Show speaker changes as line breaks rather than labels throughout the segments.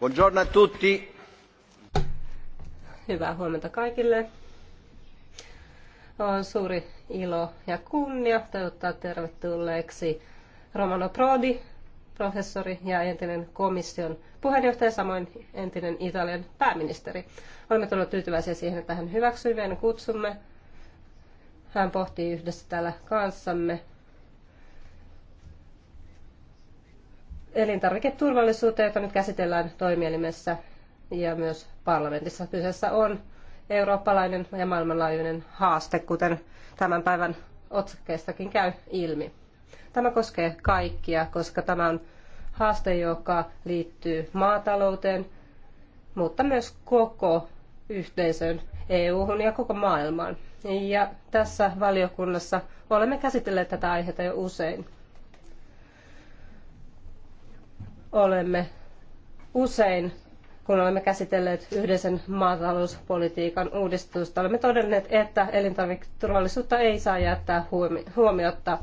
Buongiorno a tutti. Hyvää huomenta kaikille. On suuri ilo ja kunnia toivottaa tervetulleeksi Romano Prodi, professori ja entinen komission puheenjohtaja, samoin entinen Italian pääministeri. Olemme todella tyytyväisiä siihen, että hän hyväksyi meidän kutsumme. Hän pohtii yhdessä täällä kanssamme elintarviketurvallisuuteen, jota nyt käsitellään toimielimessä ja myös parlamentissa. Kyseessä on eurooppalainen ja maailmanlaajuinen haaste, kuten tämän päivän otsakkeistakin käy ilmi. Tämä koskee kaikkia, koska tämä on haaste, joka liittyy maatalouteen, mutta myös koko yhteisön EU-hun ja koko maailmaan. Ja tässä valiokunnassa olemme käsitelleet tätä aihetta jo usein. olemme usein, kun olemme käsitelleet yhdessä maatalouspolitiikan uudistusta, olemme todenneet, että elintarviketurvallisuutta ei saa jättää huomiotta.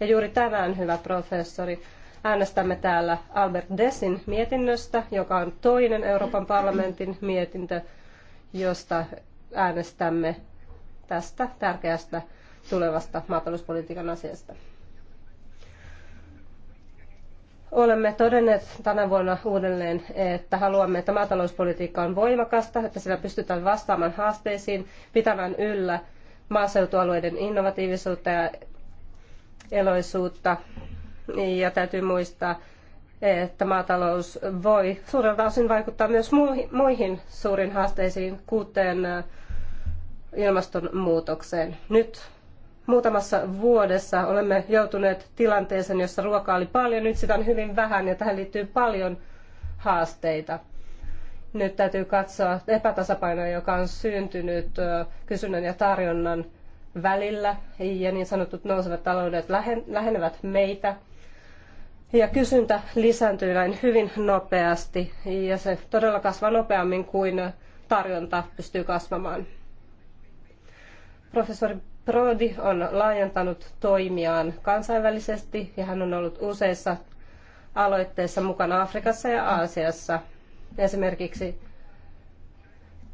Ja juuri tänään, hyvä professori, äänestämme täällä Albert Dessin mietinnöstä, joka on toinen Euroopan parlamentin mietintö, josta äänestämme tästä tärkeästä tulevasta maatalouspolitiikan asiasta. Olemme todenneet tänä vuonna uudelleen, että haluamme, että maatalouspolitiikka on voimakasta, että sillä pystytään vastaamaan haasteisiin, pitämään yllä maaseutualueiden innovatiivisuutta ja eloisuutta. Ja täytyy muistaa, että maatalous voi suurelta osin vaikuttaa myös muihin suuriin haasteisiin, kuten äh, ilmastonmuutokseen. Nyt Muutamassa vuodessa olemme joutuneet tilanteeseen, jossa ruokaa oli paljon, nyt sitä on hyvin vähän ja tähän liittyy paljon haasteita. Nyt täytyy katsoa epätasapainoa, joka on syntynyt kysynnän ja tarjonnan välillä ja niin sanotut nousevat taloudet lähenevät meitä. Ja kysyntä lisääntyy näin hyvin nopeasti ja se todella kasvaa nopeammin kuin tarjonta pystyy kasvamaan. Professori Prodi on laajentanut toimiaan kansainvälisesti ja hän on ollut useissa aloitteissa mukana Afrikassa ja Aasiassa. Esimerkiksi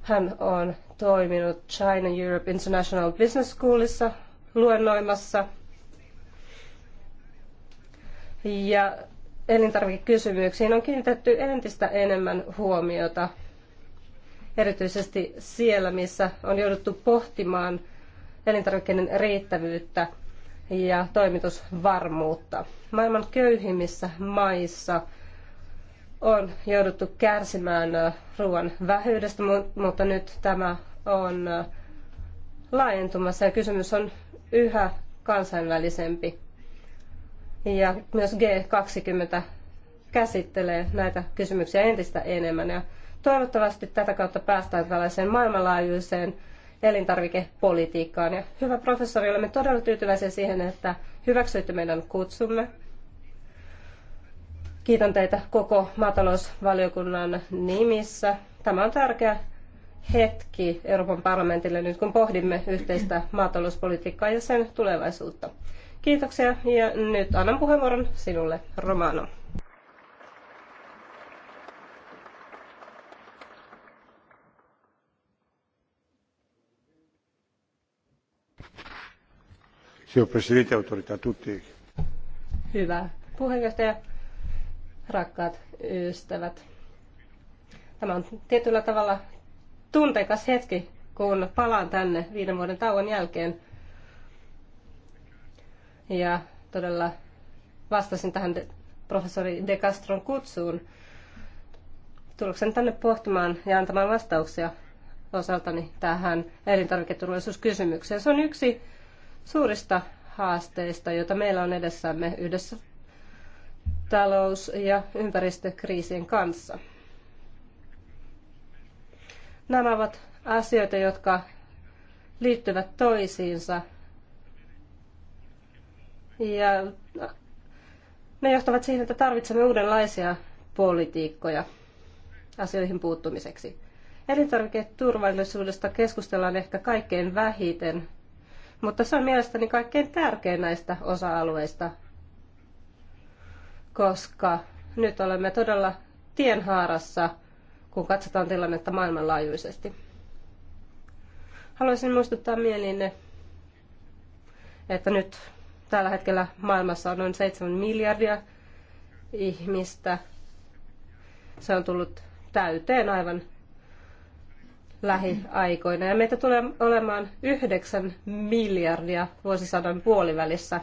hän on toiminut China Europe International Business Schoolissa luennoimassa ja elintarvikekysymyksiin on kiinnitetty entistä enemmän huomiota, erityisesti siellä, missä on jouduttu pohtimaan – elintarvikkeiden riittävyyttä ja toimitusvarmuutta. Maailman köyhimmissä maissa on jouduttu kärsimään ruoan vähyydestä, mutta nyt tämä on laajentumassa ja kysymys on yhä kansainvälisempi. Ja myös G20 käsittelee näitä kysymyksiä entistä enemmän. Ja toivottavasti tätä kautta päästään tällaiseen maailmanlaajuiseen elintarvikepolitiikkaan. Ja hyvä professori, olemme todella tyytyväisiä siihen, että hyväksyitte meidän kutsumme. Kiitän teitä koko maatalousvaliokunnan nimissä. Tämä on tärkeä hetki Euroopan parlamentille nyt, kun pohdimme yhteistä maatalouspolitiikkaa ja sen tulevaisuutta. Kiitoksia ja nyt annan puheenvuoron sinulle, Romano.
Signor Presidente,
autorità tutti.
Hyvä puheenjohtaja, rakkaat ystävät. Tämä on tietyllä tavalla tunteikas hetki, kun palaan tänne viiden vuoden tauon jälkeen. Ja todella vastasin tähän professori De Castron kutsuun. Tuloksen tänne pohtimaan ja antamaan vastauksia osaltani tähän elintarviketurvallisuuskysymykseen. Se on yksi suurista haasteista, joita meillä on edessämme yhdessä talous- ja ympäristökriisin kanssa. Nämä ovat asioita, jotka liittyvät toisiinsa ja ne johtavat siihen, että tarvitsemme uudenlaisia politiikkoja asioihin Elintarviketurvallisuudesta keskustellaan ehkä kaikkein vähiten mutta se on mielestäni kaikkein tärkein näistä osa-alueista, koska nyt olemme todella tienhaarassa, kun katsotaan tilannetta maailmanlaajuisesti. Haluaisin muistuttaa mieliinne, että nyt tällä hetkellä maailmassa on noin 7 miljardia ihmistä. Se on tullut täyteen aivan lähiaikoina. Ja meitä tulee olemaan 9 miljardia vuosisadan puolivälissä.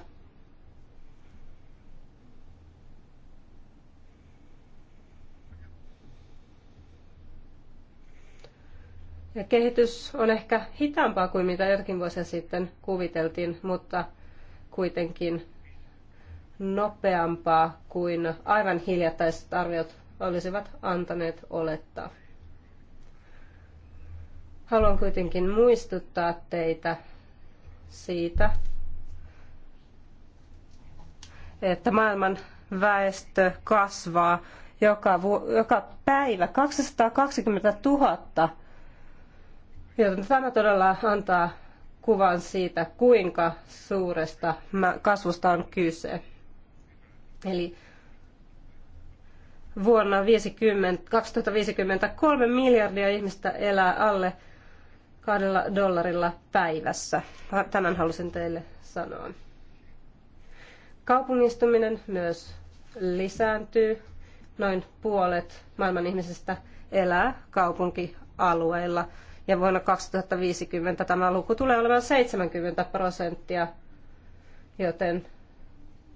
Ja kehitys on ehkä hitaampaa kuin mitä jotkin vuosia sitten kuviteltiin, mutta kuitenkin nopeampaa kuin aivan hiljattaiset arviot olisivat antaneet olettaa. Haluan kuitenkin muistuttaa teitä siitä, että maailman väestö kasvaa joka, vu- joka päivä 220 000. Joten tämä todella antaa kuvan siitä, kuinka suuresta kasvusta on kyse. Eli vuonna 50, 2050 3 miljardia ihmistä elää alle kahdella dollarilla päivässä. Tämän halusin teille sanoa. Kaupungistuminen myös lisääntyy. Noin puolet maailman ihmisistä elää kaupunkialueilla. Ja vuonna 2050 tämä luku tulee olemaan 70 prosenttia, joten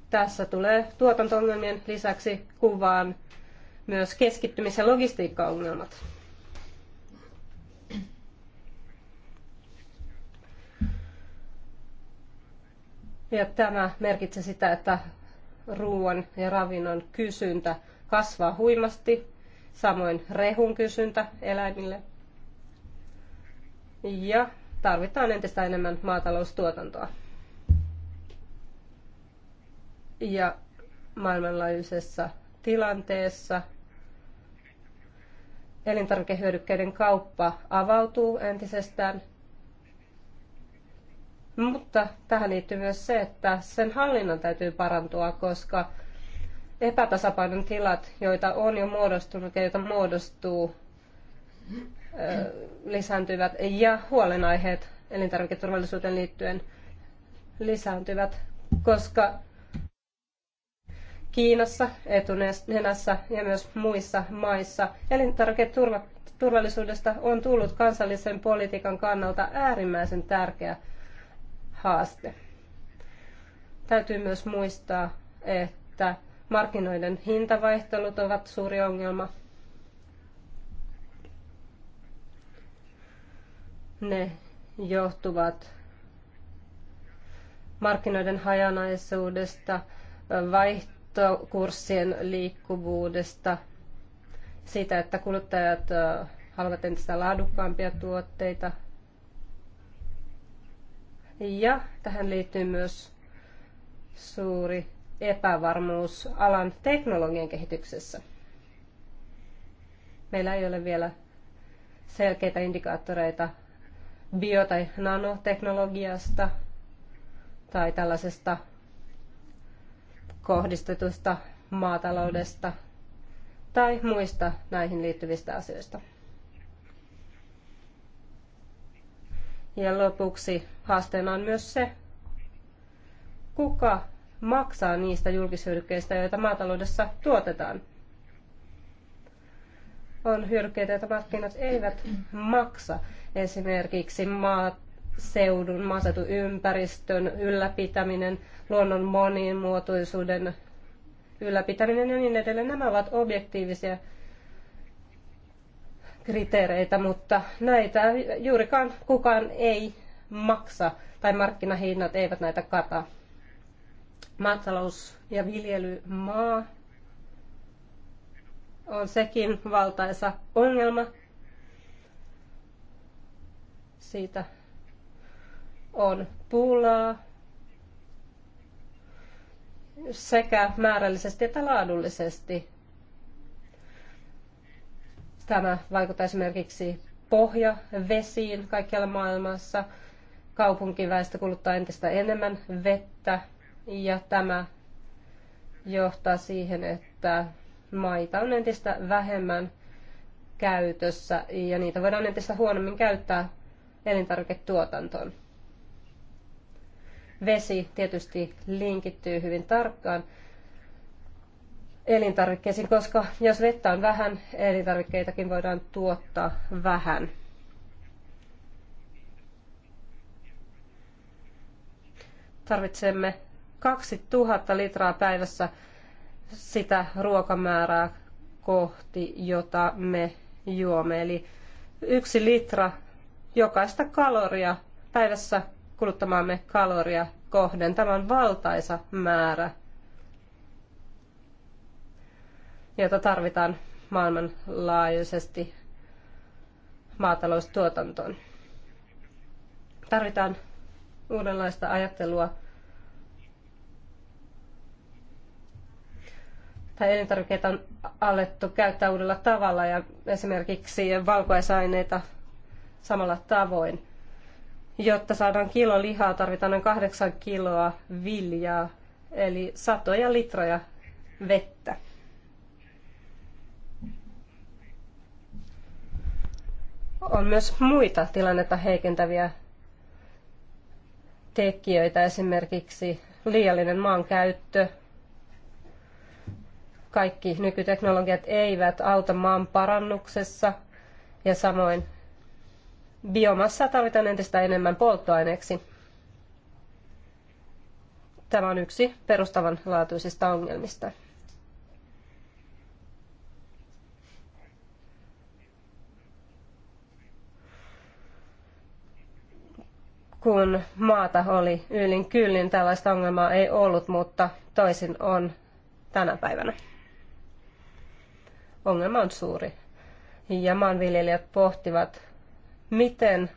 tässä tulee tuotantoongelmien lisäksi kuvaan myös keskittymis- ja logistiikkaongelmat. Ja tämä merkitsee sitä, että ruoan ja ravinnon kysyntä kasvaa huimasti, samoin rehun kysyntä eläimille. Ja tarvitaan entistä enemmän maataloustuotantoa. Ja maailmanlaajuisessa tilanteessa elintarvikehyödykkeiden kauppa avautuu entisestään – mutta tähän liittyy myös se, että sen hallinnan täytyy parantua, koska epätasapainon tilat, joita on jo muodostunut ja joita muodostuu, lisääntyvät ja huolenaiheet elintarviketurvallisuuteen liittyen lisääntyvät, koska Kiinassa, etunenässä ja myös muissa maissa elintarviketurvallisuudesta on tullut kansallisen politiikan kannalta äärimmäisen tärkeä haaste. Täytyy myös muistaa, että markkinoiden hintavaihtelut ovat suuri ongelma. Ne johtuvat markkinoiden hajanaisuudesta, vaihtokurssien liikkuvuudesta, siitä, että kuluttajat haluavat entistä laadukkaampia tuotteita, ja tähän liittyy myös suuri epävarmuus alan teknologian kehityksessä. Meillä ei ole vielä selkeitä indikaattoreita bio- tai nanoteknologiasta tai tällaisesta kohdistetusta maataloudesta tai muista näihin liittyvistä asioista. Ja lopuksi haasteena on myös se, kuka maksaa niistä julkishyödykkeistä, joita maataloudessa tuotetaan. On hyödykkeitä, joita markkinat eivät maksa. Esimerkiksi maaseudun, ympäristön ylläpitäminen, luonnon monimuotoisuuden ylläpitäminen ja niin edelleen. Nämä ovat objektiivisia kriteereitä, mutta näitä juurikaan kukaan ei maksa tai markkinahinnat eivät näitä kata. Maatalous- ja viljelymaa on sekin valtaisa ongelma. Siitä on pulaa sekä määrällisesti että laadullisesti. Tämä vaikuttaa esimerkiksi pohja-vesiin kaikkialla maailmassa. Kaupunkiväestö kuluttaa entistä enemmän vettä ja tämä johtaa siihen, että maita on entistä vähemmän käytössä ja niitä voidaan entistä huonommin käyttää elintarviketuotantoon. Vesi tietysti linkittyy hyvin tarkkaan elintarvikkeisiin, koska jos vettä on vähän, elintarvikkeitakin voidaan tuottaa vähän. Tarvitsemme 2000 litraa päivässä sitä ruokamäärää kohti, jota me juomme. Eli yksi litra jokaista kaloria päivässä kuluttamaamme kaloria kohden. Tämä on valtaisa määrä jota tarvitaan maailmanlaajuisesti maataloustuotantoon. Tarvitaan uudenlaista ajattelua tai elintarvikkeita on alettu käyttää uudella tavalla ja esimerkiksi valkuaisaineita samalla tavoin. Jotta saadaan kilo lihaa, tarvitaan noin kahdeksan kiloa viljaa, eli satoja litroja vettä. on myös muita tilannetta heikentäviä tekijöitä, esimerkiksi liiallinen maankäyttö. Kaikki nykyteknologiat eivät auta maan parannuksessa ja samoin biomassaa tarvitaan entistä enemmän polttoaineeksi. Tämä on yksi perustavanlaatuisista ongelmista. kun maata oli yllin kyllin, tällaista ongelmaa ei ollut, mutta toisin on tänä päivänä. Ongelma on suuri. Ja maanviljelijät pohtivat, miten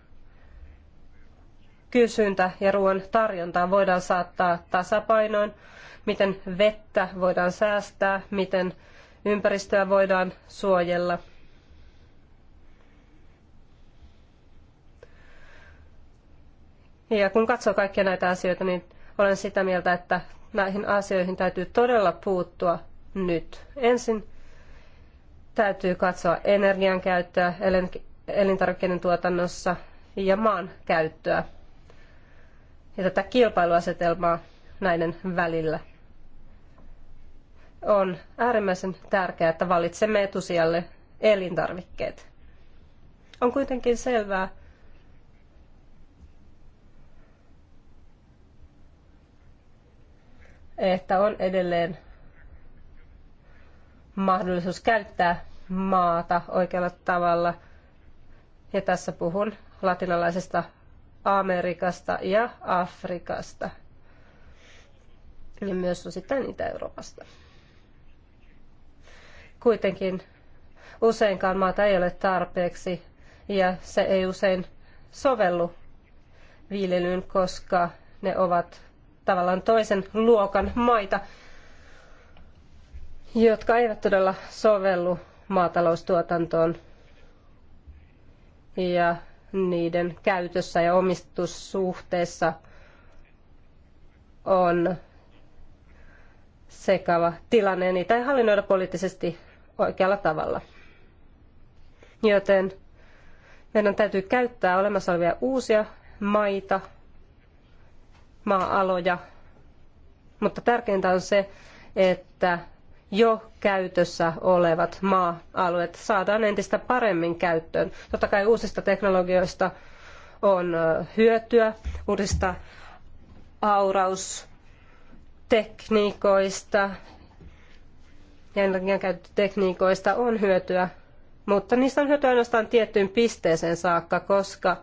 kysyntä ja ruoan tarjontaa voidaan saattaa tasapainoon, miten vettä voidaan säästää, miten ympäristöä voidaan suojella – Ja kun katsoo kaikkia näitä asioita, niin olen sitä mieltä, että näihin asioihin täytyy todella puuttua nyt. Ensin täytyy katsoa energian käyttöä elintarvikkeiden tuotannossa ja maan käyttöä ja tätä kilpailuasetelmaa näiden välillä. On äärimmäisen tärkeää, että valitsemme etusijalle elintarvikkeet. On kuitenkin selvää, että on edelleen mahdollisuus käyttää maata oikealla tavalla. Ja tässä puhun latinalaisesta Amerikasta ja Afrikasta ja myös osittain Itä-Euroopasta. Kuitenkin useinkaan maata ei ole tarpeeksi ja se ei usein sovellu viljelyyn, koska ne ovat tavallaan toisen luokan maita, jotka eivät todella sovellu maataloustuotantoon ja niiden käytössä ja omistussuhteessa on sekava tilanne ja niitä ei hallinnoida poliittisesti oikealla tavalla. Joten meidän täytyy käyttää olemassa olevia uusia maita maa-aloja, mutta tärkeintä on se, että jo käytössä olevat maa-alueet saadaan entistä paremmin käyttöön. Totta kai uusista teknologioista on hyötyä, uudista auraustekniikoista ja energiankäyttötekniikoista on hyötyä, mutta niistä on hyötyä ainoastaan tiettyyn pisteeseen saakka, koska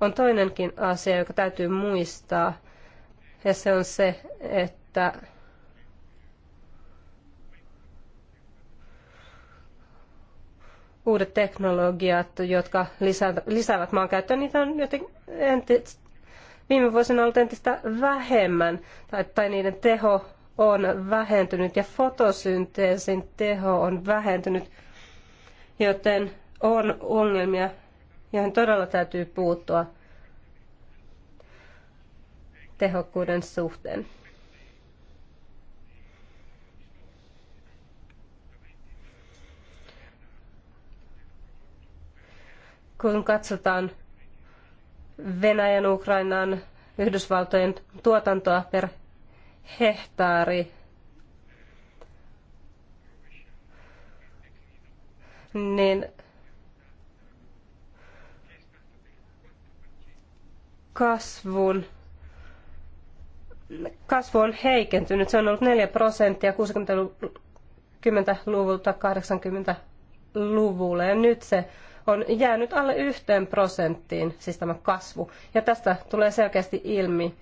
on toinenkin asia, joka täytyy muistaa, ja se on se, että uudet teknologiat, jotka lisäävät maankäyttöä, niitä on jotenkin viime vuosina ollut entistä vähemmän, tai, tai niiden teho on vähentynyt ja fotosynteesin teho on vähentynyt, joten on ongelmia johon todella täytyy puuttua tehokkuuden suhteen. Kun katsotaan Venäjän, Ukrainan, Yhdysvaltojen tuotantoa per hehtaari, niin kasvun kasvu on heikentynyt. Se on ollut 4 prosenttia 60-luvulta 80-luvulle ja nyt se on jäänyt alle yhteen prosenttiin, siis tämä kasvu. Ja tästä tulee selkeästi ilmi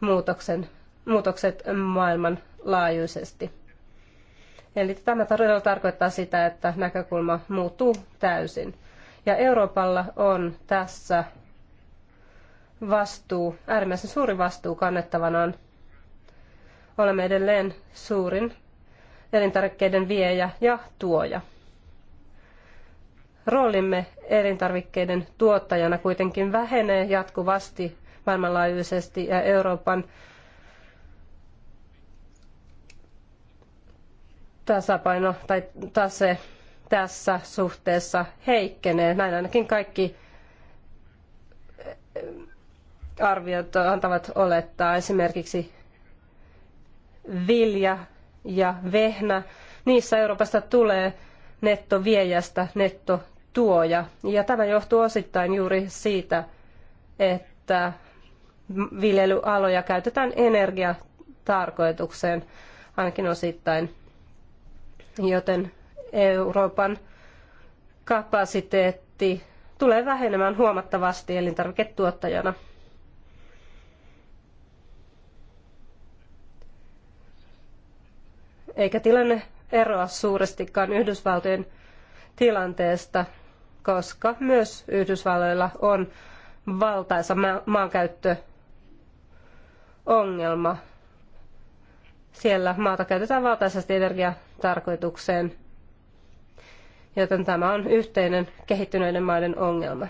muutoksen, muutokset maailmanlaajuisesti. Eli tämä todella tarkoittaa sitä, että näkökulma muuttuu täysin. Ja Euroopalla on tässä vastuu, äärimmäisen suuri vastuu kannettavanaan. Olemme edelleen suurin elintarvikkeiden viejä ja tuoja. Roolimme elintarvikkeiden tuottajana kuitenkin vähenee jatkuvasti maailmanlaajuisesti ja Euroopan tasapaino tai tase tässä suhteessa heikkenee. Näin ainakin kaikki arviot antavat olettaa. Esimerkiksi vilja ja vehnä, niissä Euroopasta tulee nettoviejästä nettotuoja. Ja tämä johtuu osittain juuri siitä, että viljelyaloja käytetään energiatarkoitukseen ainakin osittain. Joten Euroopan kapasiteetti tulee vähenemään huomattavasti elintarviketuottajana. eikä tilanne eroa suurestikaan Yhdysvaltojen tilanteesta, koska myös Yhdysvalloilla on valtaisa ma- maankäyttöongelma. Siellä maata käytetään valtaisesti energiatarkoitukseen, joten tämä on yhteinen kehittyneiden maiden ongelma.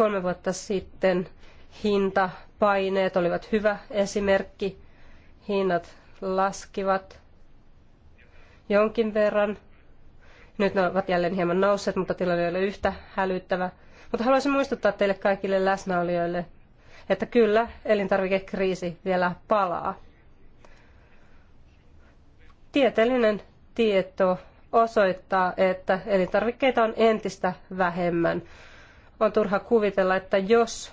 kolme vuotta sitten hintapaineet olivat hyvä esimerkki. Hinnat laskivat jonkin verran. Nyt ne ovat jälleen hieman nousseet, mutta tilanne ei ole yhtä hälyttävä. Mutta haluaisin muistuttaa teille kaikille läsnäolijoille, että kyllä elintarvikekriisi vielä palaa. Tieteellinen tieto osoittaa, että elintarvikkeita on entistä vähemmän. On turha kuvitella, että jos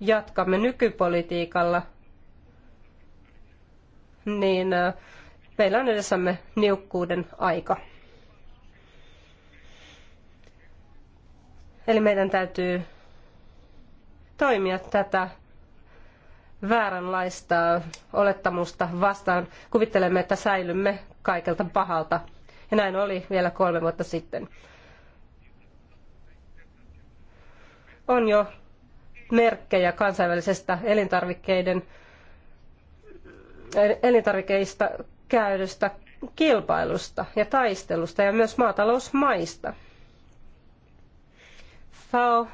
jatkamme nykypolitiikalla, niin äh, meillä on edessämme niukkuuden aika. Eli meidän täytyy toimia tätä vääränlaista olettamusta vastaan. Kuvittelemme, että säilymme kaikelta pahalta. Ja näin oli vielä kolme vuotta sitten. on jo merkkejä kansainvälisestä elintarvikkeiden elintarvikeista käydystä kilpailusta ja taistelusta ja myös maatalousmaista. FAO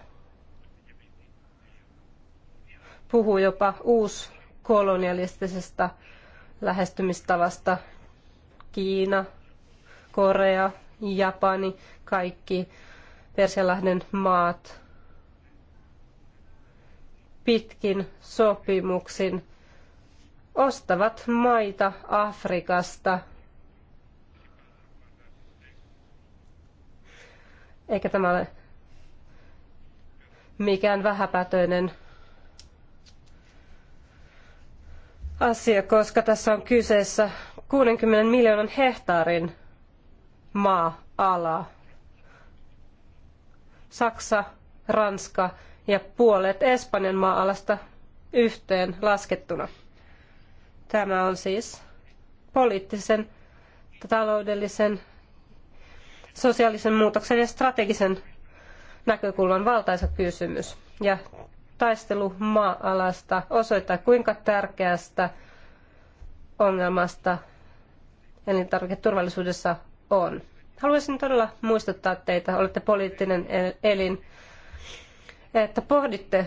puhuu jopa uuskolonialistisesta lähestymistavasta. Kiina, Korea, Japani, kaikki Persianlahden maat pitkin sopimuksin ostavat maita Afrikasta. Eikä tämä ole mikään vähäpätöinen asia, koska tässä on kyseessä 60 miljoonan hehtaarin maa-ala. Saksa, Ranska, ja puolet Espanjan maa-alasta yhteen laskettuna. Tämä on siis poliittisen, taloudellisen, sosiaalisen muutoksen ja strategisen näkökulman valtaisa kysymys. Ja taistelu maa-alasta osoittaa, kuinka tärkeästä ongelmasta elintarviketurvallisuudessa on. Haluaisin todella muistuttaa teitä, olette poliittinen elin, että pohditte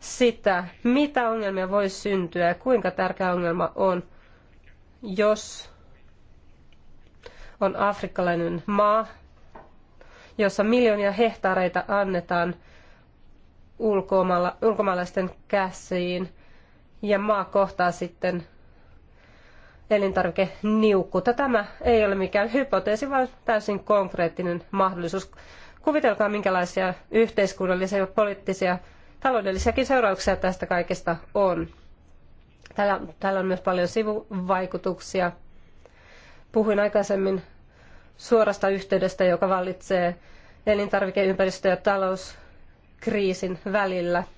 sitä, mitä ongelmia voi syntyä ja kuinka tärkeä ongelma on, jos on afrikkalainen maa, jossa miljoonia hehtaareita annetaan ulkomaalaisten käsiin ja maa kohtaa sitten elintarvikeniukkuutta. Tämä ei ole mikään hypoteesi, vaan täysin konkreettinen mahdollisuus. Kuvitelkaa, minkälaisia yhteiskunnallisia, poliittisia, taloudellisiakin seurauksia tästä kaikesta on. Täällä, täällä on myös paljon sivuvaikutuksia. Puhuin aikaisemmin suorasta yhteydestä, joka vallitsee elintarvikeympäristö- ja talouskriisin välillä –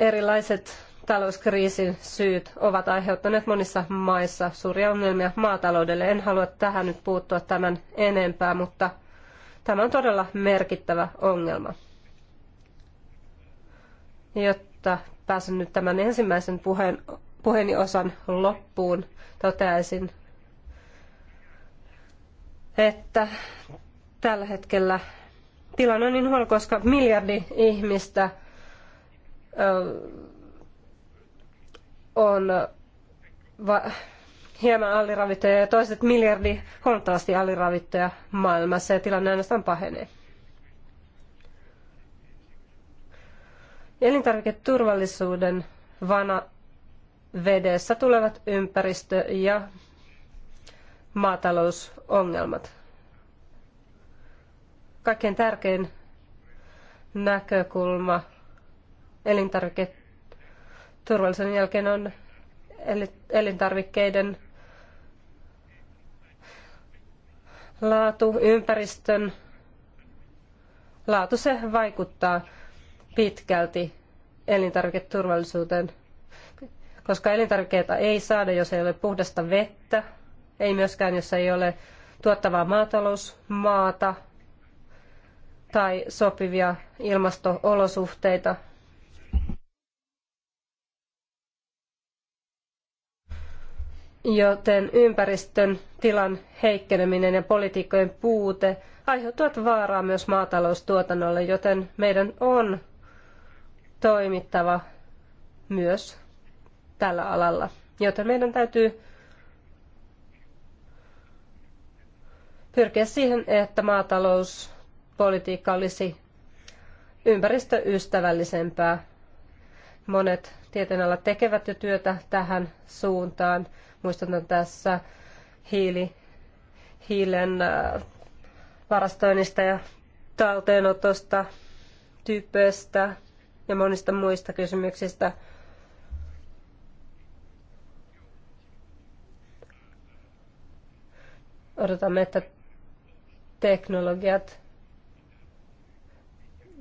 Erilaiset talouskriisin syyt ovat aiheuttaneet monissa maissa suuria ongelmia maataloudelle. En halua tähän nyt puuttua tämän enempää, mutta tämä on todella merkittävä ongelma. Jotta pääsen nyt tämän ensimmäisen puheen, puheeni osan loppuun, toteaisin, että tällä hetkellä tilanne on niin huono, koska miljardi ihmistä – on hieman aliravittuja ja toiset miljardi huomattavasti aliravittuja maailmassa ja tilanne ainoastaan pahenee. Elintarviketurvallisuuden vana vedessä tulevat ympäristö- ja maatalousongelmat. Kaikkein tärkein näkökulma elintarviketurvallisuuden jälkeen on elintarvikkeiden laatu, ympäristön laatu, se vaikuttaa pitkälti elintarviketurvallisuuteen, koska elintarvikkeita ei saada, jos ei ole puhdasta vettä, ei myöskään, jos ei ole tuottavaa maatalousmaata tai sopivia ilmastoolosuhteita – joten ympäristön tilan heikkeneminen ja politiikkojen puute aiheuttavat vaaraa myös maataloustuotannolle, joten meidän on toimittava myös tällä alalla. Joten meidän täytyy pyrkiä siihen, että maatalouspolitiikka olisi ympäristöystävällisempää. Monet tieteenalat tekevät jo työtä tähän suuntaan. Muistutan tässä hiili, hiilen äh, varastoinnista ja talteenotosta, typestä ja monista muista kysymyksistä. Odotamme, että teknologiat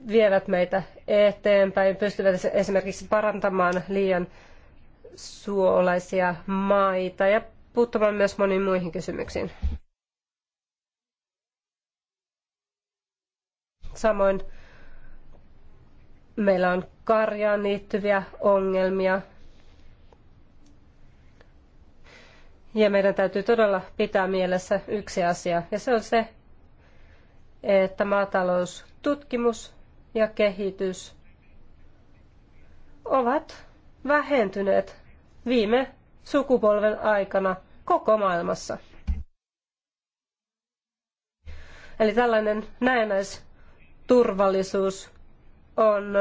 vievät meitä eteenpäin, pystyvät esimerkiksi parantamaan liian suolaisia maita ja puuttumaan myös moniin muihin kysymyksiin. Samoin meillä on karjaan liittyviä ongelmia. Ja meidän täytyy todella pitää mielessä yksi asia, ja se on se, että maataloustutkimus ja kehitys ovat vähentyneet viime sukupolven aikana koko maailmassa. Eli tällainen näennäisturvallisuus on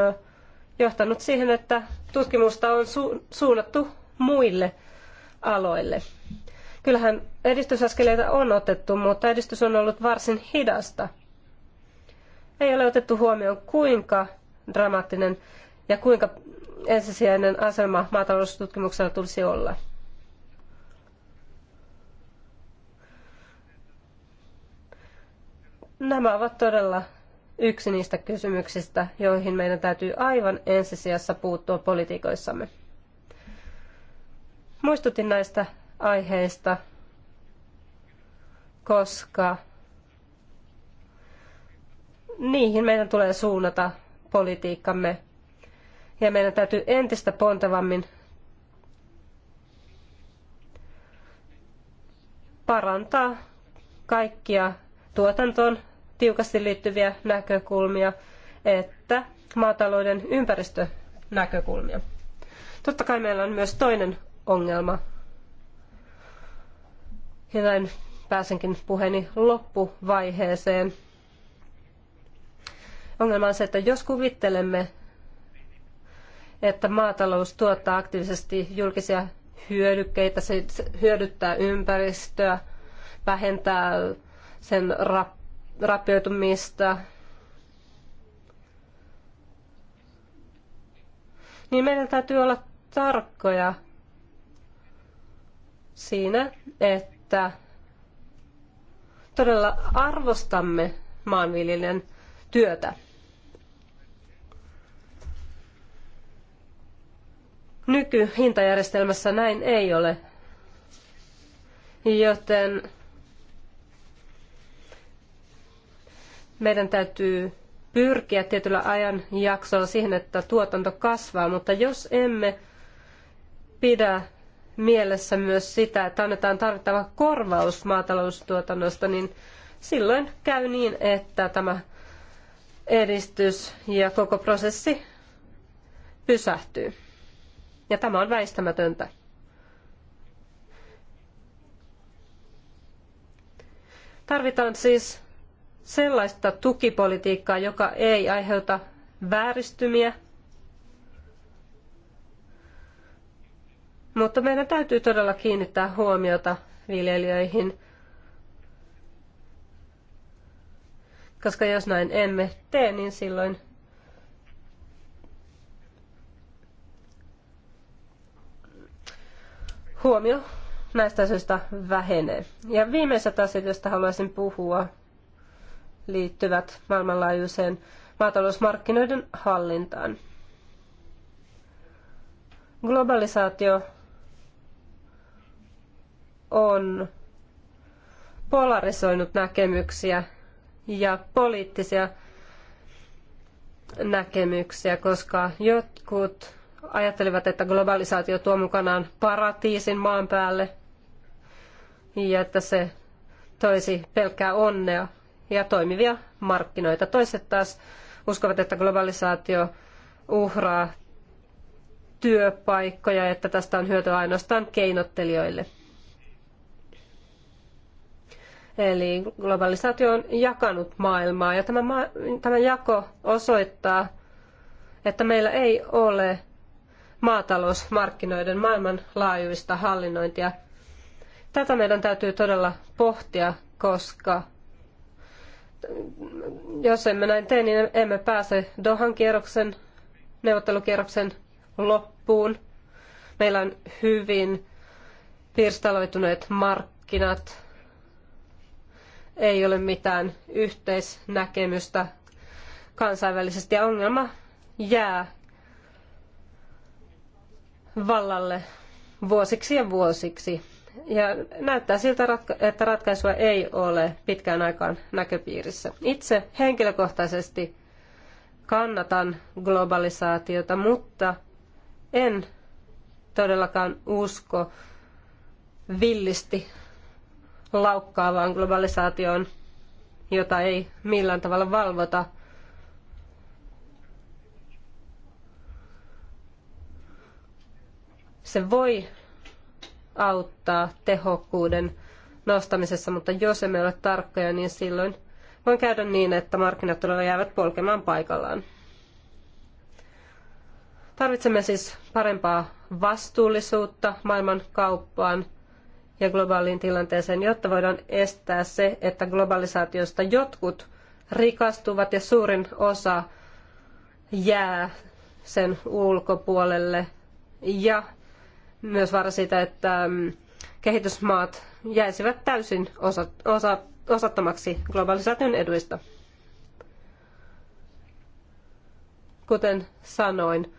johtanut siihen, että tutkimusta on su suunnattu muille aloille. Kyllähän edistysaskeleita on otettu, mutta edistys on ollut varsin hidasta. Ei ole otettu huomioon, kuinka dramaattinen ja kuinka ensisijainen asema maataloustutkimuksella tulisi olla. Nämä ovat todella yksi niistä kysymyksistä, joihin meidän täytyy aivan ensisijassa puuttua politiikoissamme. Muistutin näistä aiheista, koska niihin meidän tulee suunnata politiikkamme ja meidän täytyy entistä pontavammin parantaa kaikkia tuotantoon tiukasti liittyviä näkökulmia, että maatalouden ympäristönäkökulmia. Totta kai meillä on myös toinen ongelma. Ja näin pääsenkin puheeni loppuvaiheeseen. Ongelma on se, että jos kuvittelemme, että maatalous tuottaa aktiivisesti julkisia hyödykkeitä, se hyödyttää ympäristöä, vähentää sen rap- Niin meidän täytyy olla tarkkoja siinä, että todella arvostamme maanviljelijän työtä. Nykyhintajärjestelmässä näin ei ole, joten meidän täytyy pyrkiä tietyllä ajanjaksolla siihen, että tuotanto kasvaa, mutta jos emme pidä mielessä myös sitä, että annetaan tarvittava korvaus maataloustuotannosta, niin silloin käy niin, että tämä edistys ja koko prosessi pysähtyy. Ja tämä on väistämätöntä. Tarvitaan siis sellaista tukipolitiikkaa, joka ei aiheuta vääristymiä, mutta meidän täytyy todella kiinnittää huomiota viljelijöihin, koska jos näin emme tee, niin silloin huomio näistä asioista vähenee. Ja viimeiset asiat, joista haluaisin puhua, liittyvät maailmanlaajuiseen maatalousmarkkinoiden hallintaan. Globalisaatio on polarisoinut näkemyksiä ja poliittisia näkemyksiä, koska jotkut ajattelivat, että globalisaatio tuo mukanaan paratiisin maan päälle ja että se toisi pelkkää onnea ja toimivia markkinoita. Toiset taas uskovat, että globalisaatio uhraa työpaikkoja ja että tästä on hyötyä ainoastaan keinottelijoille. Eli globalisaatio on jakanut maailmaa ja tämä, ma- tämä jako osoittaa, että meillä ei ole maatalousmarkkinoiden maailmanlaajuista hallinnointia. Tätä meidän täytyy todella pohtia, koska jos emme näin tee, niin emme pääse Dohan kierroksen, neuvottelukierroksen loppuun. Meillä on hyvin pirstaloituneet markkinat, ei ole mitään yhteisnäkemystä kansainvälisesti ja ongelma jää vallalle vuosiksi ja vuosiksi. Ja näyttää siltä, että ratkaisua ei ole pitkään aikaan näköpiirissä. Itse henkilökohtaisesti kannatan globalisaatiota, mutta en todellakaan usko villisti laukkaavaan globalisaatioon, jota ei millään tavalla valvota. Se voi auttaa tehokkuuden nostamisessa, mutta jos emme ole tarkkoja, niin silloin voi käydä niin, että markkinat todella jäävät polkemaan paikallaan. Tarvitsemme siis parempaa vastuullisuutta maailman kauppaan ja globaaliin tilanteeseen, jotta voidaan estää se, että globalisaatiosta jotkut rikastuvat ja suurin osa jää sen ulkopuolelle ja myös vaara siitä, että mm, kehitysmaat jäisivät täysin osa, osa, osattomaksi globalisaation eduista. Kuten sanoin,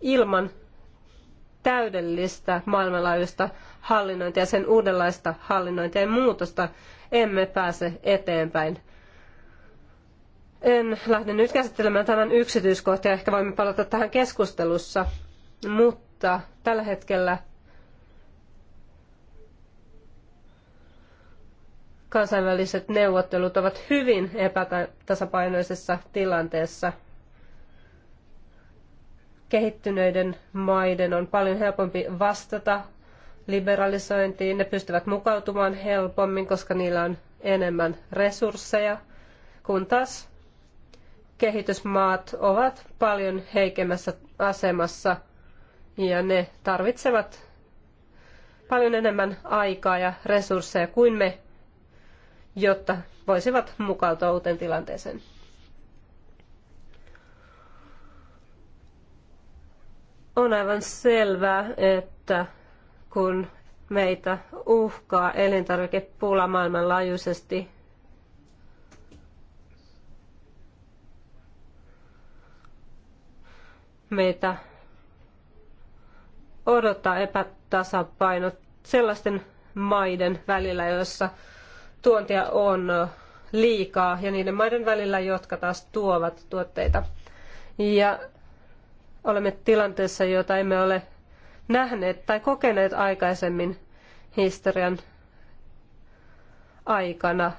ilman täydellistä maailmanlaajuista hallinnointia, sen uudenlaista hallinnointia ja muutosta emme pääse eteenpäin. En lähde nyt käsittelemään tämän yksityiskohtia, ehkä voimme palata tähän keskustelussa, mutta mutta tällä hetkellä kansainväliset neuvottelut ovat hyvin epätasapainoisessa tilanteessa. Kehittyneiden maiden on paljon helpompi vastata liberalisointiin. Ne pystyvät mukautumaan helpommin, koska niillä on enemmän resursseja, kun taas kehitysmaat ovat paljon heikemmässä asemassa – ja ne tarvitsevat paljon enemmän aikaa ja resursseja kuin me, jotta voisivat mukautua uuteen tilanteeseen. On aivan selvää, että kun meitä uhkaa elintarvikepula maailmanlaajuisesti, meitä odottaa epätasapaino sellaisten maiden välillä, joissa tuontia on liikaa ja niiden maiden välillä, jotka taas tuovat tuotteita. Ja olemme tilanteessa, jota emme ole nähneet tai kokeneet aikaisemmin historian aikana.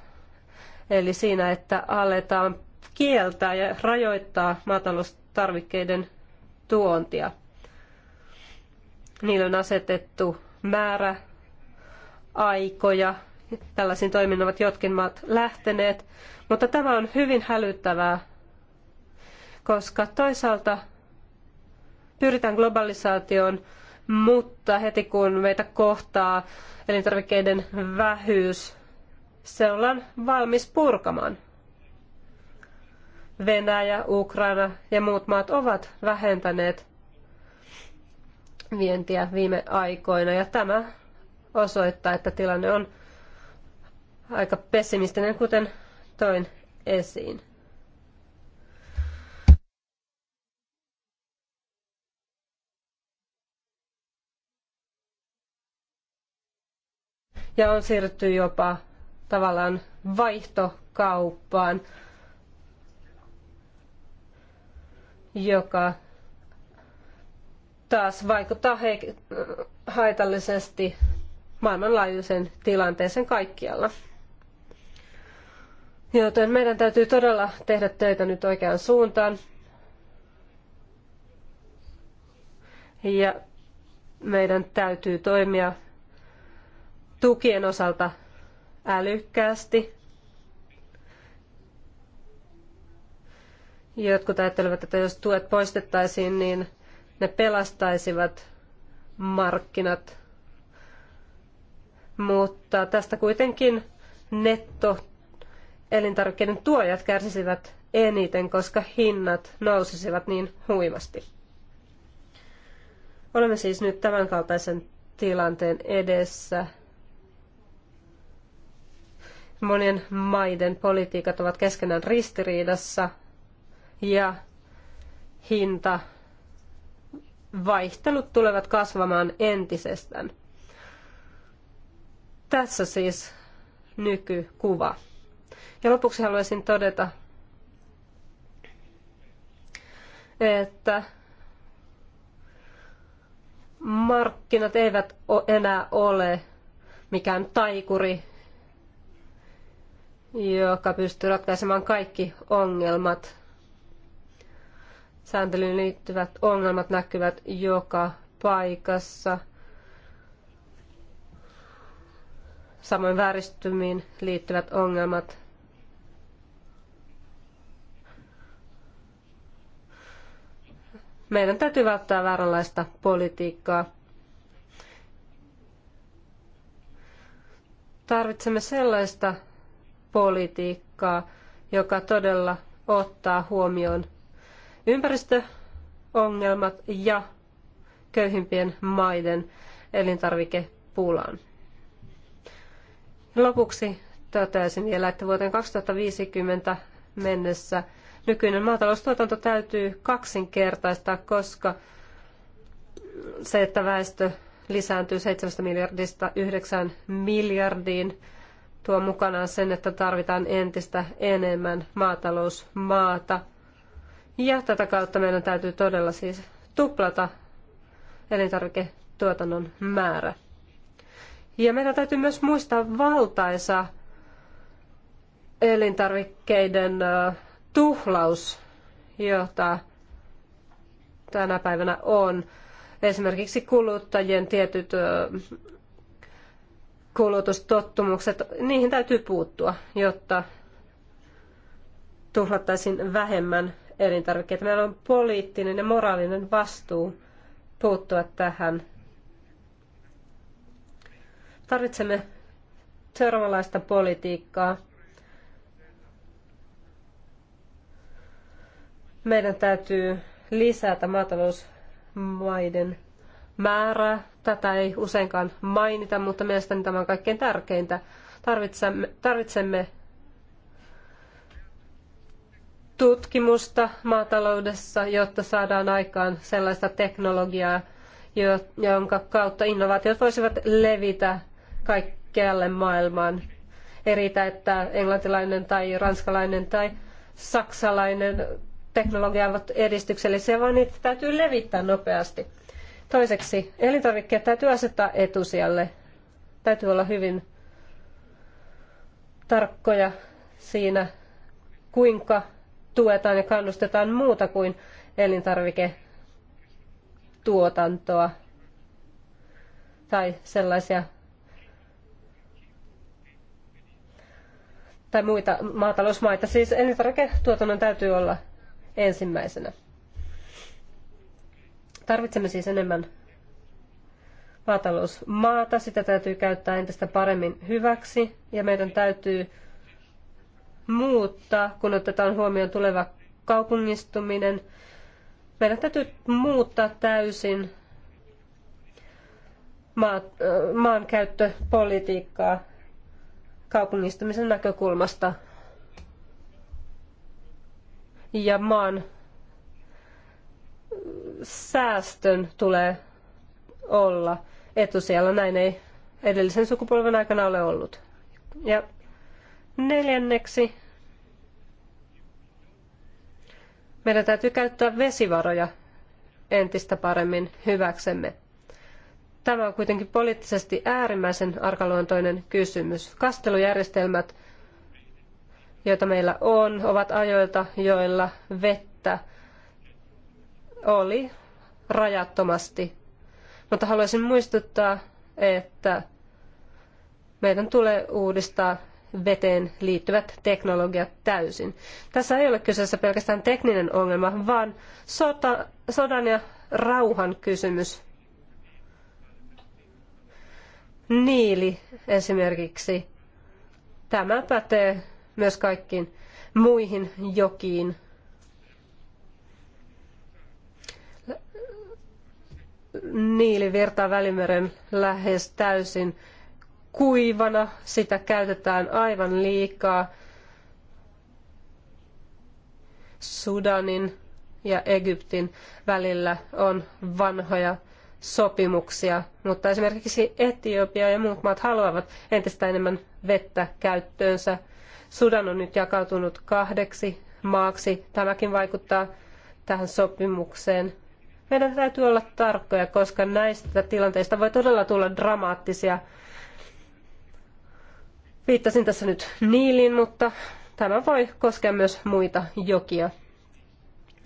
Eli siinä, että aletaan kieltää ja rajoittaa maataloustarvikkeiden tuontia. Niille on asetettu määrä aikoja. Tällaisiin toiminnan ovat jotkin maat lähteneet. Mutta tämä on hyvin hälyttävää, koska toisaalta pyritään globalisaatioon, mutta heti kun meitä kohtaa elintarvikkeiden vähyys, se ollaan valmis purkamaan. Venäjä, Ukraina ja muut maat ovat vähentäneet vientiä viime aikoina ja tämä osoittaa, että tilanne on aika pessimistinen, kuten toin esiin. Ja on siirrytty jopa tavallaan vaihtokauppaan, joka taas vaikuttaa haitallisesti maailmanlaajuisen tilanteeseen kaikkialla. Joten meidän täytyy todella tehdä töitä nyt oikeaan suuntaan. Ja meidän täytyy toimia tukien osalta älykkäästi. Jotkut ajattelevat, että jos tuet poistettaisiin, niin ne pelastaisivat markkinat, mutta tästä kuitenkin netto elintarvikkeiden tuojat kärsisivät eniten, koska hinnat nousisivat niin huimasti. Olemme siis nyt tämänkaltaisen tilanteen edessä. Monien maiden politiikat ovat keskenään ristiriidassa ja hinta vaihtelut tulevat kasvamaan entisestään. Tässä siis nykykuva. Ja lopuksi haluaisin todeta, että markkinat eivät enää ole mikään taikuri, joka pystyy ratkaisemaan kaikki ongelmat sääntelyyn liittyvät ongelmat näkyvät joka paikassa. Samoin vääristymiin liittyvät ongelmat. Meidän täytyy välttää vääränlaista politiikkaa. Tarvitsemme sellaista politiikkaa, joka todella ottaa huomioon ympäristöongelmat ja köyhimpien maiden elintarvikepulan. Lopuksi toteaisin vielä, että vuoteen 2050 mennessä nykyinen maataloustuotanto täytyy kaksinkertaistaa, koska se, että väestö lisääntyy 7 miljardista 9 miljardiin, tuo mukanaan sen, että tarvitaan entistä enemmän maatalousmaata – ja tätä kautta meidän täytyy todella siis tuplata elintarviketuotannon määrä. Ja meidän täytyy myös muistaa valtaisa elintarvikkeiden tuhlaus, jota tänä päivänä on. Esimerkiksi kuluttajien tietyt kulutustottumukset, niihin täytyy puuttua, jotta tuhlattaisiin vähemmän elintarvikkeita. Meillä on poliittinen ja moraalinen vastuu puuttua tähän. Tarvitsemme seuraavanlaista politiikkaa. Meidän täytyy lisätä maatalousmaiden määrää. Tätä ei useinkaan mainita, mutta mielestäni tämä on kaikkein tärkeintä. Tarvitsemme, tarvitsemme tutkimusta maataloudessa, jotta saadaan aikaan sellaista teknologiaa, jonka kautta innovaatiot voisivat levitä kaikkialle maailmaan. Ei että englantilainen tai ranskalainen tai saksalainen teknologia ovat edistyksellisiä, vaan niitä täytyy levittää nopeasti. Toiseksi, elintarvikkeet täytyy asettaa etusijalle. Täytyy olla hyvin tarkkoja siinä, kuinka tuetaan ja kannustetaan muuta kuin elintarviketuotantoa tai sellaisia tai muita maatalousmaita. Siis elintarviketuotannon täytyy olla ensimmäisenä. Tarvitsemme siis enemmän maatalousmaata. Sitä täytyy käyttää entistä paremmin hyväksi ja meidän täytyy muuttaa, kun otetaan huomioon tuleva kaupungistuminen. Meidän täytyy muuttaa täysin maankäyttöpolitiikkaa kaupungistumisen näkökulmasta ja maan säästön tulee olla etusijalla. Näin ei edellisen sukupolven aikana ole ollut. Ja Neljänneksi meidän täytyy käyttää vesivaroja entistä paremmin hyväksemme. Tämä on kuitenkin poliittisesti äärimmäisen arkaluontoinen kysymys. Kastelujärjestelmät, joita meillä on, ovat ajoilta, joilla vettä oli rajattomasti. Mutta haluaisin muistuttaa, että meidän tulee uudistaa veteen liittyvät teknologiat täysin. Tässä ei ole kyseessä pelkästään tekninen ongelma, vaan sota, sodan ja rauhan kysymys. Niili esimerkiksi. Tämä pätee myös kaikkiin muihin jokiin. Niili virtaa Välimeren lähes täysin kuivana, sitä käytetään aivan liikaa. Sudanin ja Egyptin välillä on vanhoja sopimuksia, mutta esimerkiksi Etiopia ja muut maat haluavat entistä enemmän vettä käyttöönsä. Sudan on nyt jakautunut kahdeksi maaksi. Tämäkin vaikuttaa tähän sopimukseen. Meidän täytyy olla tarkkoja, koska näistä tilanteista voi todella tulla dramaattisia Viittasin tässä nyt Niilin, mutta tämä voi koskea myös muita jokia.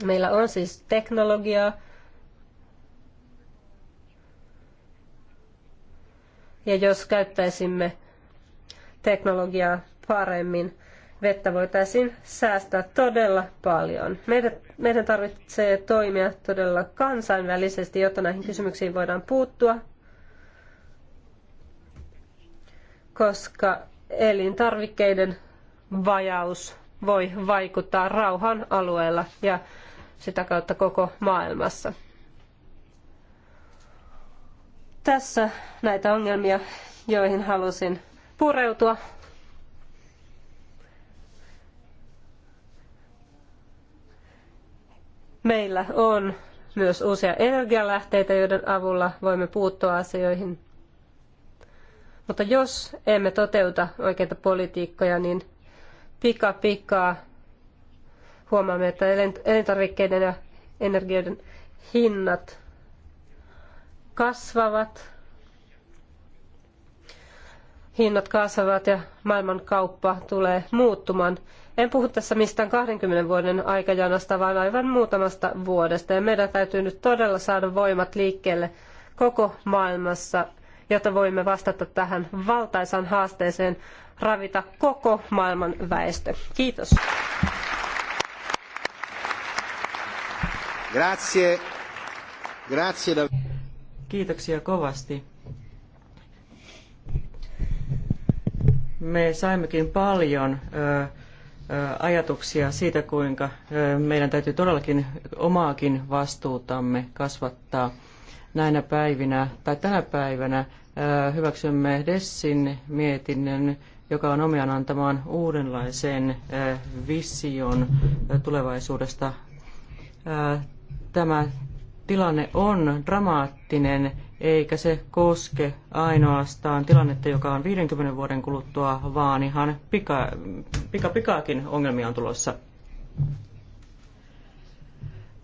Meillä on siis teknologiaa, ja jos käyttäisimme teknologiaa paremmin, vettä voitaisiin säästää todella paljon. Meidän, meidän tarvitsee toimia todella kansainvälisesti, jotta näihin kysymyksiin voidaan puuttua, koska elintarvikkeiden vajaus voi vaikuttaa rauhan alueella ja sitä kautta koko maailmassa. Tässä näitä ongelmia, joihin halusin pureutua. Meillä on myös uusia energialähteitä, joiden avulla voimme puuttua asioihin – mutta jos emme toteuta oikeita politiikkoja, niin pika pikaa huomaamme, että elintarvikkeiden ja energioiden hinnat kasvavat. Hinnat kasvavat ja maailmankauppa tulee muuttumaan. En puhu tässä mistään 20 vuoden aikajanasta, vaan aivan muutamasta vuodesta. Ja meidän täytyy nyt todella saada voimat liikkeelle koko maailmassa – jotta voimme vastata tähän valtaisaan haasteeseen ravita koko maailman väestö. Kiitos.
Grazie. Grazie. Kiitoksia kovasti. Me saimmekin paljon ö, ajatuksia siitä, kuinka meidän täytyy todellakin omaakin vastuutamme kasvattaa – näinä päivinä tai tänä päivänä hyväksymme Dessin mietinnön, joka on omiaan antamaan uudenlaisen vision tulevaisuudesta. Tämä tilanne on dramaattinen, eikä se koske ainoastaan tilannetta, joka on 50 vuoden kuluttua, vaan ihan pika, pika pikaakin ongelmia on tulossa.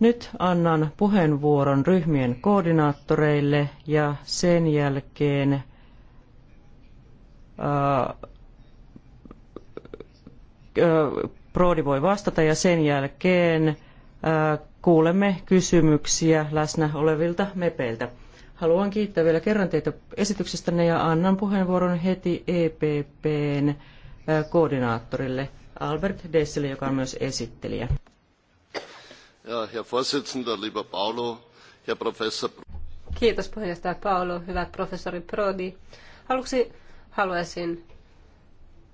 Nyt annan puheenvuoron ryhmien koordinaattoreille ja sen jälkeen ää, äh, äh, Proodi voi vastata ja sen jälkeen ää, äh, kuulemme kysymyksiä läsnä olevilta mepeiltä. Haluan kiittää vielä kerran teitä esityksestänne ja annan puheenvuoron heti EPPn koordinaattorille Albert Desselle, joka on myös esittelijä.
Herr lieber Paolo, Herr Professor. Kiitos puheenjohtaja Paolo, hyvä professori Prodi. Aluksi haluaisin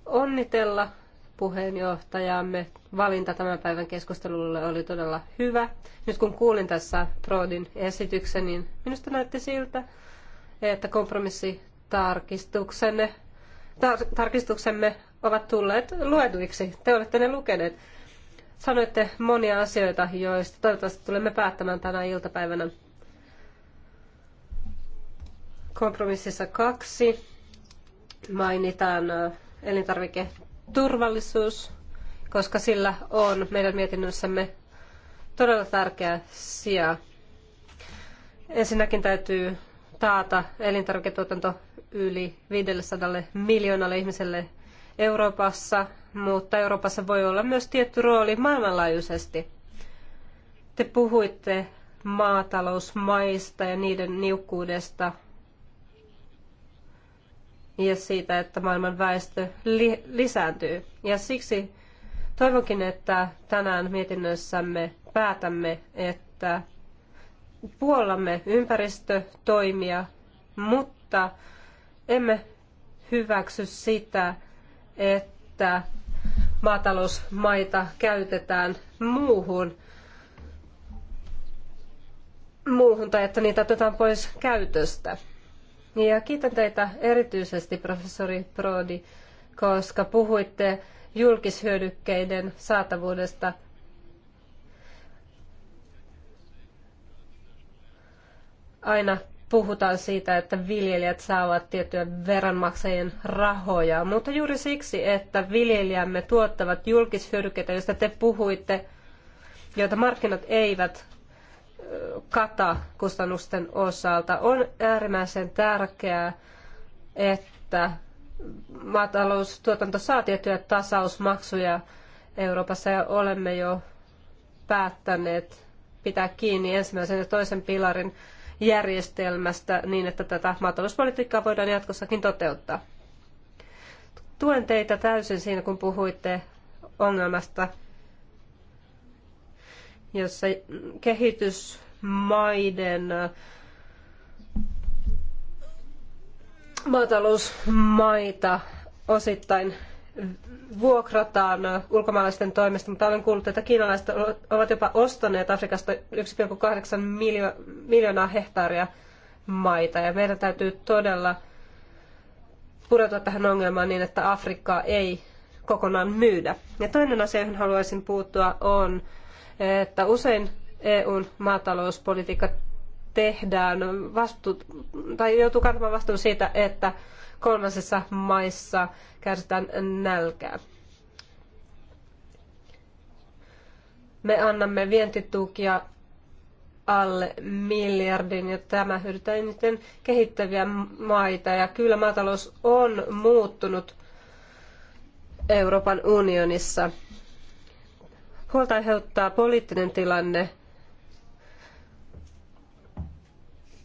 onnitella puheenjohtajaamme valinta tämän päivän keskustelulle oli todella hyvä. Nyt kun kuulin tässä Prodin esityksen, niin minusta näytti siltä, että kompromissitarkistuksemme ovat tulleet luetuiksi. Te olette ne lukeneet. Sanoitte monia asioita, joista toivottavasti tulemme päättämään tänä iltapäivänä. Kompromississa kaksi mainitaan elintarviketurvallisuus, koska sillä on meidän mietinnössämme todella tärkeä sija. Ensinnäkin täytyy taata elintarviketuotanto yli 500 miljoonalle ihmiselle Euroopassa mutta Euroopassa voi olla myös tietty rooli maailmanlaajuisesti. Te puhuitte maatalousmaista ja niiden niukkuudesta ja siitä, että maailman väestö li- lisääntyy. Ja siksi toivonkin, että tänään mietinnössämme päätämme, että puollamme ympäristötoimia, mutta emme hyväksy sitä, että maatalousmaita käytetään muuhun, muuhun tai että niitä otetaan pois käytöstä. Ja kiitän teitä erityisesti, professori Prodi, koska puhuitte julkishyödykkeiden saatavuudesta aina puhutaan siitä, että viljelijät saavat tiettyjä veronmaksajien rahoja, mutta juuri siksi, että viljelijämme tuottavat julkishyödykkeitä, joista te puhuitte, joita markkinat eivät kata kustannusten osalta, on äärimmäisen tärkeää, että maataloustuotanto saa tiettyjä tasausmaksuja Euroopassa ja olemme jo päättäneet pitää kiinni ensimmäisen ja toisen pilarin järjestelmästä niin, että tätä maatalouspolitiikkaa voidaan jatkossakin toteuttaa. Tuen teitä täysin siinä, kun puhuitte ongelmasta, jossa kehitysmaiden maatalousmaita osittain vuokrataan ulkomaalaisten toimesta, mutta olen kuullut, että kiinalaiset ovat jopa ostaneet Afrikasta 1,8 miljoonaa hehtaaria maita. Ja meidän täytyy todella pureutua tähän ongelmaan niin, että Afrikkaa ei kokonaan myydä. Ja toinen asia, johon haluaisin puuttua, on, että usein EUn maatalouspolitiikka tehdään vastu- tai joutuu kantamaan vastuun siitä, että kolmansissa maissa kärsitään nälkää. Me annamme vientitukia alle miljardin ja tämä hyödyttää eniten kehittäviä maita. Ja kyllä maatalous on muuttunut Euroopan unionissa. Huolta aiheuttaa poliittinen tilanne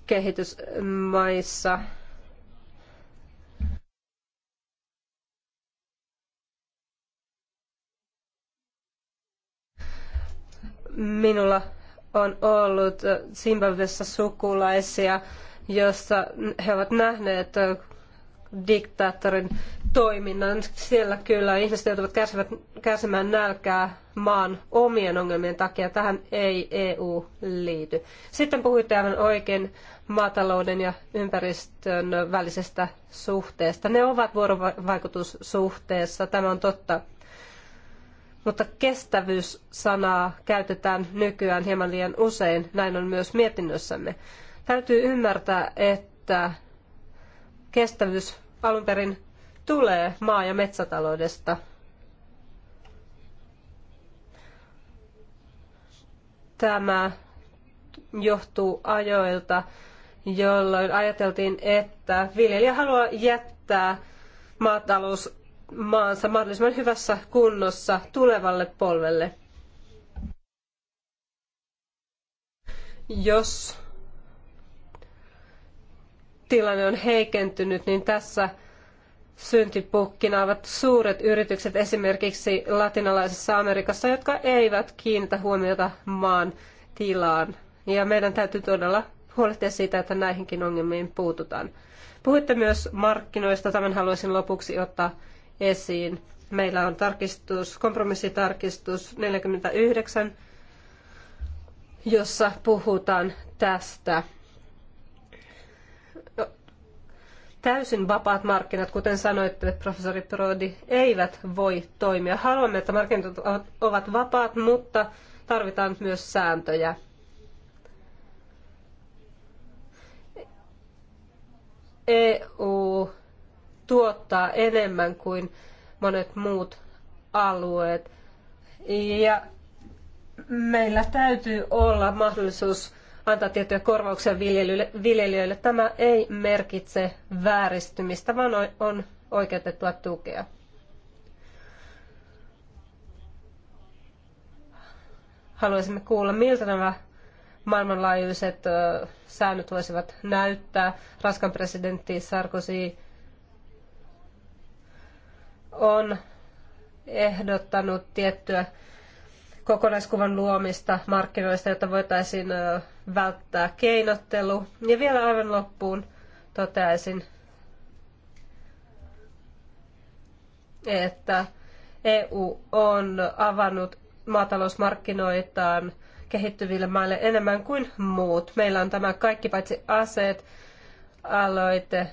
kehitysmaissa Minulla on ollut Zimbabwessa sukulaisia, jossa he ovat nähneet diktaattorin toiminnan. Siellä kyllä ihmiset joutuvat kärsivät, kärsimään nälkää maan omien ongelmien takia. Tähän ei EU liity. Sitten puhuitte aivan oikein maatalouden ja ympäristön välisestä suhteesta. Ne ovat vuorovaikutussuhteessa, tämä on totta. Mutta kestävyyssanaa käytetään nykyään hieman liian usein, näin on myös mietinnössämme. Täytyy ymmärtää, että kestävyys alun perin tulee maa- ja metsätaloudesta. Tämä johtuu ajoilta, jolloin ajateltiin, että viljelijä haluaa jättää maatalous maansa mahdollisimman hyvässä kunnossa tulevalle polvelle. Jos tilanne on heikentynyt, niin tässä syntipukkina ovat suuret yritykset esimerkiksi latinalaisessa Amerikassa, jotka eivät kiinnitä huomiota maan tilaan. Ja meidän täytyy todella huolehtia siitä, että näihinkin ongelmiin puututaan. Puhuitte myös markkinoista, tämän haluaisin lopuksi ottaa esiin. Meillä on tarkistus, kompromissitarkistus 49, jossa puhutaan tästä. täysin vapaat markkinat, kuten sanoitte, professori Prodi, eivät voi toimia. Haluamme, että markkinat ovat vapaat, mutta tarvitaan myös sääntöjä. EU tuottaa enemmän kuin monet muut alueet. Ja meillä täytyy olla mahdollisuus antaa tiettyjä korvauksia viljelijöille. Tämä ei merkitse vääristymistä, vaan on oikeutettua tukea. Haluaisimme kuulla, miltä nämä maailmanlaajuiset säännöt voisivat näyttää. Ranskan presidentti Sarkozy on ehdottanut tiettyä kokonaiskuvan luomista markkinoista, jotta voitaisiin välttää keinottelu. Ja vielä aivan loppuun toteaisin, että EU on avannut maatalousmarkkinoitaan kehittyville maille enemmän kuin muut. Meillä on tämä kaikki paitsi aseet aloite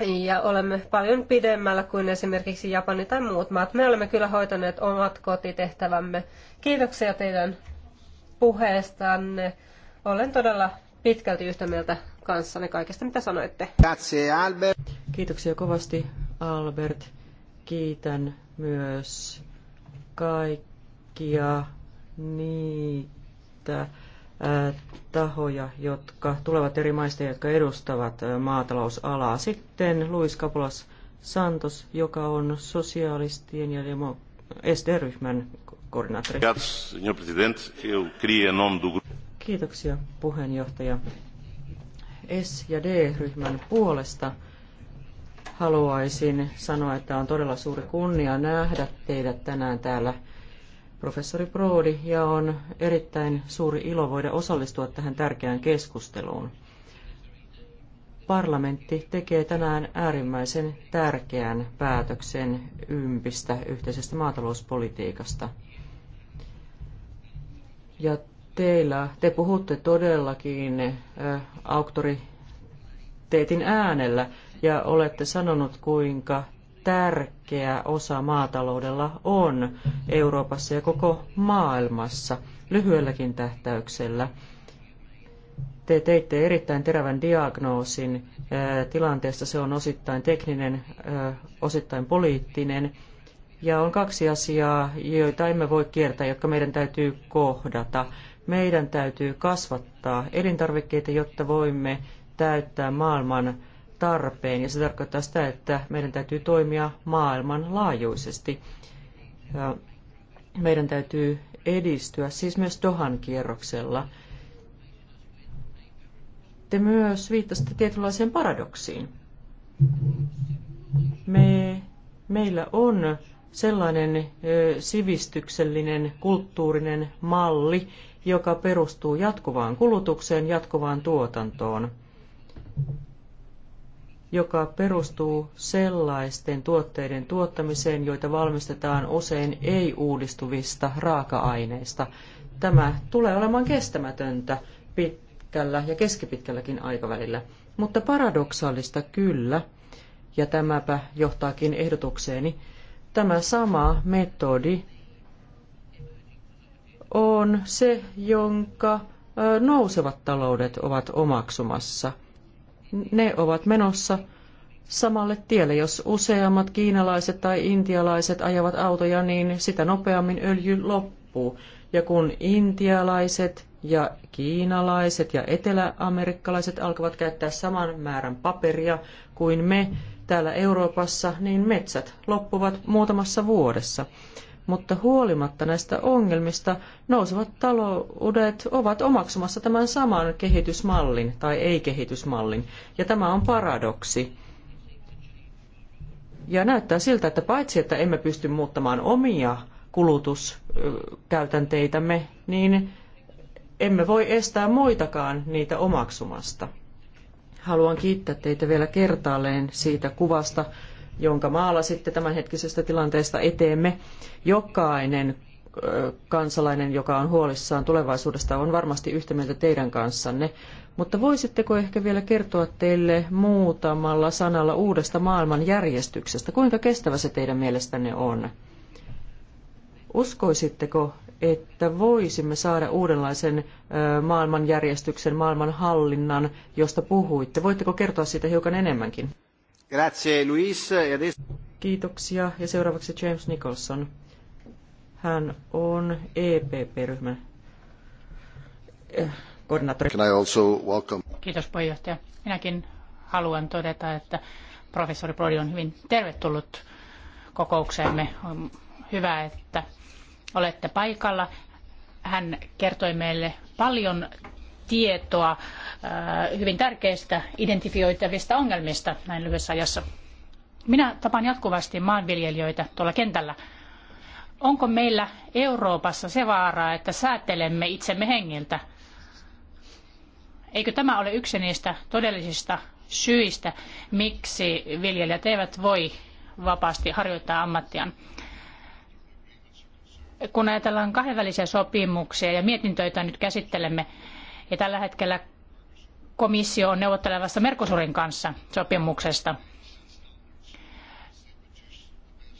ja olemme paljon pidemmällä kuin esimerkiksi Japani tai muut maat. Me olemme kyllä hoitaneet omat kotitehtävämme. Kiitoksia teidän puheestanne. Olen todella pitkälti yhtä mieltä kanssanne kaikesta, mitä sanoitte.
Albert. Kiitoksia kovasti, Albert. Kiitän myös kaikkia niitä tahoja, jotka tulevat eri maista, jotka edustavat maatalousalaa. Sitten Luis Kapulas Santos, joka on sosiaalistien ja demo- SD-ryhmän koordinaattori. Kiitoksia puheenjohtaja. S- ja D-ryhmän puolesta haluaisin sanoa, että on todella suuri kunnia nähdä teidät tänään täällä professori Proodi ja on erittäin suuri ilo voida osallistua tähän tärkeään keskusteluun. Parlamentti tekee tänään äärimmäisen tärkeän päätöksen ympistä yhteisestä maatalouspolitiikasta. Ja teillä, te puhutte todellakin äh, auktoriteetin äänellä ja olette sanonut, kuinka tärkeä osa maataloudella on Euroopassa ja koko maailmassa lyhyelläkin tähtäyksellä. Te teitte erittäin terävän diagnoosin tilanteesta. Se on osittain tekninen, osittain poliittinen. Ja on kaksi asiaa, joita emme voi kiertää, jotka meidän täytyy kohdata. Meidän täytyy kasvattaa elintarvikkeita, jotta voimme täyttää maailman tarpeen ja se tarkoittaa sitä, että meidän täytyy toimia maailmanlaajuisesti. Meidän täytyy edistyä siis myös Dohan kierroksella. Te myös viittasitte tietynlaiseen paradoksiin. Me, meillä on sellainen ö, sivistyksellinen, kulttuurinen malli, joka perustuu jatkuvaan kulutukseen, jatkuvaan tuotantoon joka perustuu sellaisten tuotteiden tuottamiseen, joita valmistetaan usein ei-uudistuvista raaka-aineista. Tämä tulee olemaan kestämätöntä pitkällä ja keskipitkälläkin aikavälillä. Mutta paradoksaalista kyllä, ja tämäpä johtaakin ehdotukseeni, tämä sama metodi on se, jonka nousevat taloudet ovat omaksumassa – ne ovat menossa samalle tielle. Jos useammat kiinalaiset tai intialaiset ajavat autoja, niin sitä nopeammin öljy loppuu. Ja kun intialaiset ja kiinalaiset ja eteläamerikkalaiset alkavat käyttää saman määrän paperia kuin me täällä Euroopassa, niin metsät loppuvat muutamassa vuodessa mutta huolimatta näistä ongelmista nousevat taloudet ovat omaksumassa tämän saman kehitysmallin tai ei-kehitysmallin, ja tämä on paradoksi. Ja näyttää siltä, että paitsi että emme pysty muuttamaan omia kulutuskäytänteitämme, niin emme voi estää muitakaan niitä omaksumasta. Haluan kiittää teitä vielä kertaalleen siitä kuvasta, jonka sitten tämänhetkisestä tilanteesta eteemme. Jokainen kansalainen, joka on huolissaan tulevaisuudesta, on varmasti yhtä mieltä teidän kanssanne. Mutta voisitteko ehkä vielä kertoa teille muutamalla sanalla uudesta maailmanjärjestyksestä? Kuinka kestävä se teidän mielestänne on? Uskoisitteko, että voisimme saada uudenlaisen maailmanjärjestyksen, maailmanhallinnan, josta puhuitte? Voitteko kertoa siitä hiukan enemmänkin? Grazie, Luis. E Kiitoksia. Ja seuraavaksi James Nicholson. Hän on EPP-ryhmän eh, koordinaattori. Can I also welcome?
Kiitos puheenjohtaja. Minäkin haluan todeta, että professori Brody on hyvin tervetullut kokoukseemme. On hyvä, että olette paikalla. Hän kertoi meille paljon tietoa äh, hyvin tärkeistä identifioitavista ongelmista näin lyhyessä ajassa. Minä tapaan jatkuvasti maanviljelijöitä tuolla kentällä. Onko meillä Euroopassa se vaara, että säätelemme itsemme hengiltä? Eikö tämä ole yksi niistä todellisista syistä, miksi viljelijät eivät voi vapaasti harjoittaa ammattiaan? kun ajatellaan kahdenvälisiä sopimuksia ja mietintöitä nyt käsittelemme, ja tällä hetkellä komissio on neuvottelevassa Mercosurin kanssa sopimuksesta.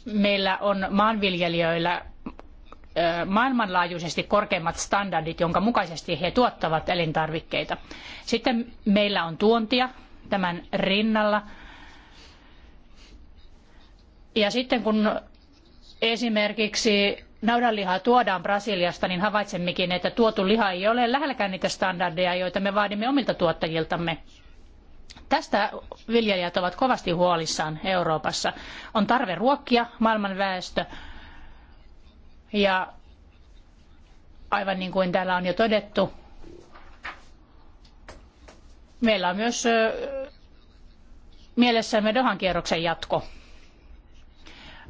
Meillä on maanviljelijöillä maailmanlaajuisesti korkeimmat standardit, jonka mukaisesti he tuottavat elintarvikkeita. Sitten meillä on tuontia tämän rinnalla. Ja sitten kun esimerkiksi naudanlihaa tuodaan Brasiliasta, niin havaitsemmekin, että tuotu liha ei ole lähelläkään niitä standardeja, joita me vaadimme omilta tuottajiltamme. Tästä viljelijät ovat kovasti huolissaan Euroopassa. On tarve ruokkia maailman väestö. Ja aivan niin kuin täällä on jo todettu, meillä on myös mielessämme Dohan kierroksen jatko.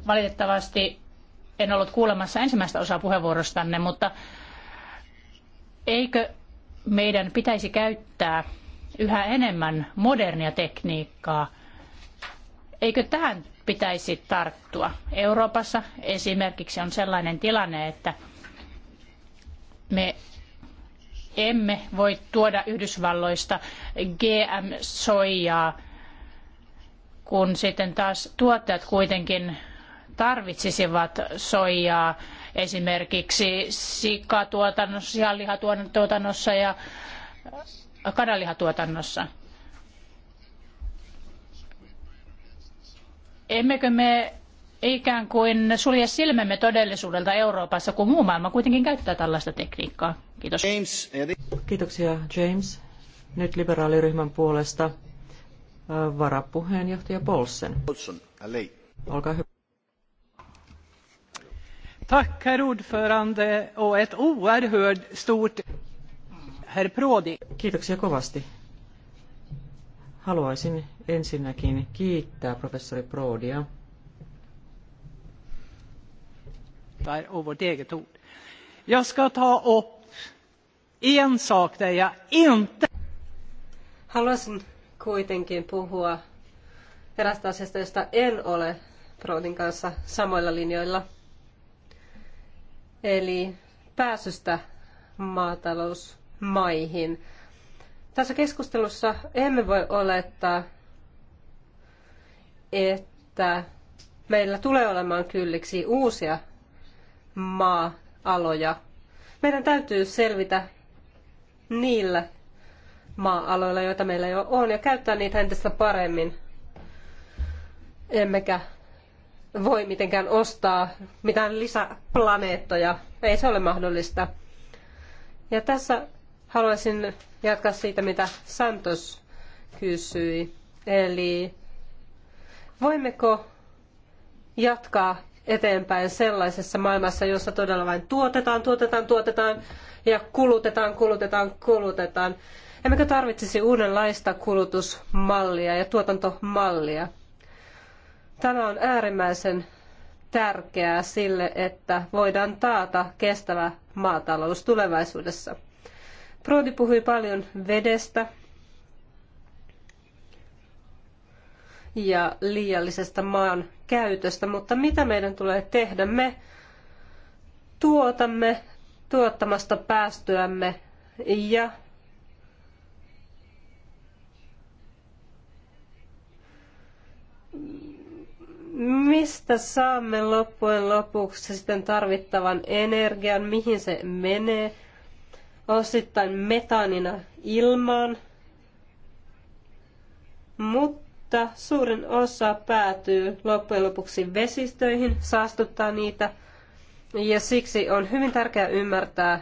Valitettavasti en ollut kuulemassa ensimmäistä osaa puheenvuorostanne, mutta eikö meidän pitäisi käyttää yhä enemmän modernia tekniikkaa? Eikö tähän pitäisi tarttua? Euroopassa esimerkiksi on sellainen tilanne, että me emme voi tuoda Yhdysvalloista GM-soijaa, kun sitten taas tuottajat kuitenkin tarvitsisivat soijaa esimerkiksi sikatuotannossa, sianlihatuotannossa ja kananlihatuotannossa. Emmekö me ikään kuin sulje silmämme todellisuudelta Euroopassa, kun muu maailma kuitenkin käyttää tällaista tekniikkaa? Kiitos. James.
Kiitoksia James. Nyt liberaaliryhmän puolesta äh, varapuheenjohtaja Paulsen. Olkaa hyvä. Tack,
herr ordförande, och ett oerhört stort
herr Prodi. Kiitoksia kovasti. Haluaisin ensinnäkin kiittää professori Prodia.
Och vårt eget ord. Jag ska ta upp en sak där jag inte... Haluaisin kuitenkin puhua erästä asiasta, josta en ole Prodin kanssa samoilla linjoilla – eli pääsystä maatalousmaihin. Tässä keskustelussa emme voi olettaa, että meillä tulee olemaan kylliksi uusia maa-aloja. Meidän täytyy selvitä niillä maa-aloilla, joita meillä jo on, ja käyttää niitä entistä paremmin. Emmekä voi mitenkään ostaa mitään lisäplaneettoja. Ei se ole mahdollista. Ja tässä haluaisin jatkaa siitä, mitä Santos kysyi. Eli voimmeko jatkaa eteenpäin sellaisessa maailmassa, jossa todella vain tuotetaan, tuotetaan, tuotetaan ja kulutetaan, kulutetaan, kulutetaan. Emmekö tarvitsisi uudenlaista kulutusmallia ja tuotantomallia? Tämä on äärimmäisen tärkeää sille, että voidaan taata kestävä maatalous tulevaisuudessa. Prodi puhui paljon vedestä ja liiallisesta maan käytöstä, mutta mitä meidän tulee tehdä? Me tuotamme tuottamasta päästöämme ja mistä saamme loppujen lopuksi sitten tarvittavan energian, mihin se menee, osittain metaanina ilmaan, mutta suurin osa päätyy loppujen lopuksi vesistöihin, saastuttaa niitä, ja siksi on hyvin tärkeää ymmärtää,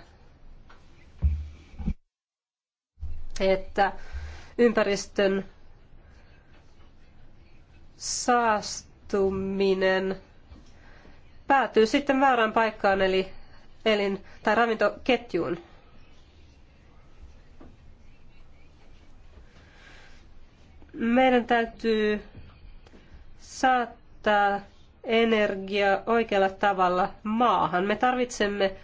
että ympäristön saastuttaa sairastuminen päätyy sitten väärään paikkaan, eli elin- tai ravintoketjuun. Meidän täytyy saattaa energia oikealla tavalla maahan. Me tarvitsemme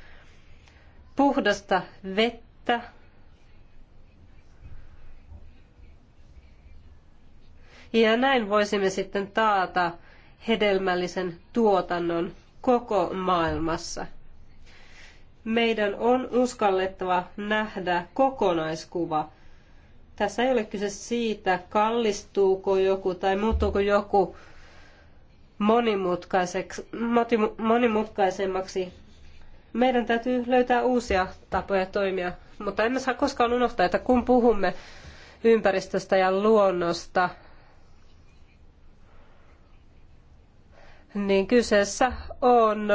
puhdasta vettä. Ja näin voisimme sitten taata hedelmällisen tuotannon koko maailmassa. Meidän on uskallettava nähdä kokonaiskuva. Tässä ei ole kyse siitä, kallistuuko joku tai muuttuuko joku monimutkaiseksi, monimutkaisemmaksi. Meidän täytyy löytää uusia tapoja toimia, mutta emme saa koskaan unohtaa, että kun puhumme ympäristöstä ja luonnosta, niin kyseessä on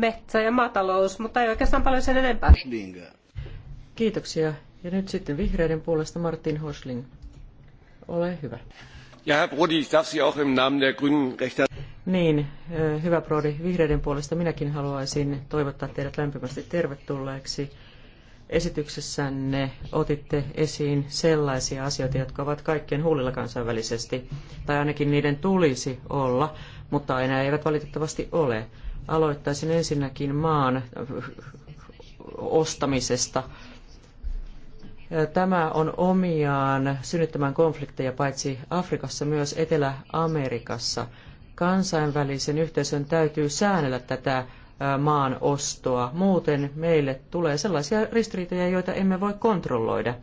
metsä ja maatalous, mutta ei oikeastaan paljon sen enempää. Kiitoksia.
Ja nyt sitten vihreiden puolesta Martin Hosling. Ole
hyvä. Ja Herr Brody, ich darf Sie auch im Namen der Grünen
Niin, hyvä Brody, vihreiden puolesta minäkin haluaisin toivottaa teidät lämpimästi tervetulleeksi. Esityksessänne otitte esiin sellaisia asioita, jotka ovat kaikkien huulilla kansainvälisesti, tai ainakin niiden tulisi olla mutta aina eivät valitettavasti ole. Aloittaisin ensinnäkin maan ostamisesta. Tämä on omiaan synnyttämään konflikteja paitsi Afrikassa myös Etelä-Amerikassa. Kansainvälisen yhteisön täytyy säännellä tätä maan ostoa. Muuten meille tulee sellaisia ristiriitoja, joita emme voi kontrolloida.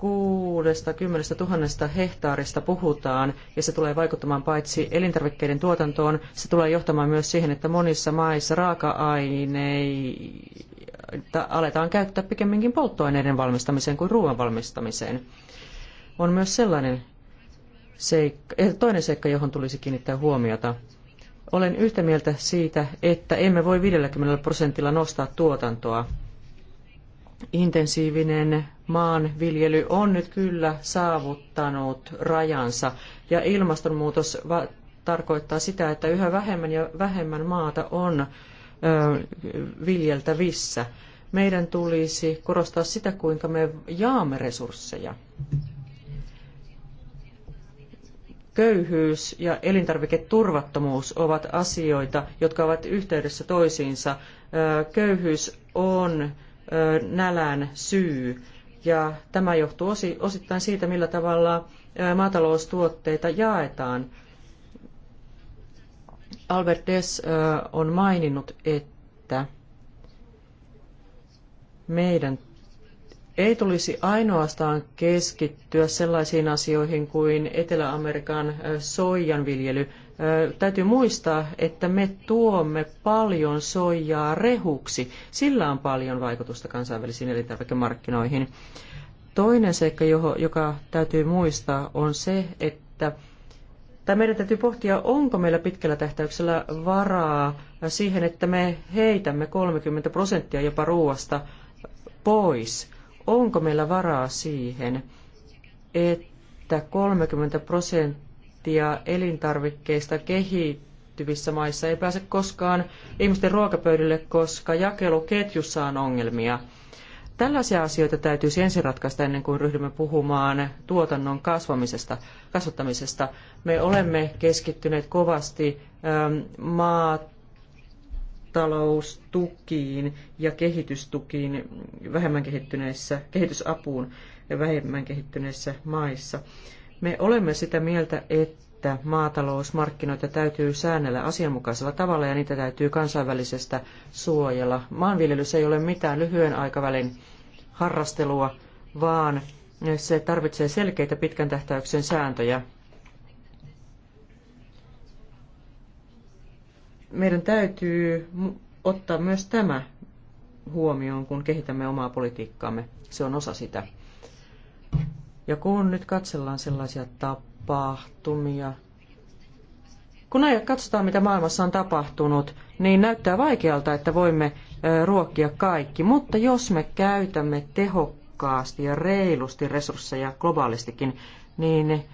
60 000 hehtaarista puhutaan, ja se tulee vaikuttamaan paitsi elintarvikkeiden tuotantoon, se tulee johtamaan myös siihen, että monissa maissa raaka-aineita aletaan käyttää pikemminkin polttoaineiden valmistamiseen kuin ruoan valmistamiseen. On myös sellainen seikka, eh, toinen seikka, johon tulisi kiinnittää huomiota. Olen yhtä mieltä siitä, että emme voi 50 prosentilla nostaa tuotantoa intensiivinen maanviljely on nyt kyllä saavuttanut rajansa ja ilmastonmuutos tarkoittaa sitä, että yhä vähemmän ja vähemmän maata on ö, viljeltävissä. Meidän tulisi korostaa sitä, kuinka me jaamme resursseja. Köyhyys ja elintarviketurvattomuus ovat asioita, jotka ovat yhteydessä toisiinsa. Ö, köyhyys on nälän syy. Ja tämä johtuu osittain siitä, millä tavalla maataloustuotteita jaetaan. Albert Des on maininnut, että meidän ei tulisi ainoastaan keskittyä sellaisiin asioihin kuin Etelä-Amerikan soijanviljely Täytyy muistaa, että me tuomme paljon soijaa rehuksi. Sillä on paljon vaikutusta kansainvälisiin elintarvikemarkkinoihin. Toinen seikka, joka täytyy muistaa, on se, että tai meidän täytyy pohtia, onko meillä pitkällä tähtäyksellä varaa siihen, että me heitämme 30 prosenttia jopa ruoasta pois. Onko meillä varaa siihen, että 30 prosenttia prosenttia elintarvikkeista kehittyvissä maissa ei pääse koskaan ihmisten ruokapöydille, koska jakeluketjussa on ongelmia. Tällaisia asioita täytyisi ensin ratkaista ennen kuin ryhdymme puhumaan tuotannon kasvamisesta, kasvattamisesta. Me olemme keskittyneet kovasti ähm, maataloustukiin ja kehitystukiin vähemmän kehittyneissä, kehitysapuun vähemmän kehittyneissä maissa. Me olemme sitä mieltä, että maatalousmarkkinoita täytyy säännellä asianmukaisella tavalla ja niitä täytyy kansainvälisestä suojella. Maanviljelys ei ole mitään lyhyen aikavälin harrastelua, vaan se tarvitsee selkeitä pitkän tähtäyksen sääntöjä. Meidän täytyy ottaa myös tämä huomioon, kun kehitämme omaa politiikkaamme. Se on osa sitä. Ja kun nyt katsellaan sellaisia tapahtumia, kun katsotaan, mitä maailmassa on tapahtunut, niin näyttää vaikealta, että voimme ruokkia kaikki. Mutta jos me käytämme tehokkaasti ja reilusti resursseja globaalistikin, niin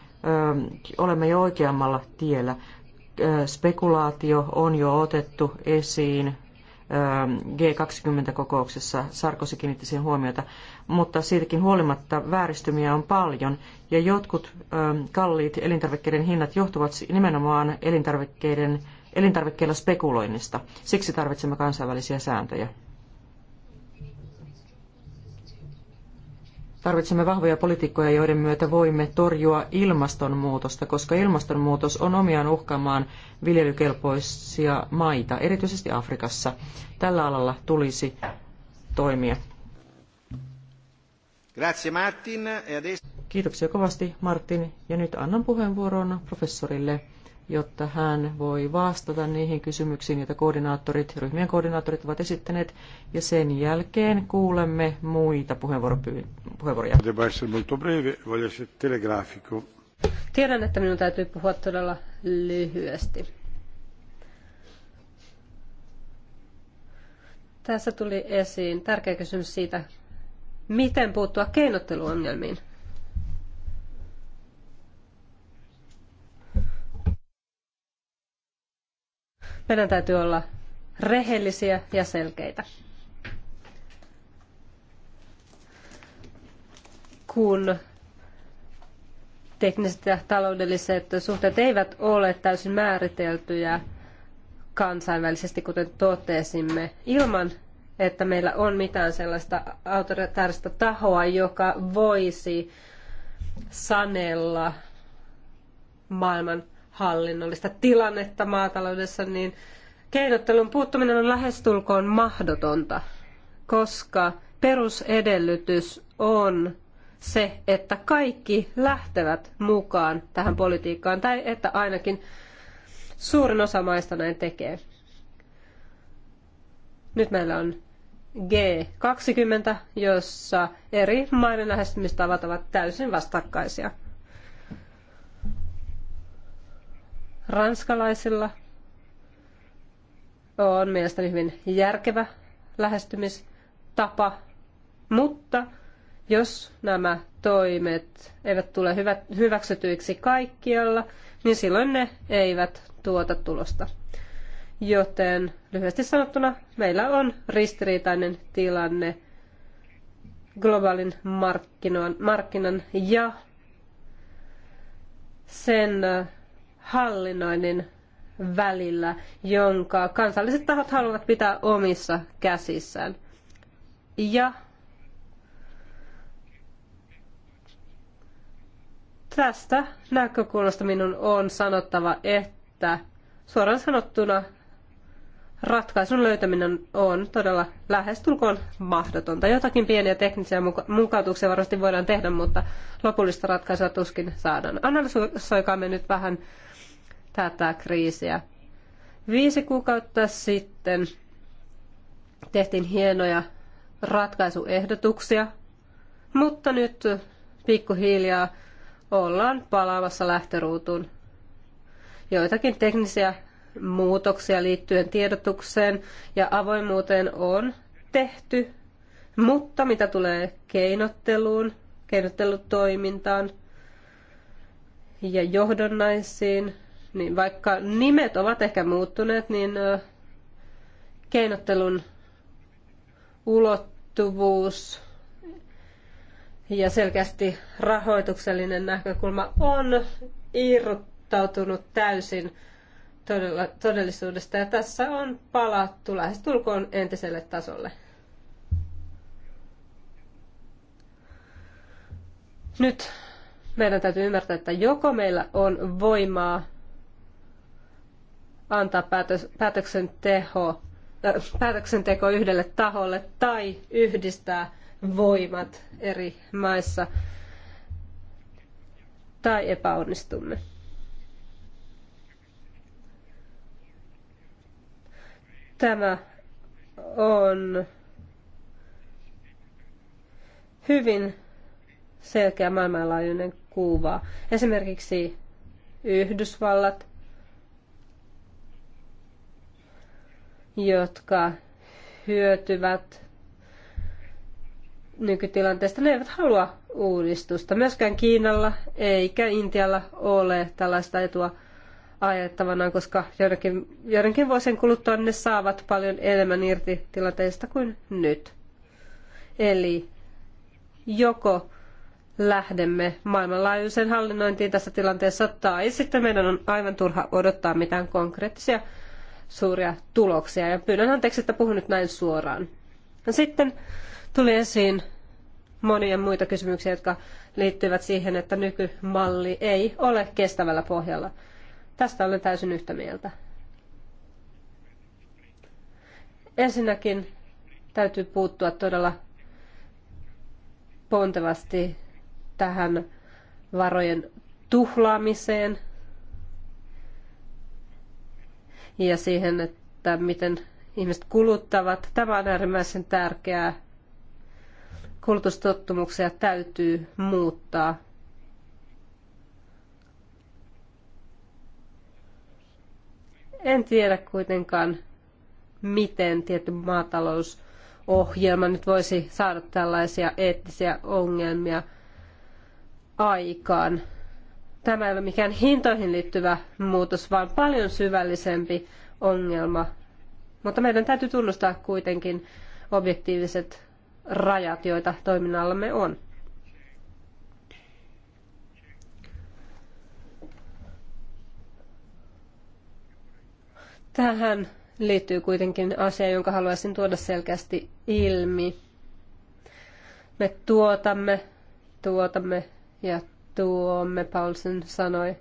olemme jo oikeammalla tiellä. Spekulaatio on jo otettu esiin, G20-kokouksessa Sarkosi kiinnitti siihen huomiota mutta siitäkin huolimatta vääristymiä on paljon ja jotkut kalliit elintarvikkeiden hinnat johtuvat nimenomaan elintarvikkeiden, elintarvikkeilla spekuloinnista. Siksi tarvitsemme kansainvälisiä sääntöjä. Tarvitsemme vahvoja politiikkoja, joiden myötä voimme torjua ilmastonmuutosta, koska ilmastonmuutos on omiaan uhkaamaan viljelykelpoisia maita, erityisesti Afrikassa. Tällä alalla tulisi toimia.
Grazie Martin. E
Kiitoksia kovasti Martin. Ja nyt annan puheenvuoron professorille, jotta hän voi vastata niihin kysymyksiin, joita koordinaattorit, ryhmien koordinaattorit ovat esittäneet. Ja sen jälkeen kuulemme muita puheenvuoroja.
Tiedän, että minun täytyy puhua todella lyhyesti. Tässä tuli esiin tärkeä kysymys siitä, miten puuttua keinotteluongelmiin. Meidän täytyy olla rehellisiä ja selkeitä. Kun tekniset ja taloudelliset suhteet eivät ole täysin määriteltyjä kansainvälisesti, kuten totesimme, ilman että meillä on mitään sellaista autoritaarista tahoa, joka voisi sanella maailman hallinnollista tilannetta maataloudessa, niin keinottelun puuttuminen on lähestulkoon mahdotonta, koska perusedellytys on se, että kaikki lähtevät mukaan tähän politiikkaan, tai että ainakin suurin osa maista näin tekee. Nyt meillä on G20, jossa eri maiden lähestymistavat ovat täysin vastakkaisia. Ranskalaisilla on mielestäni hyvin järkevä lähestymistapa, mutta jos nämä toimet eivät tule hyväksytyiksi kaikkialla, niin silloin ne eivät tuota tulosta joten lyhyesti sanottuna meillä on ristiriitainen tilanne globaalin markkinan, ja sen hallinnoinnin välillä, jonka kansalliset tahot haluavat pitää omissa käsissään. Ja tästä näkökulmasta minun on sanottava, että suoraan sanottuna ratkaisun löytäminen on todella lähestulkoon mahdotonta. Jotakin pieniä teknisiä mukautuksia varmasti voidaan tehdä, mutta lopullista ratkaisua tuskin saadaan. Analysoikaamme nyt vähän tätä kriisiä. Viisi kuukautta sitten tehtiin hienoja ratkaisuehdotuksia, mutta nyt pikkuhiljaa ollaan palaamassa lähtöruutuun. Joitakin teknisiä muutoksia liittyen tiedotukseen ja avoimuuteen on tehty, mutta mitä tulee keinotteluun, keinottelutoimintaan ja johdonnaisiin, niin vaikka nimet ovat ehkä muuttuneet, niin keinottelun ulottuvuus ja selkeästi rahoituksellinen näkökulma on irrottautunut täysin todella, todellisuudesta ja tässä on palattu lähestulkoon entiselle tasolle. Nyt meidän täytyy ymmärtää, että joko meillä on voimaa antaa päätös, päätöksenteko, äh, päätöksenteko yhdelle taholle tai yhdistää voimat eri maissa tai epäonnistumme. Tämä on hyvin selkeä maailmanlaajuinen kuva. Esimerkiksi Yhdysvallat, jotka hyötyvät nykytilanteesta. Ne eivät halua uudistusta. Myöskään Kiinalla eikä Intialla ole tällaista etua ajettavanaan, koska joidenkin, joidenkin vuosien kuluttua ne saavat paljon enemmän irti tilanteesta kuin nyt. Eli joko lähdemme maailmanlaajuiseen hallinnointiin tässä tilanteessa, tai sitten meidän on aivan turha odottaa mitään konkreettisia suuria tuloksia. Ja pyydän anteeksi, että puhun nyt näin suoraan. Sitten tuli esiin monia muita kysymyksiä, jotka liittyvät siihen, että nykymalli ei ole kestävällä pohjalla. Tästä olen täysin yhtä mieltä. Ensinnäkin täytyy puuttua todella pontevasti tähän varojen tuhlaamiseen ja siihen, että miten ihmiset kuluttavat. Tämä on äärimmäisen tärkeää. Kulutustottumuksia täytyy muuttaa En tiedä kuitenkaan, miten tietty maatalousohjelma nyt voisi saada tällaisia eettisiä ongelmia aikaan. Tämä ei ole mikään hintoihin liittyvä muutos, vaan paljon syvällisempi ongelma. Mutta meidän täytyy tunnustaa kuitenkin objektiiviset rajat, joita toiminnallamme on. Tähän liittyy kuitenkin asia, jonka haluaisin tuoda selkeästi ilmi. Me tuotamme, tuotamme ja tuomme, Paulsen sanoi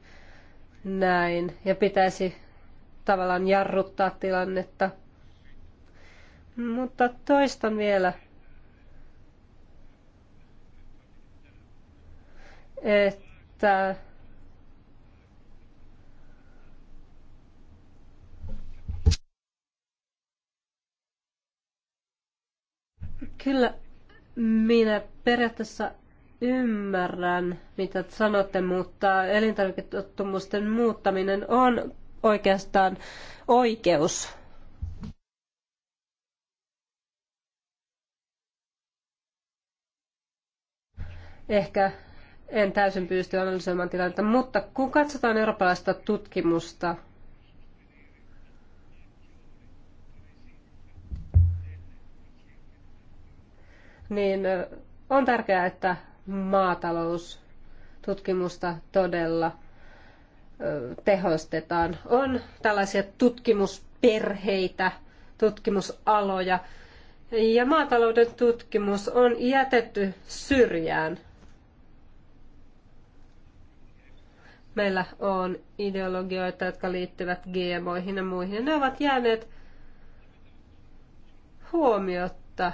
näin. Ja pitäisi tavallaan jarruttaa tilannetta. Mutta toistan vielä, että Kyllä minä periaatteessa ymmärrän, mitä sanotte, mutta elintarviketottumusten muuttaminen on oikeastaan oikeus. Ehkä en täysin pysty analysoimaan tilannetta, mutta kun katsotaan eurooppalaista tutkimusta, niin on tärkeää, että maataloustutkimusta todella tehostetaan. On tällaisia tutkimusperheitä, tutkimusaloja, ja maatalouden tutkimus on jätetty syrjään. Meillä on ideologioita, jotka liittyvät GMOihin ja muihin. Ne ovat jääneet huomiotta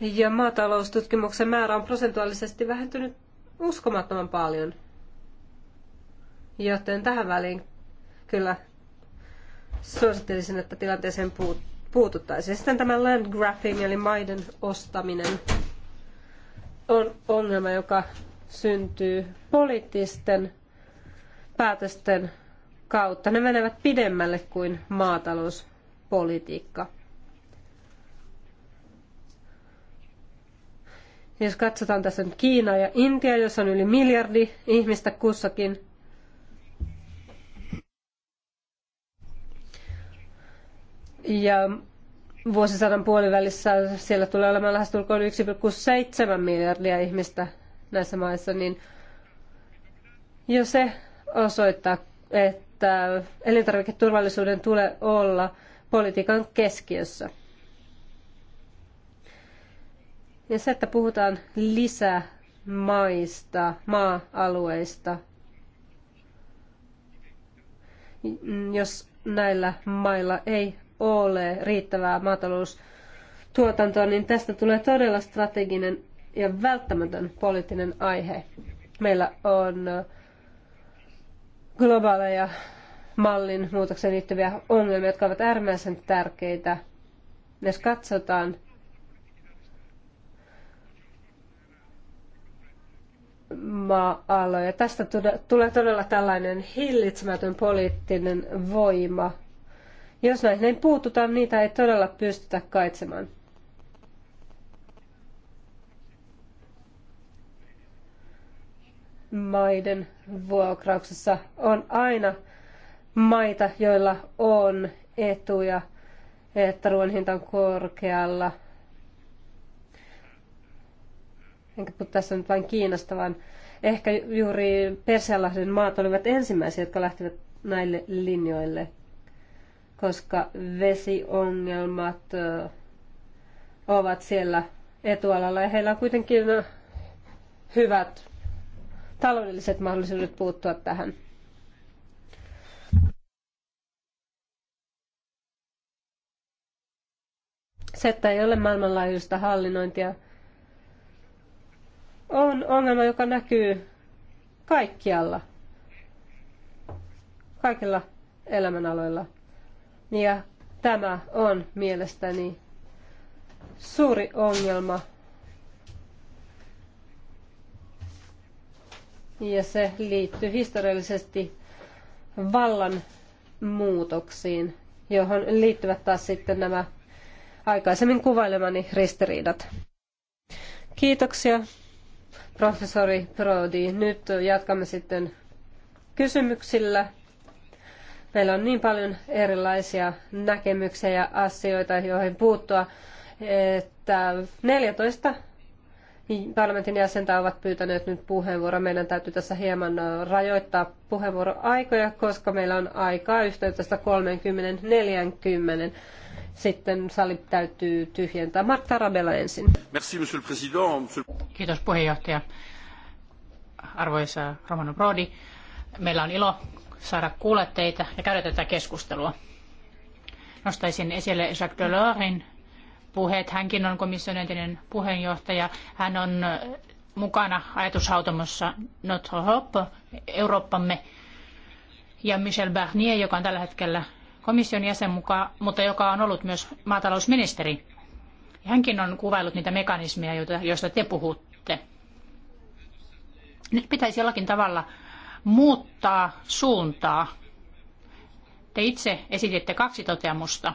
ja maataloustutkimuksen määrä on prosentuaalisesti vähentynyt uskomattoman paljon. Joten tähän väliin kyllä suosittelisin, että tilanteeseen puututtaisiin. Sitten tämä land grabbing eli maiden ostaminen on ongelma, joka syntyy poliittisten päätösten kautta. Ne menevät pidemmälle kuin maatalouspolitiikka. Jos katsotaan, tässä nyt Kiina ja Intia, jossa on yli miljardi ihmistä kussakin. Ja vuosisadan puolivälissä siellä tulee olemaan lähestulkoon 1,7 miljardia ihmistä näissä maissa, niin jo se osoittaa, että elintarviketurvallisuuden tulee olla politiikan keskiössä. Ja se, että puhutaan lisämaista, maa-alueista, jos näillä mailla ei ole riittävää maataloustuotantoa, niin tästä tulee todella strateginen ja välttämätön poliittinen aihe. Meillä on globaaleja mallin muutokseen liittyviä ongelmia, jotka ovat äärimmäisen tärkeitä. Jos katsotaan maa Ja Tästä tulee todella tällainen hillitsemätön poliittinen voima. Jos näihin ei puututa, niitä ei todella pystytä kaitsemaan. Maiden vuokrauksessa on aina maita, joilla on etuja, että ruoan hinta on korkealla – enkä puhu tässä nyt vain Kiinasta, vaan ehkä juuri Persianlahden maat olivat ensimmäisiä, jotka lähtivät näille linjoille, koska vesiongelmat ovat siellä etualalla ja heillä on kuitenkin hyvät taloudelliset mahdollisuudet puuttua tähän. Se, että ei ole maailmanlaajuista hallinnointia, on ongelma, joka näkyy kaikkialla, kaikilla elämänaloilla. Ja tämä on mielestäni suuri ongelma. Ja se liittyy historiallisesti vallan muutoksiin, johon liittyvät taas sitten nämä aikaisemmin kuvailemani ristiriidat. Kiitoksia professori Brody. Nyt jatkamme sitten kysymyksillä. Meillä on niin paljon erilaisia näkemyksiä ja asioita, joihin puuttua, että 14 parlamentin jäsentä ovat pyytäneet nyt puheenvuoroa. Meidän täytyy tässä hieman rajoittaa puheenvuoroaikoja, koska meillä on aikaa yhteydestä 30-40. Sitten sali täytyy tyhjentää.
Mark Tarabella ensin.
Merci, monsieur le président.
Kiitos puheenjohtaja. Arvoisa Romano Brodi, meillä on ilo saada kuulla teitä ja käydä tätä keskustelua. Nostaisin esille Jacques Delorsin puheet. Hänkin on komission entinen puheenjohtaja. Hän on mukana ajatushautomossa Notre Hope, Eurooppamme, ja Michel Barnier, joka on tällä hetkellä komission jäsen mukaan, mutta joka on ollut myös maatalousministeri. Hänkin on kuvailut niitä mekanismeja, joista te puhutte. Nyt pitäisi jollakin tavalla muuttaa suuntaa. Te itse esititte kaksi toteamusta.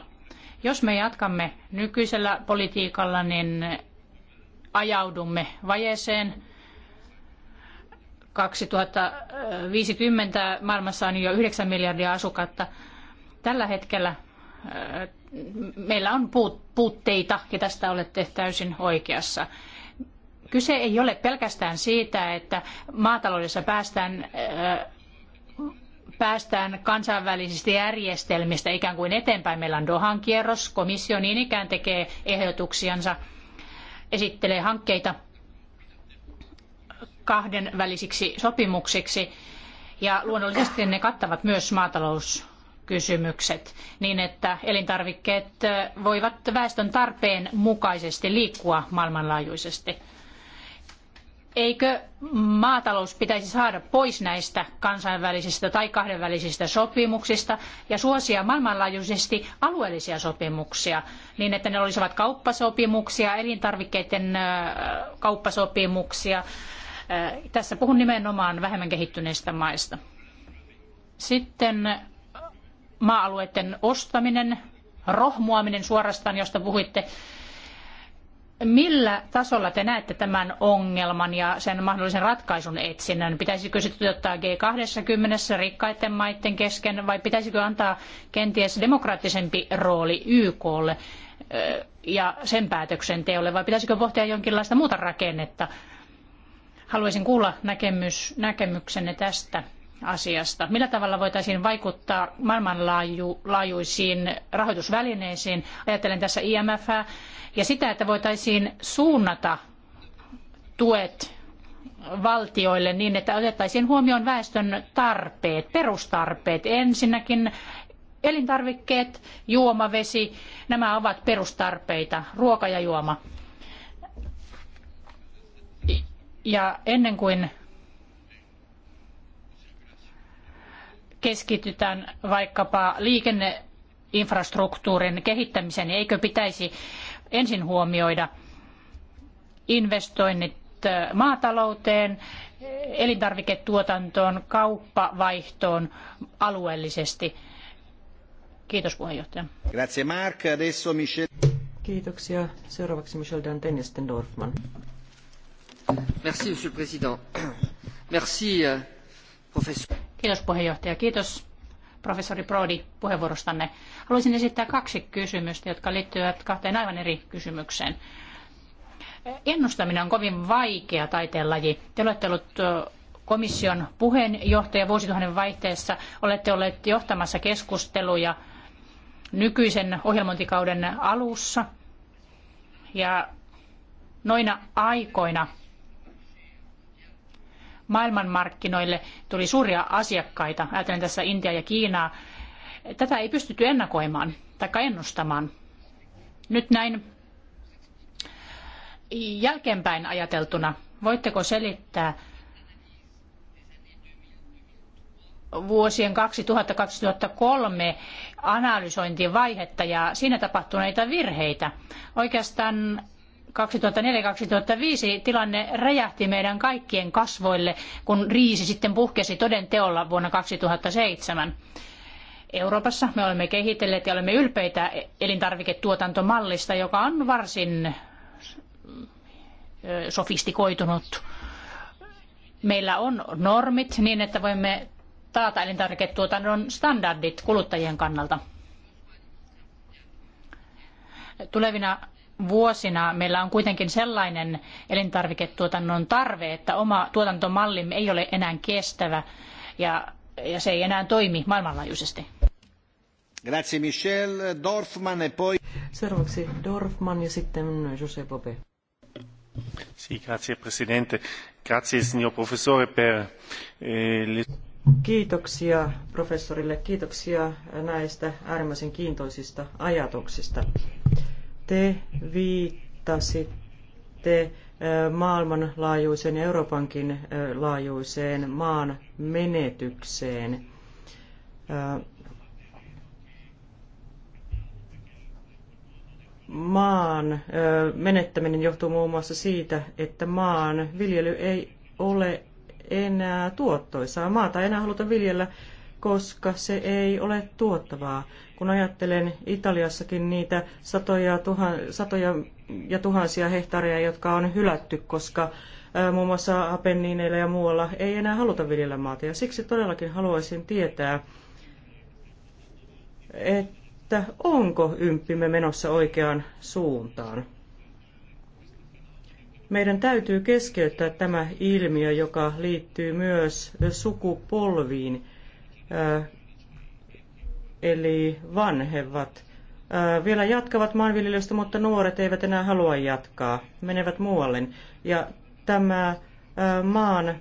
Jos me jatkamme nykyisellä politiikalla, niin ajaudumme vajeeseen. 2050 maailmassa on jo 9 miljardia asukasta Tällä hetkellä äh, meillä on puutteita ja tästä olette täysin oikeassa. Kyse ei ole pelkästään siitä, että maataloudessa päästään äh, päästään kansainvälisistä järjestelmistä ikään kuin eteenpäin. Meillä on Dohan kierros, komissio niin ikään tekee ehdotuksiansa, esittelee hankkeita kahden välisiksi sopimuksiksi ja luonnollisesti ne kattavat myös maatalous kysymykset niin, että elintarvikkeet voivat väestön tarpeen mukaisesti liikkua maailmanlaajuisesti. Eikö maatalous pitäisi saada pois näistä kansainvälisistä tai kahdenvälisistä sopimuksista ja suosia maailmanlaajuisesti alueellisia sopimuksia niin, että ne olisivat kauppasopimuksia, elintarvikkeiden kauppasopimuksia? Tässä puhun nimenomaan vähemmän kehittyneistä maista. Sitten maa-alueiden ostaminen, rohmuaminen suorastaan, josta puhuitte. Millä tasolla te näette tämän ongelman ja sen mahdollisen ratkaisun etsinnän? Pitäisikö se toteuttaa G20 rikkaiden maiden kesken vai pitäisikö antaa kenties demokraattisempi rooli YKlle ja sen päätöksenteolle vai pitäisikö pohtia jonkinlaista muuta rakennetta? Haluaisin kuulla näkemys, näkemyksenne tästä asiasta. Millä tavalla voitaisiin vaikuttaa maailmanlaajuisiin rahoitusvälineisiin? Ajattelen tässä IMF ja sitä, että voitaisiin suunnata tuet valtioille niin, että otettaisiin huomioon väestön tarpeet, perustarpeet. Ensinnäkin elintarvikkeet, juomavesi, nämä ovat perustarpeita, ruoka ja juoma. Ja ennen kuin keskitytään vaikkapa liikenneinfrastruktuurin kehittämiseen, niin eikö pitäisi ensin huomioida investoinnit äh, maatalouteen, elintarviketuotantoon, kauppavaihtoon alueellisesti? Kiitos puheenjohtaja. Grazie Mark. Adesso Michel... Kiitoksia.
Seuraavaksi Michel Danten ja sitten Dorfman.
Merci, monsieur le Président.
Merci, euh, professeur.
Kiitos puheenjohtaja. Kiitos professori Brody puheenvuorostanne. Haluaisin esittää kaksi kysymystä, jotka liittyvät kahteen aivan eri kysymykseen. Ennustaminen on kovin vaikea taiteenlaji. Te olette ollut komission puheenjohtaja vuosituhannen vaihteessa. Olette olleet johtamassa keskusteluja nykyisen ohjelmointikauden alussa. Ja noina aikoina maailmanmarkkinoille tuli suuria asiakkaita, ajatellen tässä Intia ja Kiinaa. Tätä ei pystytty ennakoimaan tai ennustamaan. Nyt näin jälkeenpäin ajateltuna, voitteko selittää vuosien 2000-2003 analysointivaihetta ja siinä tapahtuneita virheitä? Oikeastaan 2004-2005 tilanne räjähti meidän kaikkien kasvoille, kun riisi sitten puhkesi toden teolla vuonna 2007. Euroopassa me olemme kehitelleet ja olemme ylpeitä elintarviketuotantomallista, joka on varsin sofistikoitunut. Meillä on normit niin, että voimme taata elintarviketuotannon standardit kuluttajien kannalta. Tulevina vuosina meillä on kuitenkin sellainen elintarviketuotannon tarve, että oma tuotantomallimme ei ole enää kestävä ja, ja se ei enää toimi maailmanlaajuisesti.
Grazie Michel Dorfman e poi... Seuraavaksi Dorfman ja sitten Jose Bobe.
Sì, grazie Presidente. Grazie signor Professore
per eh, Kiitoksia professorille, kiitoksia näistä äärimmäisen kiintoisista ajatuksista. Te viittasitte maailmanlaajuiseen ja Euroopankin laajuiseen maan menetykseen. Maan menettäminen johtuu muun muassa siitä, että maan viljely ei ole enää tuottoisaa. Maata ei enää haluta viljellä koska se ei ole tuottavaa. Kun ajattelen Italiassakin niitä satoja, tuhan, satoja ja tuhansia hehtaareja, jotka on hylätty, koska muun muassa apenniineillä ja muualla ei enää haluta viljellä maata. Ja siksi todellakin haluaisin tietää, että onko ymppimme menossa oikeaan suuntaan. Meidän täytyy keskeyttää tämä ilmiö, joka liittyy myös sukupolviin eli vanhevat vielä jatkavat maanviljelystä, mutta nuoret eivät enää halua jatkaa, menevät muualle. Ja tämä maan,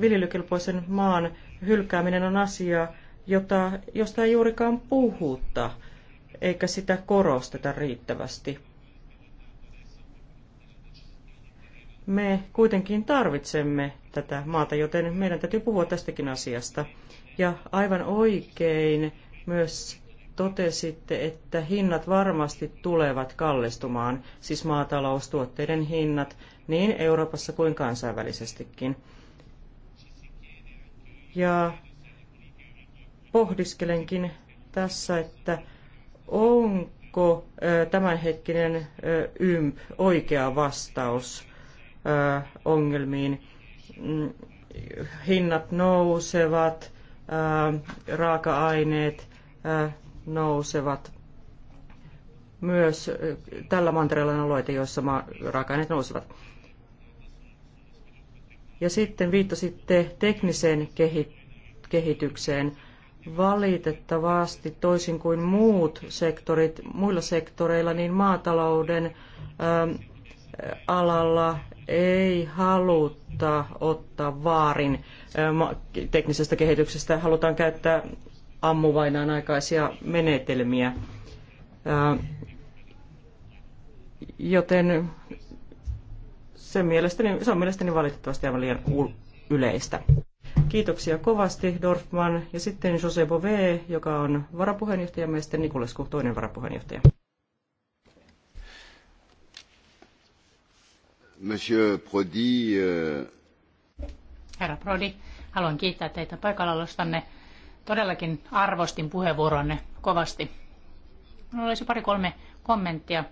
viljelykelpoisen maan hylkääminen on asia, jota, josta ei juurikaan puhuta, eikä sitä korosteta riittävästi. Me kuitenkin tarvitsemme tätä maata, joten meidän täytyy puhua tästäkin asiasta. Ja aivan oikein myös totesitte, että hinnat varmasti tulevat kallistumaan, siis maataloustuotteiden hinnat niin Euroopassa kuin kansainvälisestikin. Ja pohdiskelenkin tässä, että onko tämänhetkinen YMP oikea vastaus ongelmiin. Mm, hinnat nousevat, raaka-aineet nousevat. Myös tällä mantereella on alueita, joissa raaka-aineet nousevat. Ja sitten viittasitte tekniseen kehitykseen. Valitettavasti toisin kuin muut sektorit, muilla sektoreilla, niin maatalouden alalla ei haluta ottaa vaarin teknisestä kehityksestä, halutaan käyttää ammuvainaan aikaisia menetelmiä. Joten se, mielestäni, se on mielestäni valitettavasti aivan liian yleistä. Kiitoksia kovasti Dorfman ja sitten Jose V, joka on varapuheenjohtaja ja sitten Nikulesku, toinen varapuheenjohtaja.
Monsieur Prodi. Eh,
Herra Prodi, haluan kiittää teitä paikallaolostanne. Todellakin arvostin puheenvuoronne kovasti. Minulla olisi pari-kolme kommenttia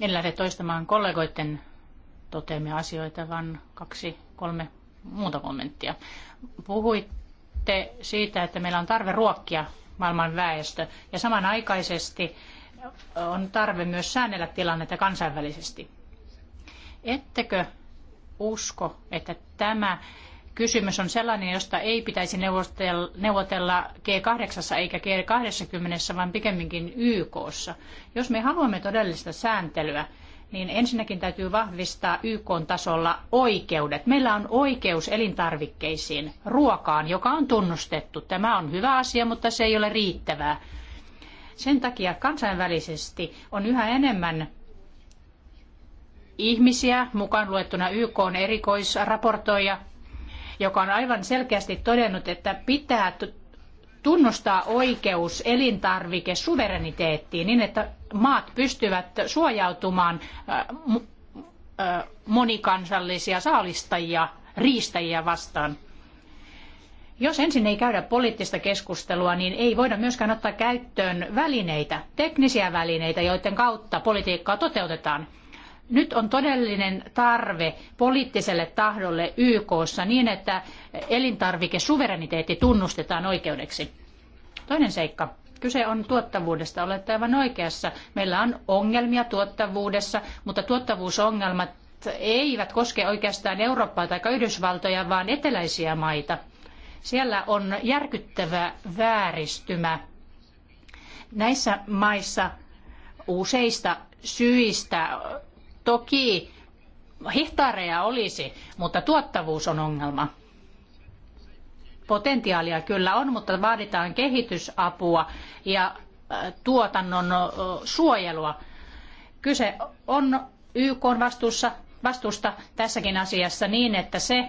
en lähde toistamaan kollegoiden toteamia asioita, vaan kaksi, kolme muuta kommenttia. Puhuitte siitä, että meillä on tarve ruokkia maailman väestö. Ja samanaikaisesti on tarve myös säännellä tilannetta kansainvälisesti. Ettekö usko, että tämä kysymys on sellainen, josta ei pitäisi neuvotella G8 eikä G20, vaan pikemminkin YKssa. Jos me haluamme todellista sääntelyä, niin ensinnäkin täytyy vahvistaa YK-tasolla oikeudet. Meillä on oikeus elintarvikkeisiin, ruokaan, joka on tunnustettu. Tämä on hyvä asia, mutta se ei ole riittävää. Sen takia kansainvälisesti on yhä enemmän ihmisiä, mukaan luettuna YK erikoisraportoija, joka on aivan selkeästi todennut, että pitää tunnustaa oikeus elintarvikesuvereniteettiin niin, että maat pystyvät suojautumaan monikansallisia saalistajia, riistäjiä vastaan. Jos ensin ei käydä poliittista keskustelua, niin ei voida myöskään ottaa käyttöön välineitä, teknisiä välineitä, joiden kautta politiikkaa toteutetaan – nyt on todellinen tarve poliittiselle tahdolle YKssa niin, että elintarvikesuvereniteetti tunnustetaan oikeudeksi. Toinen seikka. Kyse on tuottavuudesta. Olette aivan oikeassa. Meillä on ongelmia tuottavuudessa, mutta tuottavuusongelmat eivät koske oikeastaan Eurooppaa tai Yhdysvaltoja, vaan eteläisiä maita. Siellä on järkyttävä vääristymä. Näissä maissa useista syistä Toki hehtaareja olisi, mutta tuottavuus on ongelma. Potentiaalia kyllä on, mutta vaaditaan kehitysapua ja äh, tuotannon suojelua. Kyse on YK vastuussa, vastuusta tässäkin asiassa niin, että se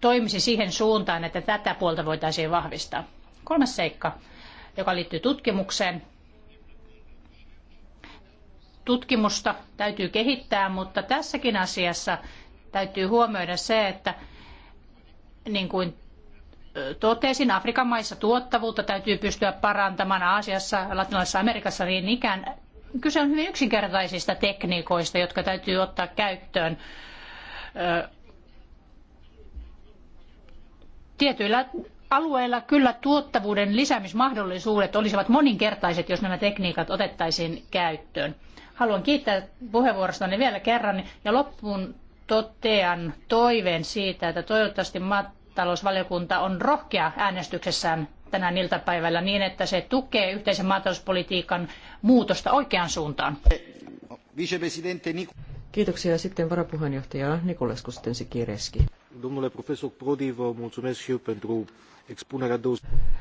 toimisi siihen suuntaan, että tätä puolta voitaisiin vahvistaa. Kolmas seikka, joka liittyy tutkimukseen tutkimusta täytyy kehittää, mutta tässäkin asiassa täytyy huomioida se, että niin kuin totesin, Afrikan maissa tuottavuutta täytyy pystyä parantamaan Aasiassa, Latinalaisessa Amerikassa niin ikään. Kyse on hyvin yksinkertaisista tekniikoista, jotka täytyy ottaa käyttöön tietyillä alueilla kyllä tuottavuuden lisäämismahdollisuudet olisivat moninkertaiset, jos nämä tekniikat otettaisiin käyttöön. Haluan kiittää puheenvuorostani vielä kerran ja loppuun totean toiveen siitä, että toivottavasti maatalousvaliokunta on rohkea äänestyksessään tänään iltapäivällä niin, että se tukee yhteisen maatalouspolitiikan muutosta oikeaan suuntaan.
Kiitoksia. Sitten varapuheenjohtaja Nikolescu sitten Sikireski.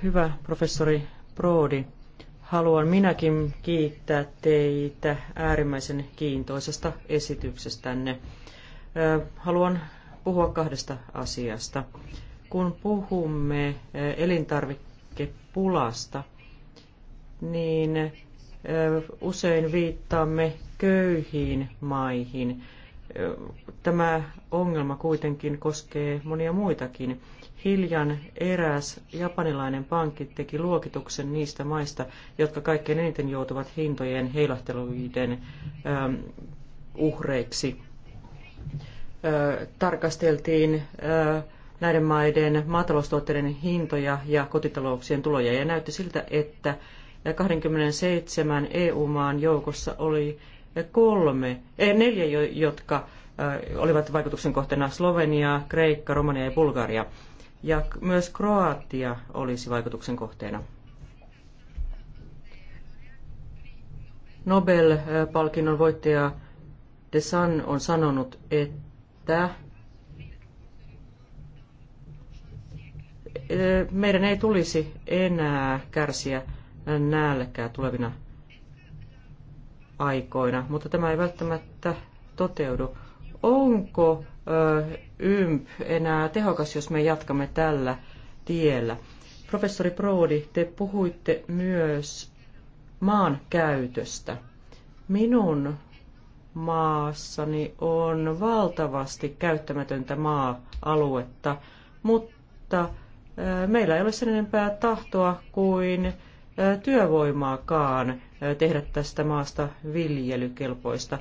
Hyvä professori Prodi, haluan minäkin kiittää teitä äärimmäisen kiintoisesta esityksestänne. Haluan puhua kahdesta asiasta. Kun puhumme elintarvikepulasta, niin usein viittaamme köyhiin maihin – Tämä ongelma kuitenkin koskee monia muitakin. Hiljan eräs japanilainen pankki teki luokituksen niistä maista, jotka kaikkein eniten joutuvat hintojen heilahteluiden ähm, uhreiksi. Äh, tarkasteltiin äh, näiden maiden maataloustuotteiden hintoja ja kotitalouksien tuloja ja näytti siltä, että 27 EU-maan joukossa oli kolme, eh, neljä, jotka eh, olivat vaikutuksen kohteena Slovenia, Kreikka, Romania ja Bulgaria. Ja myös Kroatia olisi vaikutuksen kohteena. Nobel-palkinnon voittaja De San on sanonut, että eh, meidän ei tulisi enää kärsiä nälkää tulevina aikoina, mutta tämä ei välttämättä toteudu. Onko ö, YMP enää tehokas, jos me jatkamme tällä tiellä? Professori proodi te puhuitte myös maan käytöstä. Minun maassani on valtavasti käyttämätöntä maa-aluetta, mutta meillä ei ole sen enempää tahtoa kuin työvoimaakaan tehdä tästä maasta viljelykelpoista.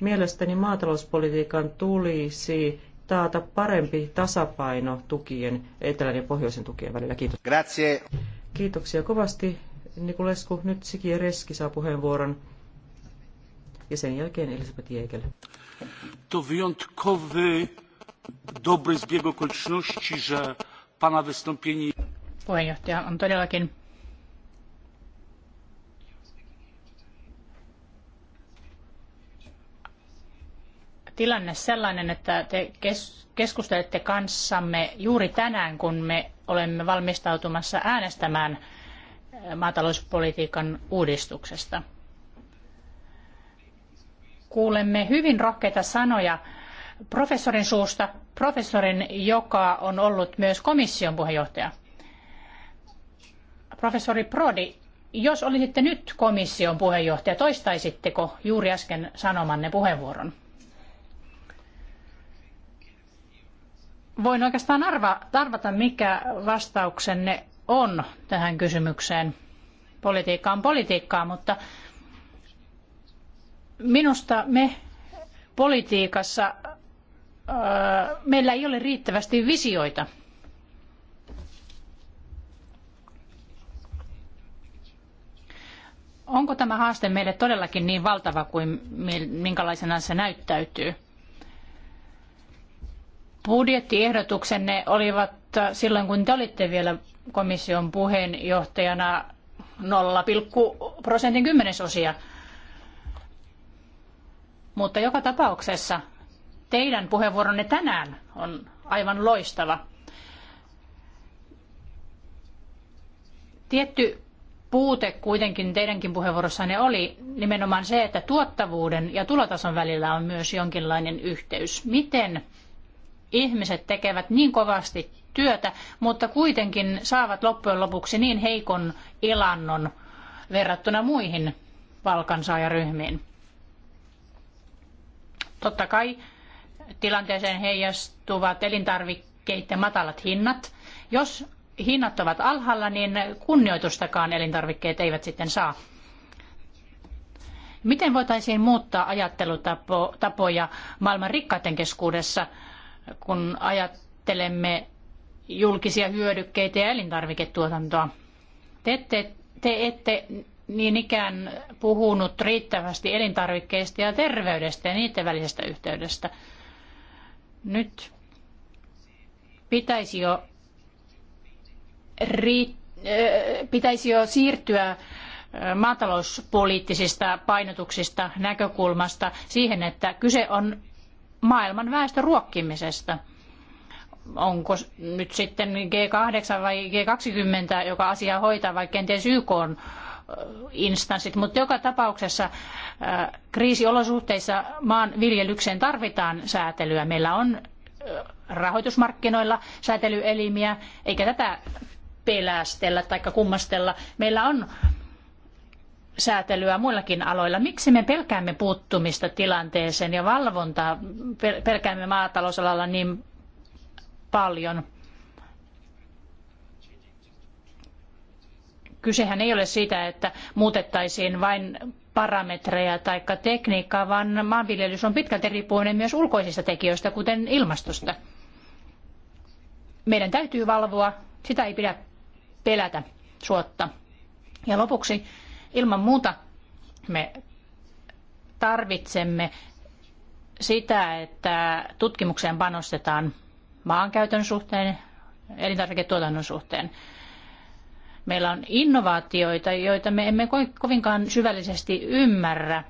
Mielestäni maatalouspolitiikan tulisi taata parempi tasapaino tukien, etelän ja pohjoisen tukien välillä. Kiitos. Grazie. Kiitoksia kovasti. Nikulesku, nyt Siki Reski saa puheenvuoron. Ja sen jälkeen Elisabeth Jekel.
To wyjątkowy dobry zbieg okoliczności,
że pana wystąpienie... Puheenjohtaja, on todellakin tilanne sellainen, että te keskustelette kanssamme juuri tänään, kun me olemme valmistautumassa äänestämään äh, maatalouspolitiikan uudistuksesta. Kuulemme hyvin rohkeita sanoja professorin suusta, professorin, joka on ollut myös komission puheenjohtaja. Professori Prodi, jos olisitte nyt komission puheenjohtaja, toistaisitteko juuri äsken sanomanne puheenvuoron? voin oikeastaan arva, arvata, mikä vastauksenne on tähän kysymykseen. Politiikka on politiikkaa, mutta minusta me politiikassa, meillä ei ole riittävästi visioita. Onko tämä haaste meille todellakin niin valtava kuin minkälaisena se näyttäytyy? budjettiehdotuksenne olivat silloin, kun te olitte vielä komission puheenjohtajana 0, prosentin kymmenesosia. Mutta joka tapauksessa teidän puheenvuoronne tänään on aivan loistava. Tietty puute kuitenkin teidänkin puheenvuorossanne oli nimenomaan se, että tuottavuuden ja tulotason välillä on myös jonkinlainen yhteys. Miten ihmiset tekevät niin kovasti työtä, mutta kuitenkin saavat loppujen lopuksi niin heikon elannon verrattuna muihin palkansaajaryhmiin. Totta kai tilanteeseen heijastuvat elintarvikkeiden matalat hinnat. Jos hinnat ovat alhaalla, niin kunnioitustakaan elintarvikkeet eivät sitten saa. Miten voitaisiin muuttaa ajattelutapoja maailman rikkaiden keskuudessa kun ajattelemme julkisia hyödykkeitä ja elintarviketuotantoa. Te ette, te ette niin ikään puhunut riittävästi elintarvikkeista ja terveydestä ja niiden välisestä yhteydestä. Nyt pitäisi jo, ri, äh, pitäisi jo siirtyä äh, maatalouspoliittisista painotuksista, näkökulmasta siihen, että kyse on maailman väestön ruokkimisesta. Onko nyt sitten G8 vai G20, joka asiaa hoitaa, vai kenties YK on instanssit, mutta joka tapauksessa kriisiolosuhteissa maan viljelykseen tarvitaan säätelyä. Meillä on rahoitusmarkkinoilla säätelyelimiä, eikä tätä pelästellä tai kummastella. Meillä on säätelyä muillakin aloilla. Miksi me pelkäämme puuttumista tilanteeseen ja valvontaa pelkäämme maatalousalalla niin paljon? Kysehän ei ole siitä, että muutettaisiin vain parametreja tai tekniikkaa, vaan maanviljelys on pitkälti riippuvainen myös ulkoisista tekijöistä, kuten ilmastosta. Meidän täytyy valvoa, sitä ei pidä pelätä suotta. Ja lopuksi Ilman muuta me tarvitsemme sitä, että tutkimukseen panostetaan maankäytön suhteen, elintarviketuotannon suhteen. Meillä on innovaatioita, joita me emme kovinkaan syvällisesti ymmärrä.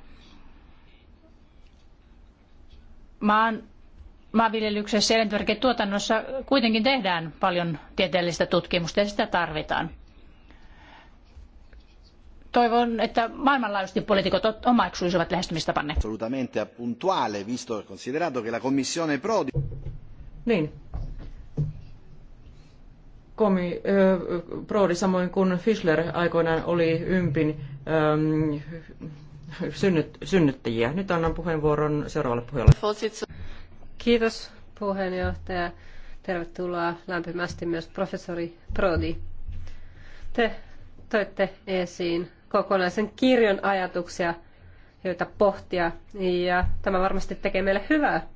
Maan maanviljelyksessä ja elintarviketuotannossa kuitenkin tehdään paljon tieteellistä tutkimusta ja sitä tarvitaan toivon, että maailmanlaajuisesti poliitikot omaksuisivat lähestymistapanne. Assolutamente puntuale, visto considerato che la commissione Prodi... Niin.
Komi, ö, Prodi samoin kuin Fischler aikoinaan oli ympin ö, synnyt, synnyttäjiä. Nyt annan puheenvuoron seuraavalle puhujalle.
Kiitos puheenjohtaja. Tervetuloa lämpimästi myös professori Prodi. Te toitte esiin kokonaisen kirjon ajatuksia, joita pohtia. Ja tämä varmasti tekee meille hyvää,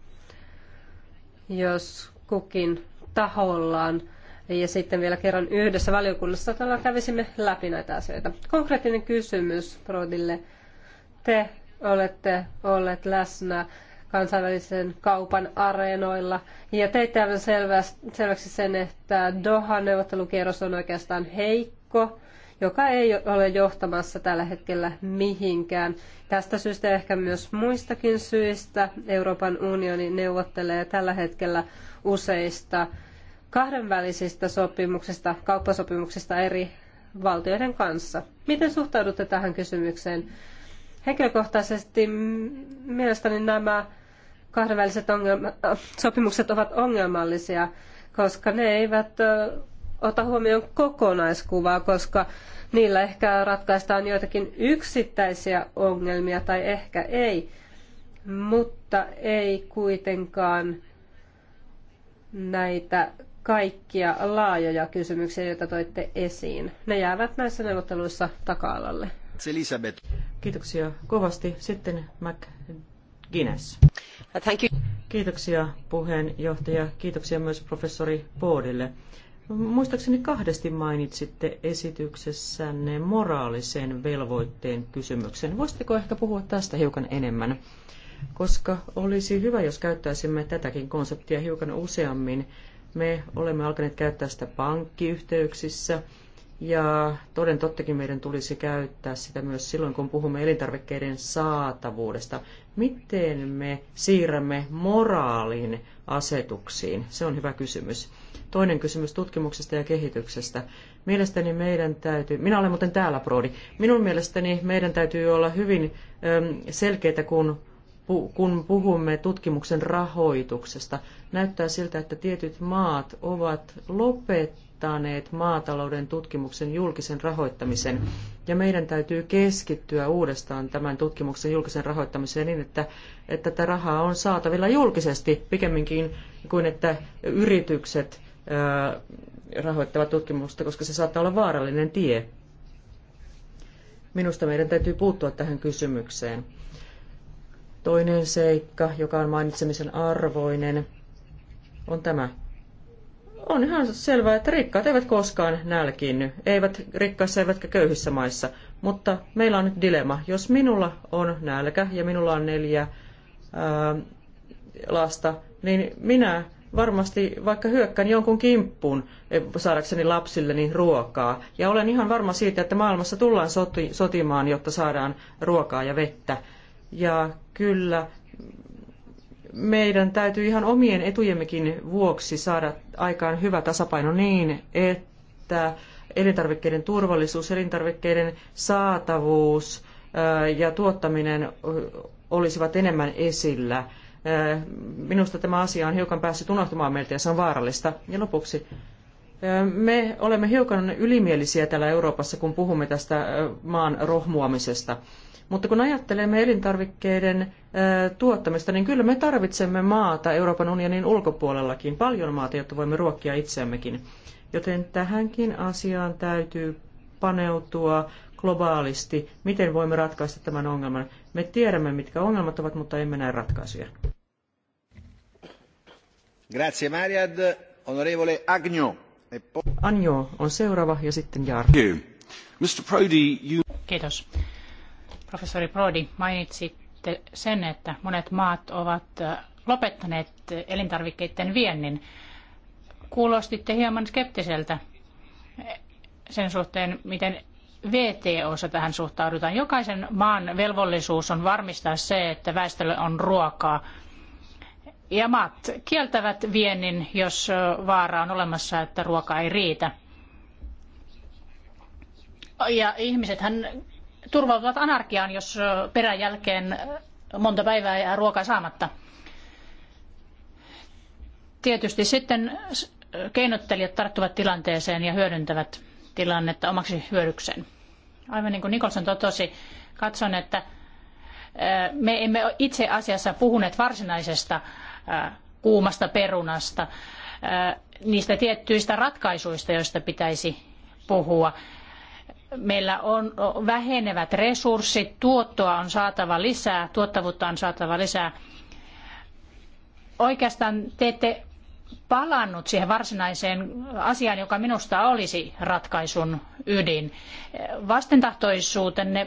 jos kukin tahollaan ja sitten vielä kerran yhdessä valiokunnassa tällä kävisimme läpi näitä asioita. Konkreettinen kysymys Brodille. Te olette olleet läsnä kansainvälisen kaupan areenoilla. Ja teitte aivan selväksi sen, että Doha-neuvottelukierros on oikeastaan heikko joka ei ole johtamassa tällä hetkellä mihinkään. Tästä syystä ehkä myös muistakin syistä Euroopan unioni neuvottelee tällä hetkellä useista kahdenvälisistä sopimuksista, kauppasopimuksista eri valtioiden kanssa. Miten suhtaudutte tähän kysymykseen? Henkilökohtaisesti mielestäni nämä kahdenväliset ongelma- äh, sopimukset ovat ongelmallisia, koska ne eivät ota huomioon kokonaiskuvaa, koska niillä ehkä ratkaistaan joitakin yksittäisiä ongelmia tai ehkä ei, mutta ei kuitenkaan näitä kaikkia laajoja kysymyksiä, joita toitte esiin. Ne jäävät näissä neuvotteluissa taka-alalle.
Elisabeth. Kiitoksia
kovasti. Sitten Mac
Guinness. Thank you. Kiitoksia puheenjohtaja. Kiitoksia myös professori Boodille. Muistaakseni kahdesti mainitsitte esityksessänne moraalisen velvoitteen kysymyksen. Voisitteko ehkä puhua tästä hiukan enemmän? Koska olisi hyvä, jos käyttäisimme tätäkin konseptia hiukan useammin. Me olemme alkaneet käyttää sitä pankkiyhteyksissä, ja toden tottakin meidän tulisi käyttää sitä myös silloin, kun puhumme elintarvikkeiden saatavuudesta. Miten me siirrämme moraalin asetuksiin? Se on hyvä kysymys. Toinen kysymys tutkimuksesta ja kehityksestä. Mielestäni meidän täytyy, minä olen muuten täällä Prodi, minun mielestäni meidän täytyy olla hyvin selkeitä, kun kun puhumme tutkimuksen rahoituksesta. Näyttää siltä, että tietyt maat ovat lopettaneet voittaneet maatalouden tutkimuksen julkisen rahoittamisen. Ja meidän täytyy keskittyä uudestaan tämän tutkimuksen julkisen rahoittamiseen niin, että, että tätä rahaa on saatavilla julkisesti pikemminkin kuin että yritykset ää, rahoittavat tutkimusta, koska se saattaa olla vaarallinen tie. Minusta meidän täytyy puuttua tähän kysymykseen. Toinen seikka, joka on mainitsemisen arvoinen, on tämä on ihan selvää, että rikkaat eivät koskaan nälkiinny, eivät rikkaissa eivätkä köyhissä maissa. Mutta meillä on nyt dilemma. Jos minulla on nälkä ja minulla on neljä ää, lasta, niin minä varmasti vaikka hyökkään jonkun kimppuun e, saadakseni lapsilleni ruokaa. Ja olen ihan varma siitä, että maailmassa tullaan soti, sotimaan, jotta saadaan ruokaa ja vettä. Ja kyllä meidän täytyy ihan omien etujemmekin vuoksi saada aikaan hyvä tasapaino niin, että elintarvikkeiden turvallisuus, elintarvikkeiden saatavuus ja tuottaminen olisivat enemmän esillä. Minusta tämä asia on hiukan päässyt unohtumaan meiltä ja se on vaarallista. Ja lopuksi me olemme hiukan ylimielisiä täällä Euroopassa, kun puhumme tästä maan rohmuamisesta. Mutta kun ajattelemme elintarvikkeiden tuottamista, niin kyllä me tarvitsemme maata Euroopan unionin ulkopuolellakin, paljon maata, jotta voimme ruokkia itseämmekin. Joten tähänkin asiaan täytyy paneutua globaalisti, miten voimme ratkaista tämän ongelman. Me tiedämme, mitkä ongelmat ovat, mutta emme näe ratkaisuja.
Grazie Mariad. Onorevole
e on seuraava ja sitten Mr. Prodi, you...
Kiitos professori Prodi mainitsitte sen, että monet maat ovat äh, lopettaneet elintarvikkeiden viennin. Kuulostitte hieman skeptiseltä sen suhteen, miten VTOssa tähän suhtaudutaan. Jokaisen maan velvollisuus on varmistaa se, että väestölle on ruokaa. Ja maat kieltävät viennin, jos äh, vaara on olemassa, että ruoka ei riitä. Ja ihmisethän turvautuvat anarkiaan, jos perän jälkeen monta päivää jää ruokaa saamatta. Tietysti sitten keinottelijat tarttuvat tilanteeseen ja hyödyntävät tilannetta omaksi hyödykseen. Aivan niin kuin Nikolson totesi, katson, että me emme itse asiassa puhuneet varsinaisesta kuumasta perunasta, niistä tiettyistä ratkaisuista, joista pitäisi puhua meillä on vähenevät resurssit, tuottoa on saatava lisää, tuottavuutta on saatava lisää. Oikeastaan te ette palannut siihen varsinaiseen asiaan, joka minusta olisi ratkaisun ydin. Vastentahtoisuutenne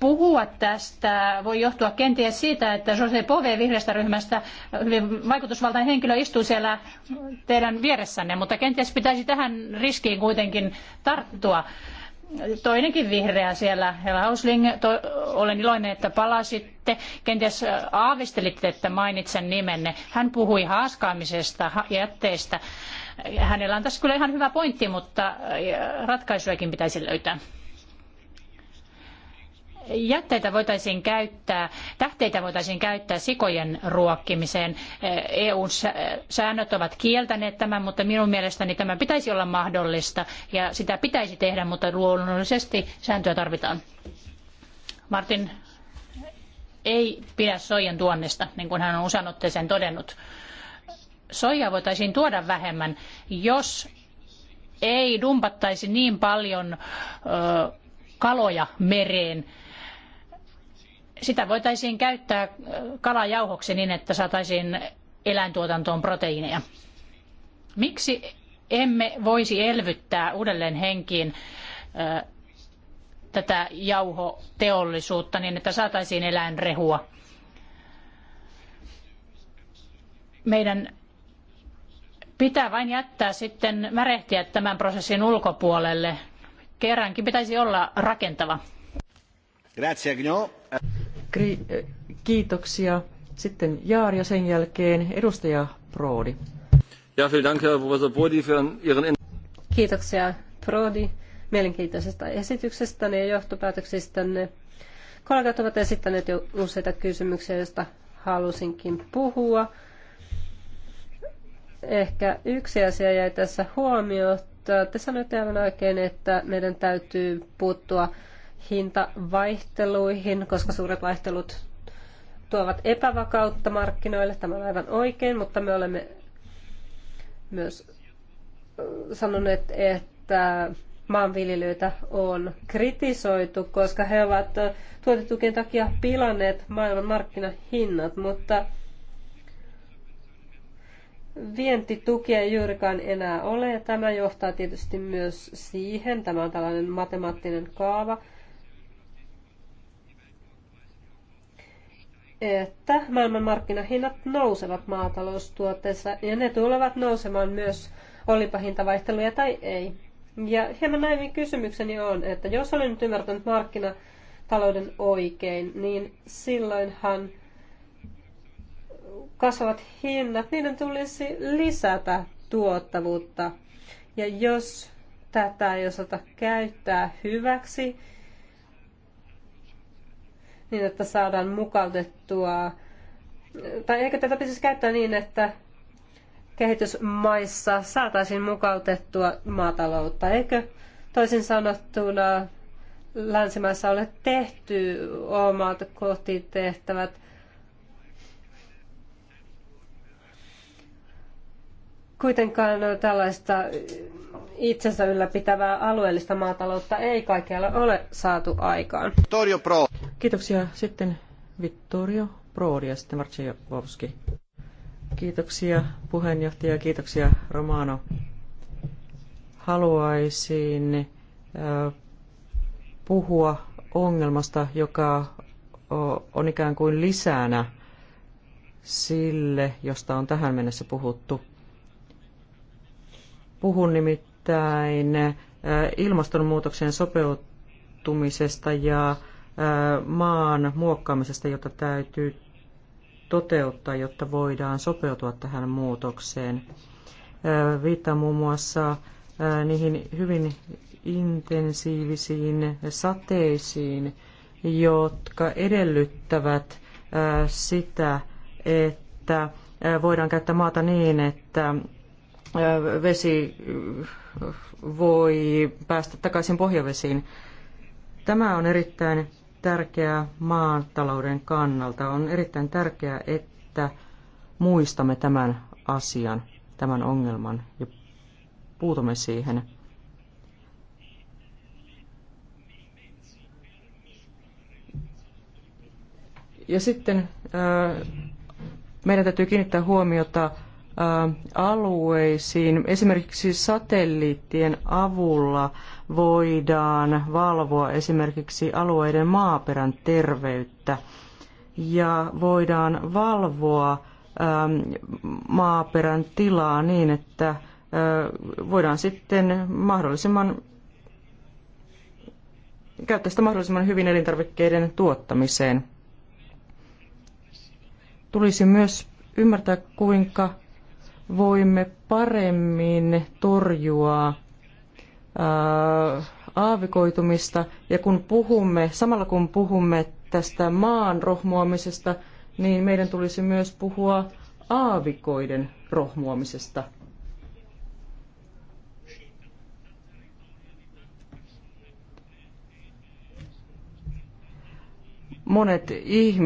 puhua tästä voi johtua kenties siitä, että Jose Pove vihreästä ryhmästä, hyvin vaikutusvaltainen henkilö, istuu siellä teidän vieressänne, mutta kenties pitäisi tähän riskiin kuitenkin tarttua. Toinenkin vihreä siellä, Hela Hausling, olen iloinen, että palasitte. Kenties aavistelitte, että mainitsen nimenne. Hän puhui haaskaamisesta, jätteistä. Hänellä on tässä kyllä ihan hyvä pointti, mutta ratkaisujakin pitäisi löytää jätteitä voitaisiin käyttää, tähteitä voitaisiin käyttää sikojen ruokkimiseen. EU-säännöt e ovat kieltäneet tämän, mutta minun mielestäni tämä pitäisi olla mahdollista ja sitä pitäisi tehdä, mutta luonnollisesti sääntöä tarvitaan. Martin ei pidä soijan tuonnista, niin kuin hän on usein otteeseen todennut. Soijaa voitaisiin tuoda vähemmän, jos ei dumpattaisi niin paljon ö, kaloja mereen sitä voitaisiin käyttää äh, kalajauhoksi niin, että saataisiin eläintuotantoon proteiineja. Miksi emme voisi elvyttää uudelleen henkiin äh, tätä jauhoteollisuutta niin, että saataisiin eläinrehua? Meidän pitää vain jättää sitten märehtiä tämän prosessin ulkopuolelle. Kerrankin pitäisi olla rakentava. Grazie,
kiitoksia.
Sitten Jaar ja sen jälkeen edustaja
Proodi.
Ja, dank, professor
Prodi,
für ihren... Kiitoksia Prodi mielenkiintoisesta esityksestänne ja johtopäätöksistänne. Kollegat ovat esittäneet jo useita kysymyksiä, joista halusinkin puhua. Ehkä yksi asia jäi tässä huomiotta, Te sanoitte aivan oikein, että meidän täytyy puuttua hintavaihteluihin, koska suuret vaihtelut tuovat epävakautta markkinoille. Tämä on aivan oikein, mutta me olemme myös sanoneet, että maanviljelijöitä on kritisoitu, koska he ovat tuotetukien takia pilanneet maailman markkinahinnat, mutta vientitukia ei juurikaan enää ole. Ja tämä johtaa tietysti myös siihen, tämä on tällainen matemaattinen kaava, että maailmanmarkkinahinnat nousevat maataloustuotteissa ja ne tulevat nousemaan myös olipa hintavaihteluja tai ei. Ja hieman näin kysymykseni on, että jos olen nyt ymmärtänyt markkinatalouden oikein, niin silloinhan kasvavat hinnat, niiden tulisi lisätä tuottavuutta. Ja jos tätä ei osata käyttää hyväksi, niin, että saadaan mukautettua, tai ehkä tätä pitäisi käyttää niin, että kehitysmaissa saataisiin mukautettua maataloutta, eikö toisin sanottuna länsimaissa ole tehty omat kotitehtävät. Kuitenkaan tällaista itsensä ylläpitävää alueellista maataloutta ei kaikkialla ole saatu aikaan. Vittorio
Pro. Kiitoksia. Sitten Vittorio Prodi ja sitten Marcejowski. Kiitoksia puheenjohtaja, kiitoksia Romano. Haluaisin puhua ongelmasta, joka on ikään kuin lisänä sille, josta on tähän mennessä puhuttu. Puhun nimittäin Nimittäin ilmastonmuutoksen sopeutumisesta ja maan muokkaamisesta, jota täytyy toteuttaa, jotta voidaan sopeutua tähän muutokseen. Viittaan muun muassa niihin hyvin intensiivisiin sateisiin, jotka edellyttävät sitä, että voidaan käyttää maata niin, että vesi voi päästä takaisin pohjavesiin. Tämä on erittäin tärkeää maatalouden kannalta. On erittäin tärkeää, että muistamme tämän asian, tämän ongelman ja puutumme siihen. Ja sitten meidän täytyy kiinnittää huomiota alueisiin. Esimerkiksi satelliittien avulla voidaan valvoa esimerkiksi alueiden maaperän terveyttä ja voidaan valvoa maaperän tilaa niin, että voidaan sitten mahdollisimman käyttää sitä mahdollisimman hyvin elintarvikkeiden tuottamiseen. Tulisi myös ymmärtää, kuinka voimme paremmin torjua äh, aavikoitumista. Ja kun puhumme, samalla kun puhumme tästä maan rohmuamisesta, niin meidän tulisi myös puhua aavikoiden rohmuamisesta – monet,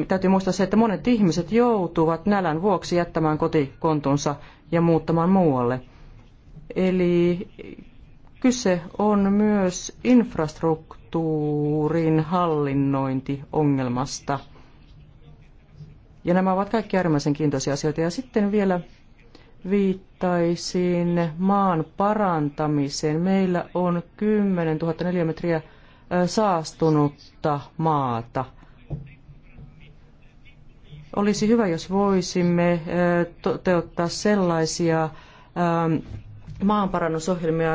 täytyy muistaa se, että monet ihmiset joutuvat nälän vuoksi jättämään kotikontonsa ja muuttamaan muualle. Eli kyse on myös infrastruktuurin hallinnointiongelmasta. Ja nämä ovat kaikki äärimmäisen kiintoisia asioita. Ja sitten vielä viittaisin maan parantamiseen. Meillä on 10 000 neliömetriä saastunutta maata – olisi hyvä, jos voisimme toteuttaa sellaisia maanparannusohjelmia,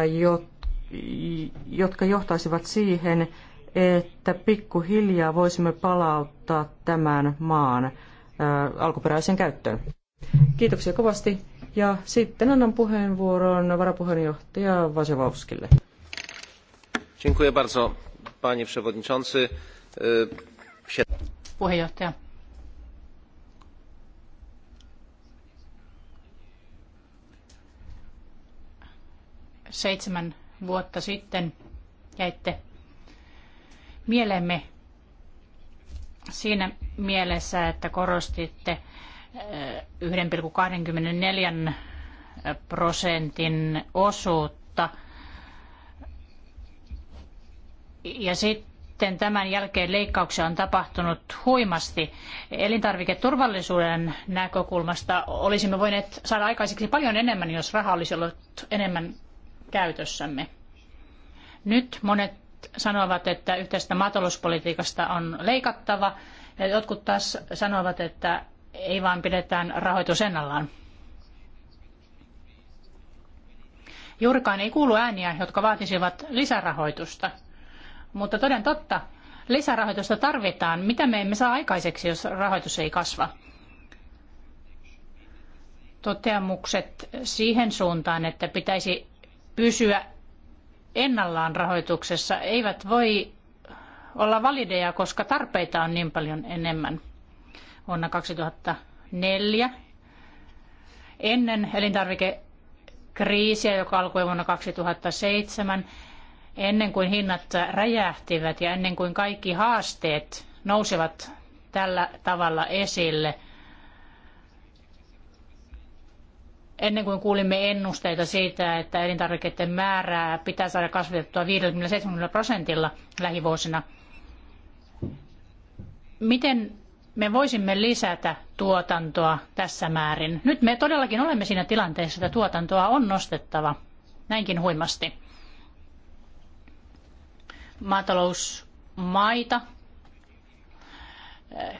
jotka johtaisivat siihen, että pikkuhiljaa voisimme palauttaa tämän maan alkuperäisen käyttöön. Kiitoksia kovasti. Ja sitten annan puheenvuoron varapuheenjohtaja Vasevauskille.
Dziękuję bardzo, panie przewodniczący.
Puheenjohtaja. seitsemän vuotta sitten jäitte mielemme siinä mielessä, että korostitte 1,24 eh, eh, prosentin osuutta. Ja sitten tämän jälkeen leikkauksia on tapahtunut huimasti. Elintarviketurvallisuuden näkökulmasta olisimme voineet saada aikaiseksi paljon enemmän, jos raha olisi ollut enemmän käytössämme. Nyt monet sanovat, että yhteistä maatalouspolitiikasta on leikattava, ja jotkut taas sanovat, että ei vaan pidetään rahoitus ennallaan. Juurikaan ei kuulu ääniä, jotka vaatisivat lisärahoitusta. Mutta toden totta, lisärahoitusta tarvitaan. Mitä me emme saa aikaiseksi, jos rahoitus ei kasva? Toteamukset siihen suuntaan, että pitäisi pysyä ennallaan rahoituksessa, eivät voi olla valideja, koska tarpeita on niin paljon enemmän. Vuonna 2004 ennen elintarvikekriisiä, joka alkoi vuonna 2007, ennen kuin hinnat räjähtivät ja ennen kuin kaikki haasteet nousivat tällä tavalla esille – ennen kuin kuulimme ennusteita siitä, että elintarvikkeiden määrää pitää saada kasvatettua 50 prosentilla lähivuosina. Miten me voisimme lisätä tuotantoa tässä määrin? Nyt me todellakin olemme siinä tilanteessa, että tuotantoa on nostettava näinkin huimasti. Maatalousmaita eh,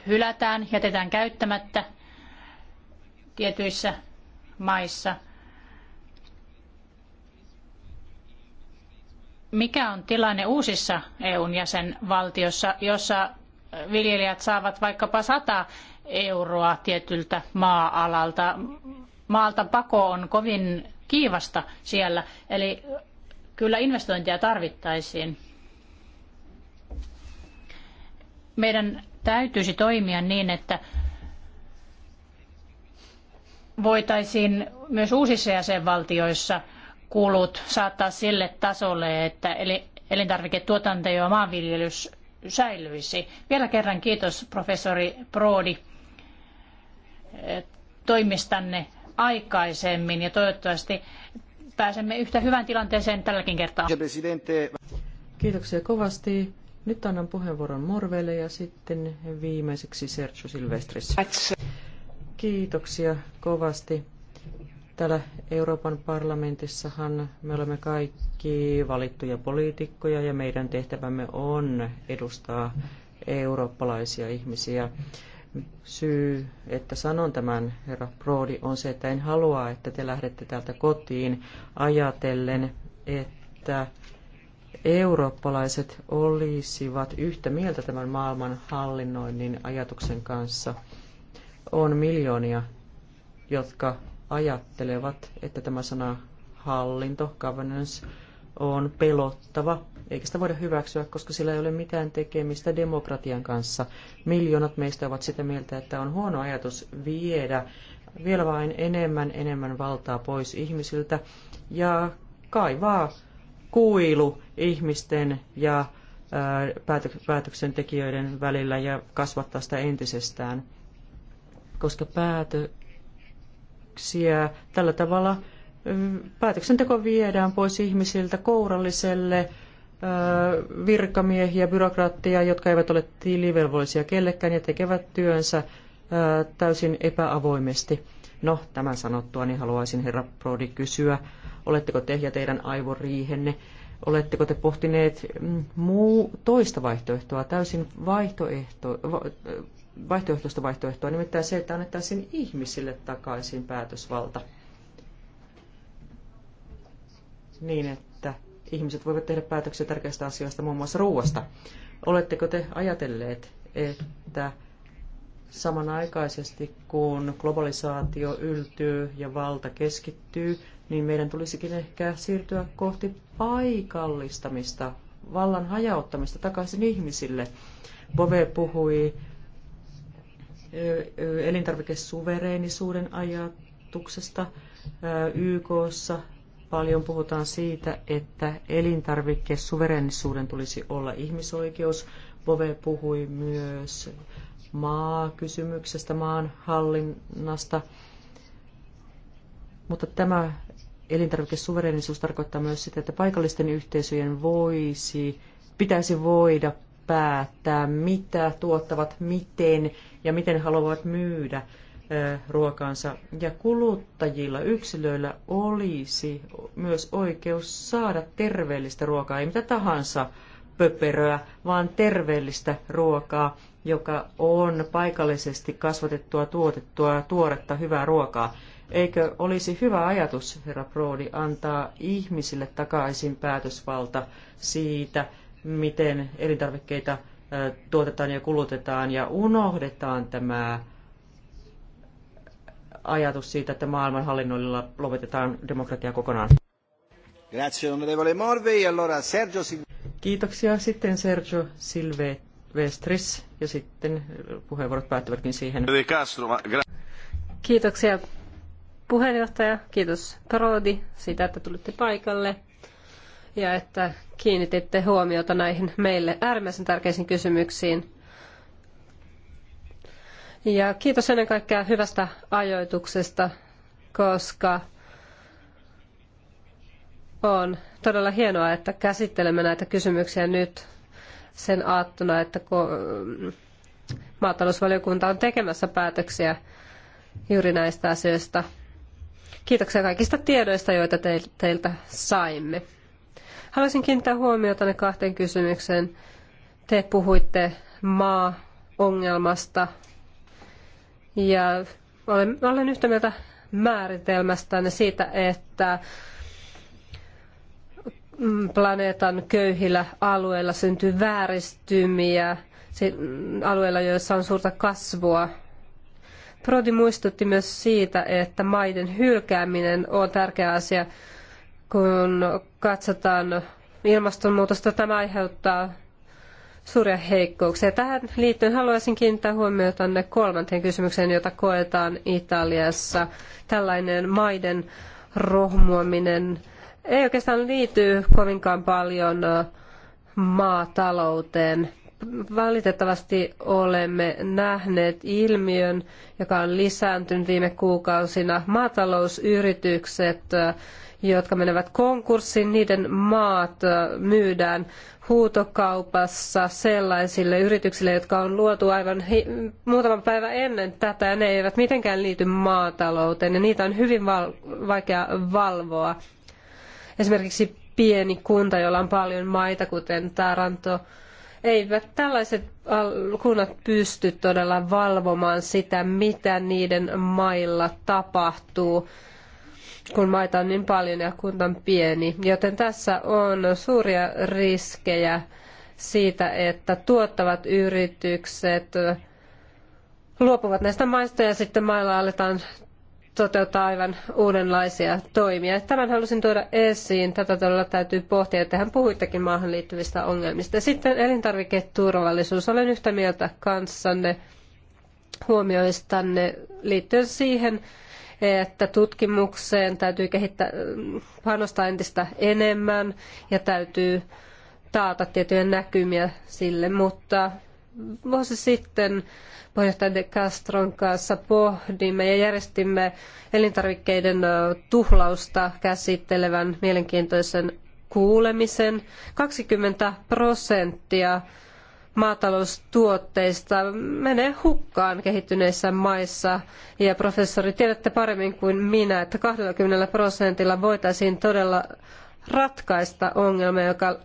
hylätään, jätetään käyttämättä tietyissä maissa. Mikä on tilanne uusissa EUn jäsenvaltiossa, jossa viljelijät saavat vaikkapa 100 euroa tietyltä maa-alalta? Maalta pako on kovin kiivasta siellä, eli kyllä investointia tarvittaisiin. Meidän täytyisi toimia niin, että voitaisiin myös uusissa jäsenvaltioissa kulut saattaa sille tasolle, että elintarviketuotanto ja maanviljelys säilyisi. Vielä kerran kiitos professori Prodi eh, toimistanne aikaisemmin ja toivottavasti pääsemme yhtä hyvään tilanteeseen tälläkin kertaa.
Kiitoksia kovasti. Nyt annan puheenvuoron Morvelle ja sitten viimeiseksi Sergio Silvestris. Kiitoksia kovasti. Täällä Euroopan parlamentissahan me olemme kaikki valittuja poliitikkoja ja meidän tehtävämme on edustaa eurooppalaisia ihmisiä. Syy, että sanon tämän, herra Prodi, on se, että en halua, että te lähdette täältä kotiin ajatellen, että eurooppalaiset olisivat yhtä mieltä tämän maailman hallinnoinnin ajatuksen kanssa – on miljoonia, jotka ajattelevat, että tämä sana hallinto, governance, on pelottava, eikä sitä voida hyväksyä, koska sillä ei ole mitään tekemistä demokratian kanssa. Miljoonat meistä ovat sitä mieltä, että on huono ajatus viedä vielä vain enemmän enemmän valtaa pois ihmisiltä ja kaivaa kuilu ihmisten ja päätöksentekijöiden välillä ja kasvattaa sitä entisestään koska päätöksiä tällä tavalla päätöksenteko viedään pois ihmisiltä kouralliselle virkamiehiä, byrokraattia, jotka eivät ole tilivelvollisia kellekään ja tekevät työnsä täysin epäavoimesti. No, tämän sanottua, niin haluaisin herra Prodi kysyä, oletteko te ja teidän aivoriihenne, oletteko te pohtineet mm, muu toista vaihtoehtoa, täysin vaihtoehto, vaihtoehtoista vaihtoehtoa, nimittäin se, että annettaisiin ihmisille takaisin päätösvalta. Niin, että ihmiset voivat tehdä päätöksiä tärkeistä asioista, muun muassa ruoasta. Oletteko te ajatelleet, että samanaikaisesti kun globalisaatio yltyy ja valta keskittyy, niin meidän tulisikin ehkä siirtyä kohti paikallistamista, vallan hajauttamista takaisin ihmisille. Bove puhui elintarvikesuvereenisuuden ajatuksesta. YKssa paljon puhutaan siitä, että elintarvikesuvereenisuuden tulisi olla ihmisoikeus. Bove puhui myös maakysymyksestä, maan hallinnasta. Mutta tämä elintarvikesuvereenisuus tarkoittaa myös sitä, että paikallisten yhteisöjen voisi, pitäisi voida päättää, mitä tuottavat, miten ja miten haluavat myydä ruokaansa. Ja kuluttajilla, yksilöillä olisi myös oikeus saada terveellistä ruokaa, ei mitä tahansa pöperöä, vaan terveellistä ruokaa, joka on paikallisesti kasvatettua, tuotettua, tuoretta, hyvää ruokaa. Eikö olisi hyvä ajatus, herra Proodi, antaa ihmisille takaisin päätösvalta siitä, miten elintarvikkeita tuotetaan ja kulutetaan ja unohdetaan tämä ajatus siitä, että maailmanhallinnoilla lopetetaan demokratia kokonaan. E Kiitoksia. Sitten Sergio
Silvestris ja sitten puheenvuorot päättyvätkin siihen. Kiitoksia puheenjohtaja. Kiitos Parodi siitä, että tulitte paikalle ja että kiinnititte huomiota näihin meille äärimmäisen tärkeisiin kysymyksiin. Ja kiitos ennen kaikkea hyvästä ajoituksesta, koska on todella hienoa, että käsittelemme näitä kysymyksiä nyt sen aattona, että maatalousvaliokunta on tekemässä päätöksiä juuri näistä asioista. Kiitoksia kaikista tiedoista, joita teiltä saimme. Haluaisin kiinnittää huomiota ne kahteen kysymykseen. Te puhuitte maa-ongelmasta ja olen, olen yhtä mieltä määritelmästä siitä, että mm, planeetan köyhillä alueilla syntyy vääristymiä, alueilla, joissa on suurta kasvua. Prodi muistutti myös siitä, että maiden hylkääminen on tärkeä asia kun katsotaan ilmastonmuutosta, tämä aiheuttaa suuria heikkouksia. Tähän liittyen haluaisin kiinnittää huomiota ne kolmanteen kysymykseen, jota koetaan Italiassa. Tällainen maiden rohmuaminen ei oikeastaan liity kovinkaan paljon maatalouteen. Valitettavasti olemme nähneet ilmiön, joka on lisääntynyt viime kuukausina. Maatalousyritykset jotka menevät konkurssiin, niiden maat myydään huutokaupassa sellaisille yrityksille, jotka on luotu aivan muutaman päivän ennen tätä ja ne eivät mitenkään liity maatalouteen ja niitä on hyvin vaikea valvoa. Esimerkiksi pieni kunta, jolla on paljon maita, kuten Taranto, eivät tällaiset kunnat pysty todella valvomaan sitä, mitä niiden mailla tapahtuu kun maita on niin paljon ja kunta on pieni. Joten tässä on suuria riskejä siitä, että tuottavat yritykset luopuvat näistä maista ja sitten mailla aletaan toteuttaa aivan uudenlaisia toimia. Tämän halusin tuoda esiin. Tätä todella täytyy pohtia. Tähän puhuittekin maahan liittyvistä ongelmista. Sitten elintarviketurvallisuus. Olen yhtä mieltä kanssanne huomioistanne liittyen siihen, että tutkimukseen täytyy kehittää, panostaa entistä enemmän ja täytyy taata tiettyjä näkymiä sille, mutta vuosi sitten puheenjohtaja De Castron kanssa pohdimme ja järjestimme elintarvikkeiden tuhlausta käsittelevän mielenkiintoisen kuulemisen. 20 prosenttia maataloustuotteista menee hukkaan kehittyneissä maissa. Ja professori, tiedätte paremmin kuin minä, että 20 prosentilla voitaisiin todella ratkaista ongelma, joka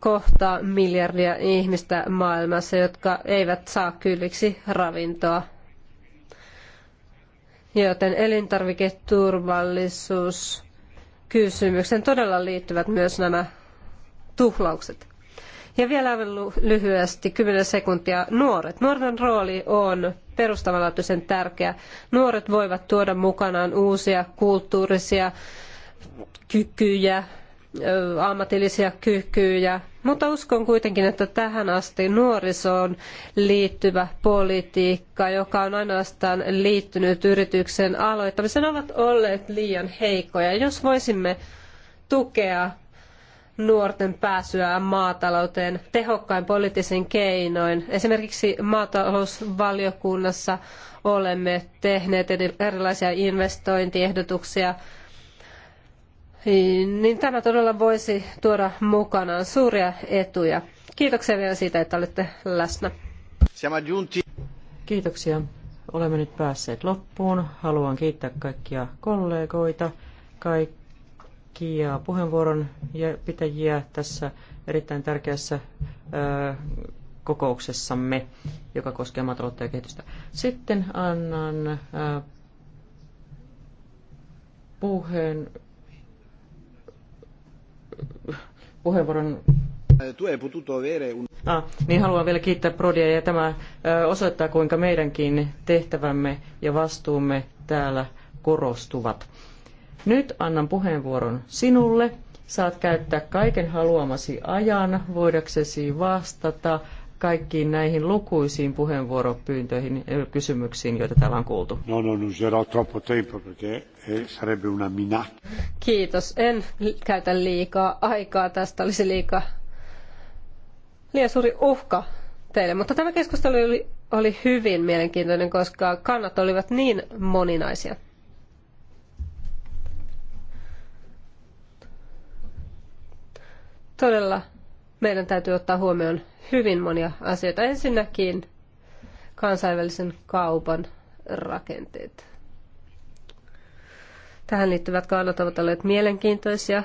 kohtaa miljardia ihmistä maailmassa, jotka eivät saa kylliksi ravintoa. Joten elintarviketurvallisuus kysymykseen todella liittyvät myös nämä tuhlaukset. Ja vielä lyhyesti 10 sekuntia nuoret. Nuorten rooli on perustavanlaatuisen tärkeä. Nuoret voivat tuoda mukanaan uusia kulttuurisia kykyjä, ammatillisia kykyjä, mutta uskon kuitenkin, että tähän asti nuorisoon liittyvä politiikka, joka on ainoastaan liittynyt yrityksen aloittamiseen, ovat olleet liian heikkoja. Jos voisimme tukea nuorten pääsyä maatalouteen tehokkain poliittisin keinoin. Esimerkiksi maatalousvaliokunnassa olemme tehneet erilaisia investointiehdotuksia, niin tämä todella voisi tuoda mukanaan suuria etuja. Kiitoksia vielä siitä, että olette läsnä. Kiitoksia.
Olemme nyt päässeet loppuun. Haluan kiittää kaikkia kollegoita, kaikkia kaikkia puheenvuoron pitäjiä tässä erittäin tärkeässä kokouksessamme, joka koskee maataloutta ja kehitystä. Sitten annan puheen, puheenvuoron
Tu hai potuto avere un... Ah, niin
haluan vielä kiittää Prodia ja tämä osoittaa, kuinka meidänkin tehtävämme ja vastuumme täällä korostuvat. Nyt annan puheenvuoron sinulle. Saat käyttää kaiken haluamasi ajan voidaksesi vastata kaikkiin näihin lukuisiin puheenvuoropyyntöihin ja kysymyksiin, joita täällä on kuultu. No, no, no, c'era troppo tempo perché eh, sarebbe una minä.
Kiitos. En käytä liikaa aikaa. Tästä olisi liikaa liian suuri uhka teille. Mutta tämä keskustelu oli, oli hyvin mielenkiintoinen, koska kannat olivat niin moninaisia. Todella meidän täytyy ottaa huomioon hyvin monia asioita. Ensinnäkin kansainvälisen kaupan rakenteet. Tähän liittyvät kannat ovat olleet mielenkiintoisia.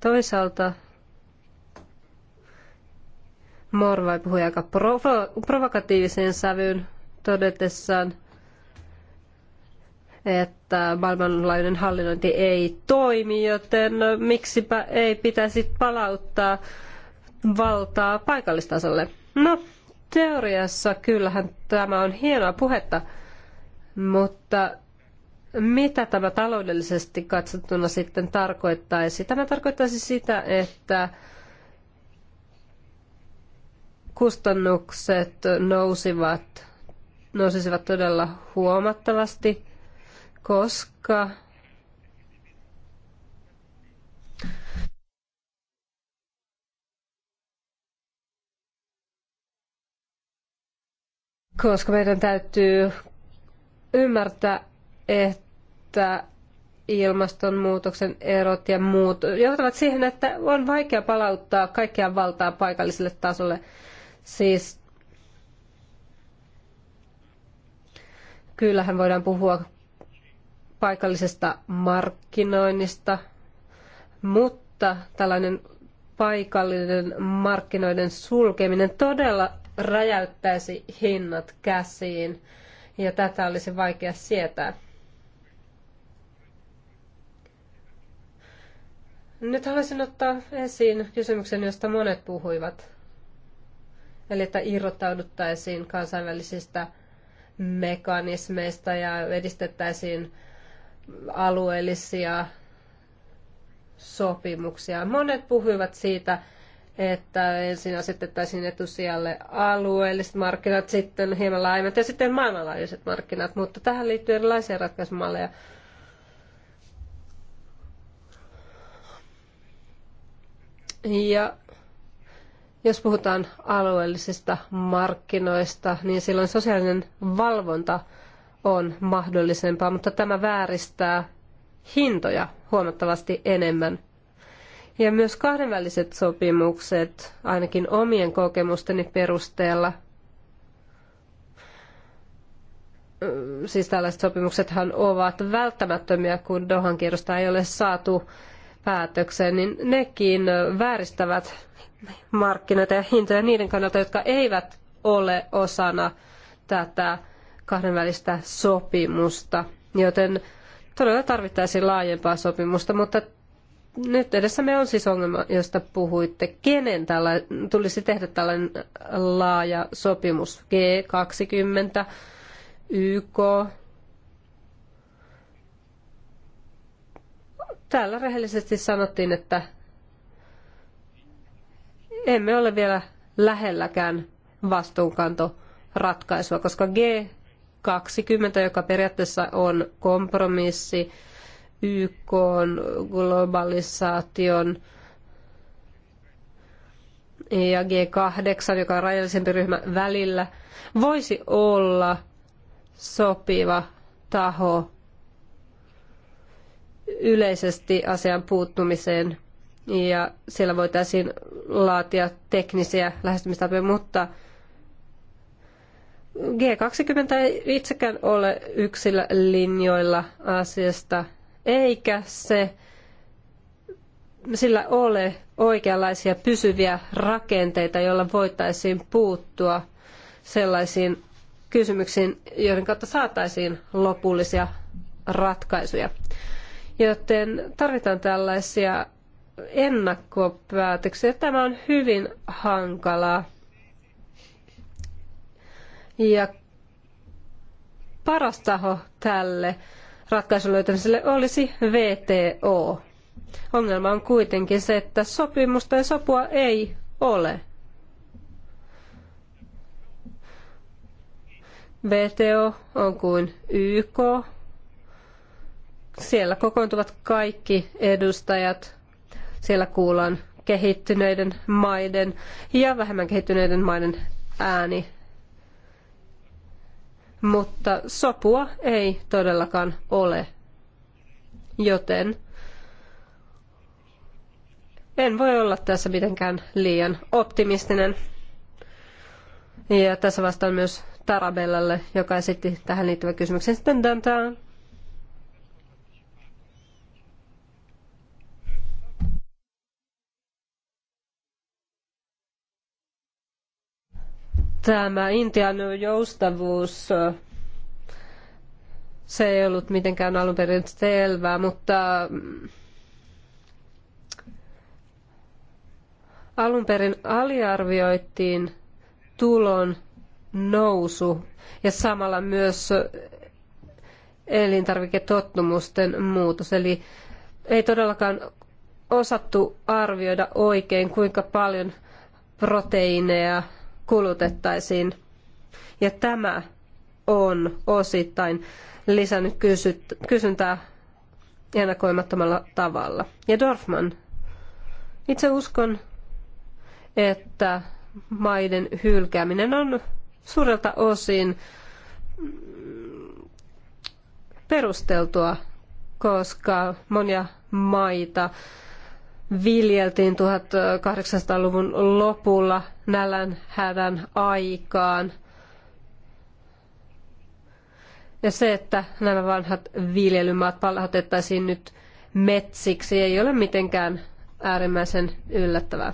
Toisaalta Morvai puhui aika provo- provokatiiviseen sävyyn todetessaan, että maailmanlaajuinen hallinnointi ei toimi, joten miksipä ei pitäisi palauttaa valtaa paikallistasolle. No, teoriassa kyllähän tämä on hienoa puhetta, mutta mitä tämä taloudellisesti katsottuna sitten tarkoittaisi? Tämä tarkoittaisi sitä, että kustannukset nousivat, nousisivat todella huomattavasti – koska koska meidän täytyy ymmärtää, että ilmastonmuutoksen erot ja muut johtavat siihen, että on vaikea palauttaa kaikkia valtaa paikalliselle tasolle. Siis kyllähän voidaan puhua paikallisesta markkinoinnista, mutta tällainen paikallinen markkinoiden sulkeminen todella räjäyttäisi hinnat käsiin ja tätä olisi vaikea sietää. Nyt haluaisin ottaa esiin kysymyksen, josta monet puhuivat. Eli että irrottauduttaisiin kansainvälisistä mekanismeista ja edistettäisiin alueellisia sopimuksia. Monet puhuivat siitä, että ensin asetettaisiin etusijalle alueelliset markkinat, sitten hieman laajemmat ja sitten maailmanlaajuiset markkinat, mutta tähän liittyy erilaisia ratkaisumalleja. Ja jos puhutaan alueellisista markkinoista, niin silloin sosiaalinen valvonta on mahdollisempaa, mutta tämä vääristää hintoja huomattavasti enemmän. Ja myös kahdenväliset sopimukset, ainakin omien kokemusteni perusteella, siis tällaiset sopimuksethan ovat välttämättömiä, kun Dohan kierrosta ei ole saatu päätökseen, niin nekin vääristävät markkinoita ja hintoja niiden kannalta, jotka eivät ole osana tätä kahdenvälistä sopimusta, joten todella tarvittaisiin laajempaa sopimusta, mutta nyt edessämme on siis ongelma, josta puhuitte. Kenen tällä, tulisi tehdä tällainen laaja sopimus? G20, YK? Täällä rehellisesti sanottiin, että emme ole vielä lähelläkään vastuunkantoratkaisua, koska G 20, joka periaatteessa on kompromissi YK globalisaation ja G8, joka on rajallisempi ryhmä välillä, voisi olla sopiva taho yleisesti asian puuttumiseen ja siellä voitaisiin laatia teknisiä lähestymistapoja, mutta G20 ei itsekään ole yksillä linjoilla asiasta, eikä se sillä ole oikeanlaisia pysyviä rakenteita, joilla voitaisiin puuttua sellaisiin kysymyksiin, joiden kautta saataisiin lopullisia ratkaisuja. Joten tarvitaan tällaisia ennakkopäätöksiä. Tämä on hyvin hankalaa. Ja paras taho tälle ratkaisun löytämiselle olisi VTO. Ongelma on kuitenkin se, että sopimusta ja sopua ei ole. VTO on kuin YK. Siellä kokoontuvat kaikki edustajat. Siellä kuullaan kehittyneiden maiden ja vähemmän kehittyneiden maiden ääni mutta sopua ei todellakaan ole. Joten en voi olla tässä mitenkään liian optimistinen. Ja tässä vastaan myös Tarabellalle, joka esitti tähän liittyvän kysymyksen. Sitten Dantaan Tämä Intian joustavuus, se ei ollut mitenkään alun perin selvää, mutta alun perin aliarvioitiin tulon nousu ja samalla myös elintarviketottumusten muutos. Eli ei todellakaan osattu arvioida oikein, kuinka paljon proteiineja kulutettaisiin. Ja tämä on osittain lisännyt kysyntää ennakoimattomalla tavalla. Ja Dorfman, itse uskon, että maiden hylkääminen on suurelta osin perusteltua, koska monia maita viljeltiin 1800-luvun lopulla nälän hädän aikaan. Ja se, että nämä vanhat viljelymaat palautettaisiin nyt metsiksi, ei ole mitenkään äärimmäisen yllättävää.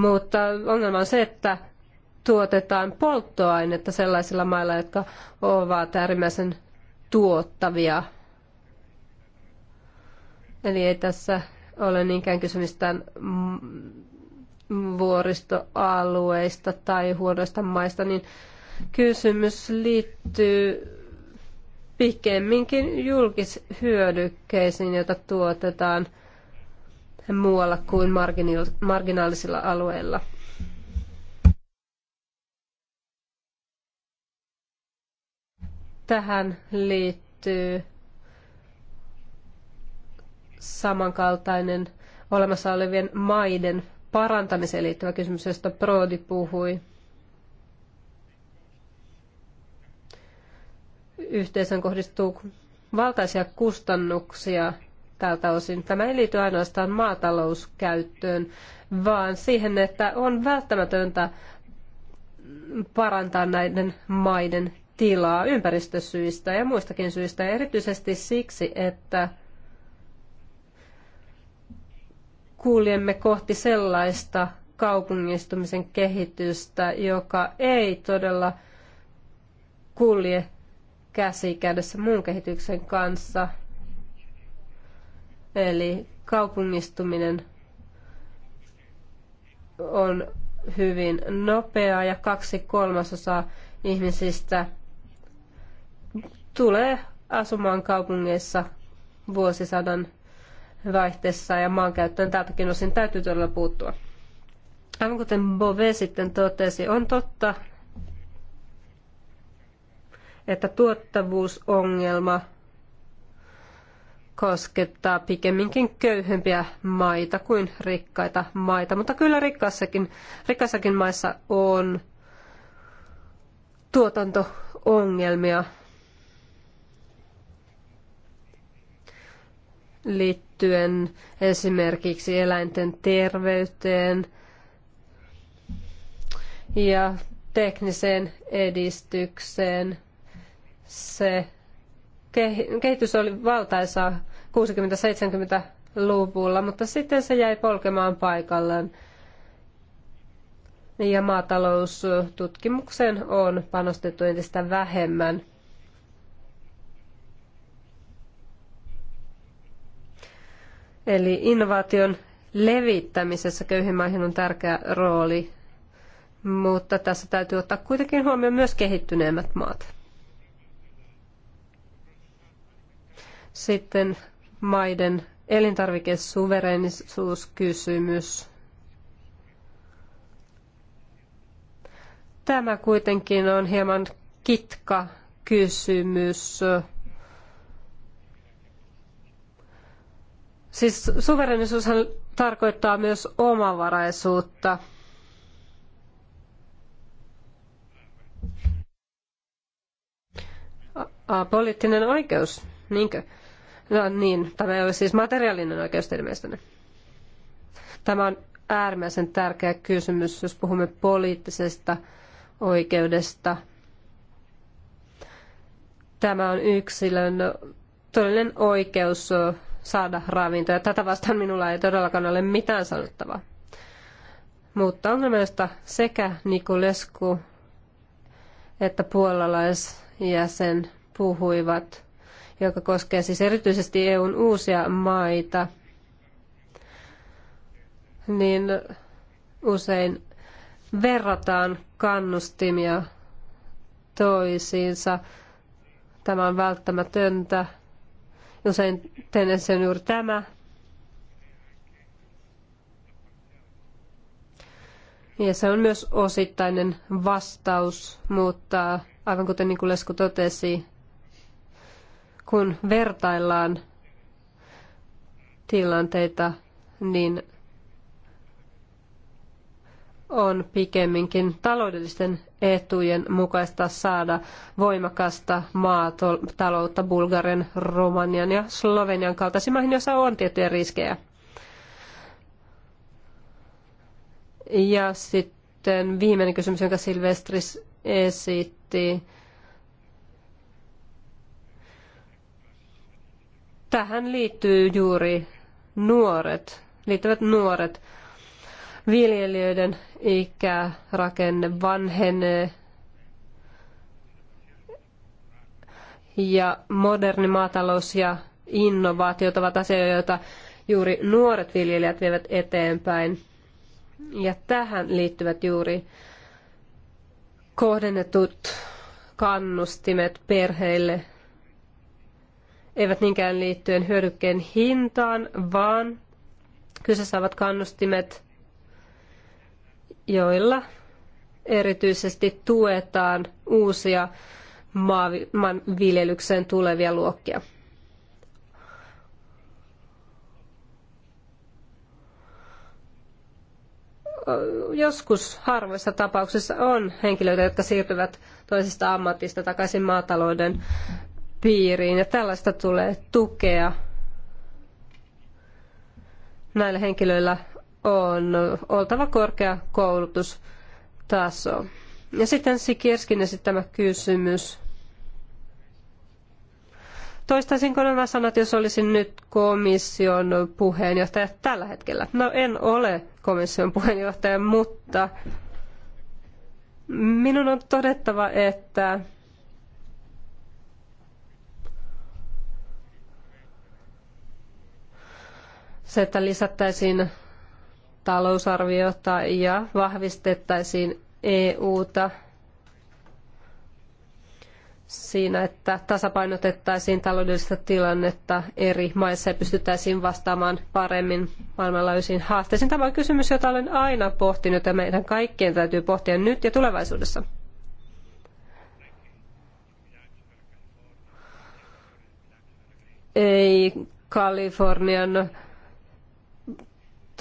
Mutta ongelma on se, että tuotetaan polttoainetta sellaisilla mailla, jotka ovat äärimmäisen tuottavia. Eli ei tässä ole niinkään kysymistään vuoristoalueista tai huonoista maista, niin kysymys liittyy pikemminkin julkishyödykkeisiin, joita tuotetaan muualla kuin marginaalisilla alueilla. Tähän liittyy samankaltainen olemassa olevien maiden parantamiseen liittyvä kysymys, josta Prodi puhui. Yhteisön kohdistuu valtaisia kustannuksia tältä osin. Tämä ei liity ainoastaan maatalouskäyttöön, vaan siihen, että on välttämätöntä parantaa näiden maiden tilaa ympäristösyistä ja muistakin syistä, ja erityisesti siksi, että kuljemme kohti sellaista kaupungistumisen kehitystä, joka ei todella kulje käsi kädessä muun kehityksen kanssa. Eli kaupungistuminen on hyvin nopea ja kaksi kolmasosaa ihmisistä tulee asumaan kaupungeissa vuosisadan vaihteessa ja maankäyttöön tältäkin osin täytyy todella puuttua. Aivan kuten Bove sitten totesi, on totta, että tuottavuusongelma koskettaa pikemminkin köyhempiä maita kuin rikkaita maita, mutta kyllä rikkaissakin, rikkaissakin maissa on tuotanto-ongelmia liittyen esimerkiksi eläinten terveyteen ja tekniseen edistykseen. Se kehitys oli valtaisaa 60-70-luvulla, mutta sitten se jäi polkemaan paikalleen. Ja maataloustutkimukseen on panostettu entistä vähemmän – Eli innovaation levittämisessä köyhiin maihin on tärkeä rooli, mutta tässä täytyy ottaa kuitenkin huomioon myös kehittyneemmät maat. Sitten maiden elintarvikesuvereenisuuskysymys. Tämä kuitenkin on hieman kitka kysymys Siis suverenisuushan tarkoittaa myös omavaraisuutta. A, poliittinen oikeus, niinkö? No niin, tämä ei ole siis materiaalinen oikeus ilmeisesti. Tämä on äärimmäisen tärkeä kysymys, jos puhumme poliittisesta oikeudesta. Tämä on yksilön todellinen oikeus saada ravintoa. Tätä vastaan minulla ei todellakaan ole mitään sanottavaa. Mutta on josta sekä Nikulesku että puolalaisjäsen puhuivat, joka koskee siis erityisesti EUn uusia maita, niin usein verrataan kannustimia toisiinsa. Tämä on välttämätöntä, Usein tendenssi sen juuri tämä. Ja se on myös osittainen vastaus, mutta aivan kuten niin kuin Nikulesku totesi, kun vertaillaan tilanteita, niin on pikemminkin taloudellisten etujen mukaista saada voimakasta maataloutta Bulgarian, Romanian ja Slovenian kaltaisiin maihin, joissa on tiettyjä riskejä. Ja sitten viimeinen kysymys, jonka Silvestris esitti. Tähän liittyy juuri nuoret, liittyvät nuoret viljelijöiden ikä, vanhenee ja moderni maatalous ja innovaatiot ovat asioita, joita juuri nuoret viljelijät vievät eteenpäin. Ja tähän liittyvät juuri kohdennetut kannustimet perheille eivät niinkään liittyen hyödykkeen hintaan, vaan kyseessä ovat kannustimet joilla erityisesti tuetaan uusia maanviljelykseen tulevia luokkia. Joskus harvoissa tapauksissa on henkilöitä, jotka siirtyvät toisesta ammatista takaisin maatalouden piiriin ja tällaista tulee tukea. Näillä henkilöillä on oltava korkea koulutustaso. Ja sitten Sikirskin esittämä kysymys. Toistaisinko nämä sanat, jos olisin nyt komission puheenjohtaja tällä hetkellä? No en ole komission puheenjohtaja, mutta minun on todettava, että se, että lisättäisiin talousarviota ja vahvistettaisiin EUta siinä, että tasapainotettaisiin taloudellista tilannetta eri maissa ja pystyttäisiin vastaamaan paremmin maailmanlaajuisiin haasteisiin. Tämä on kysymys, jota olen aina pohtinut ja meidän kaikkien täytyy pohtia nyt ja tulevaisuudessa. Ei Kalifornian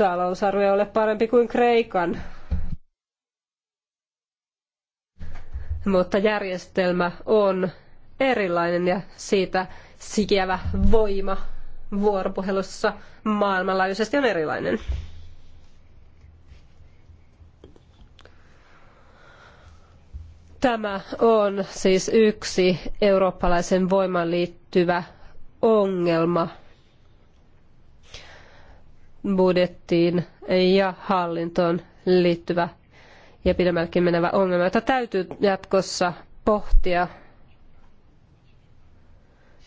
talousarvio ole parempi kuin Kreikan. Mutta järjestelmä on erilainen ja siitä sikiävä voima vuoropuhelussa maailmanlaajuisesti on erilainen. Tämä on siis yksi eurooppalaisen voiman liittyvä ongelma – budjettiin ja hallintoon liittyvä ja pidemmällekin menevä ongelma, jota täytyy jatkossa pohtia,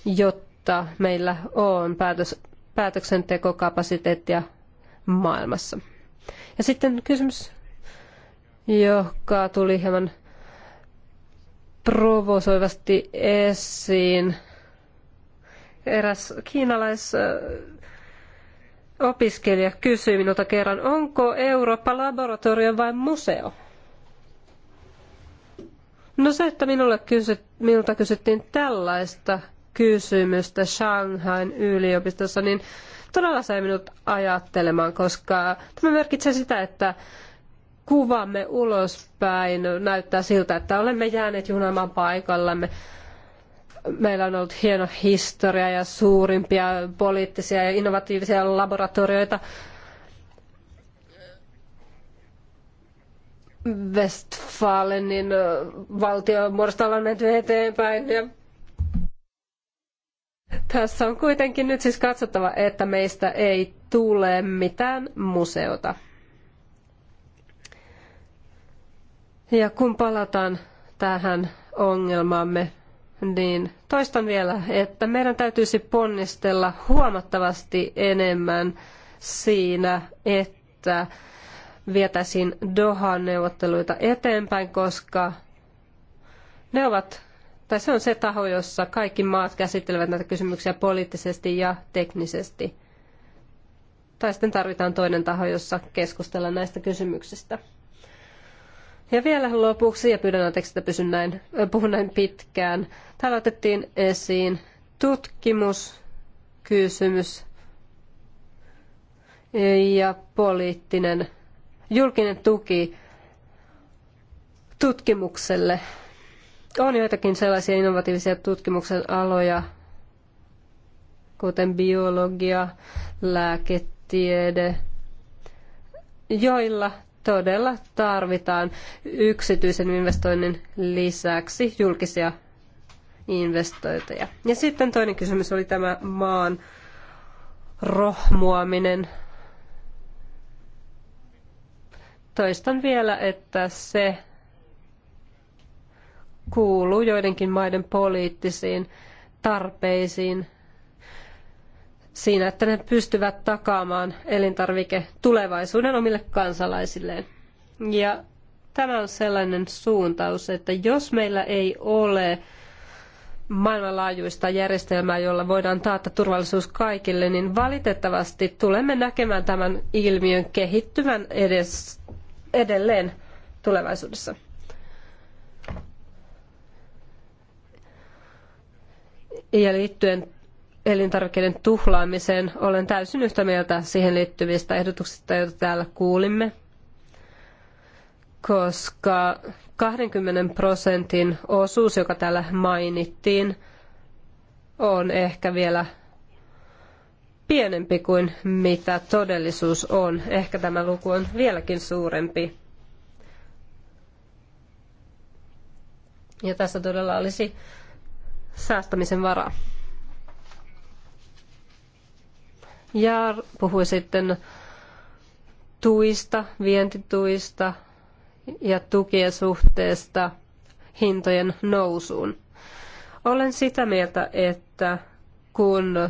jotta meillä on päätös, päätöksentekokapasiteettia maailmassa. Ja sitten kysymys, joka tuli hieman provosoivasti esiin. Eräs kiinalais opiskelija kysyi minulta kerran, onko Eurooppa laboratorio vai museo? No se, että minulle kysy, minulta kysyttiin tällaista kysymystä Shanghain yliopistossa, niin todella sai minut ajattelemaan, koska tämä merkitsee sitä, että kuvamme ulospäin näyttää siltä, että olemme jääneet junamaan paikallamme meillä on ollut hieno historia ja suurimpia poliittisia ja innovatiivisia laboratorioita. Westfalenin valtio muodostolla on menty eteenpäin ja tässä on kuitenkin nyt siis katsottava, että meistä ei tule mitään museota. Ja kun palataan tähän ongelmaamme niin toistan vielä, että meidän täytyisi ponnistella huomattavasti enemmän siinä, että vietäisiin Dohan neuvotteluita eteenpäin, koska ne ovat, tai se on se taho, jossa kaikki maat käsittelevät näitä kysymyksiä poliittisesti ja teknisesti. Tai sitten tarvitaan toinen taho, jossa keskustellaan näistä kysymyksistä. Ja vielä lopuksi, ja pyydän anteeksi, että pysyn näin, äh, puhun näin pitkään. Täällä otettiin esiin tutkimuskysymys ja poliittinen julkinen tuki tutkimukselle. On joitakin sellaisia innovatiivisia tutkimuksen aloja, kuten biologia, lääketiede, joilla todella tarvitaan yksityisen investoinnin lisäksi julkisia investointeja. Ja sitten toinen kysymys oli tämä maan rohmuaminen. Toistan vielä, että se kuuluu joidenkin maiden poliittisiin tarpeisiin siinä, että ne pystyvät takaamaan elintarvike tulevaisuuden omille kansalaisilleen. Ja tämä on sellainen suuntaus, että jos meillä ei ole maailmanlaajuista järjestelmää, jolla voidaan taata turvallisuus kaikille, niin valitettavasti tulemme näkemään tämän ilmiön kehittyvän edes, edelleen tulevaisuudessa. Ja liittyen elintarvikkeiden tuhlaamiseen. Olen täysin yhtä mieltä siihen liittyvistä ehdotuksista, joita täällä kuulimme, koska 20 prosentin osuus, joka täällä mainittiin, on ehkä vielä pienempi kuin mitä todellisuus on. Ehkä tämä luku on vieläkin suurempi. Ja tässä todella olisi säästämisen varaa. ja puhui sitten tuista, vientituista ja tukien suhteesta hintojen nousuun. Olen sitä mieltä, että kun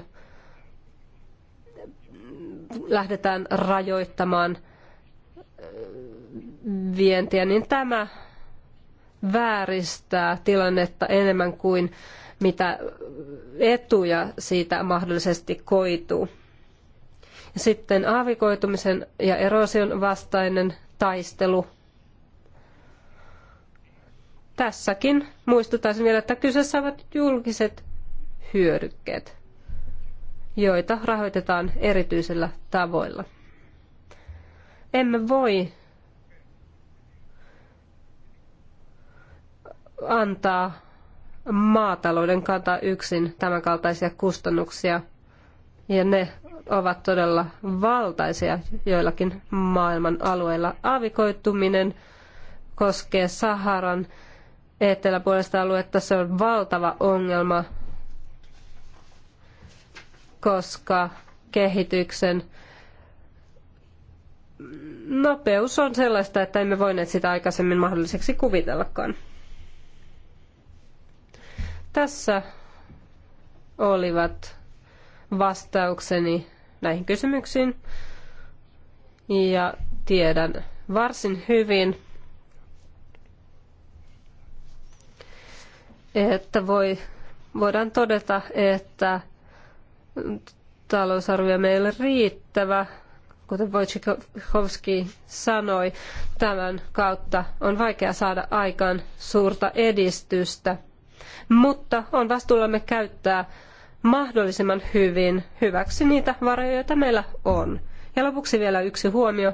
lähdetään rajoittamaan äh, vientiä, niin tämä vääristää tilannetta enemmän kuin mitä etuja siitä mahdollisesti koituu. Sitten aavikoitumisen ja erosion vastainen taistelu. Tässäkin muistutaisin vielä, että kyseessä ovat julkiset hyödykkeet, joita rahoitetaan erityisillä tavoilla. Emme voi antaa maatalouden kantaa yksin tämänkaltaisia kustannuksia, ja ne ovat todella valtaisia joillakin maailman alueilla. Aavikoituminen koskee Saharan eteläpuolista aluetta. Se on valtava ongelma, koska kehityksen nopeus on sellaista, että emme voineet sitä aikaisemmin mahdolliseksi kuvitellakaan. Tässä olivat vastaukseni näihin kysymyksiin. Ja tiedän varsin hyvin, että voi, voidaan todeta, että talousarvio meille riittävä, kuten Wojciechowski sanoi, tämän kautta on vaikea saada aikaan suurta edistystä. Mutta on vastuullamme käyttää mahdollisimman hyvin hyväksi niitä varoja, joita meillä on. Ja lopuksi vielä yksi huomio.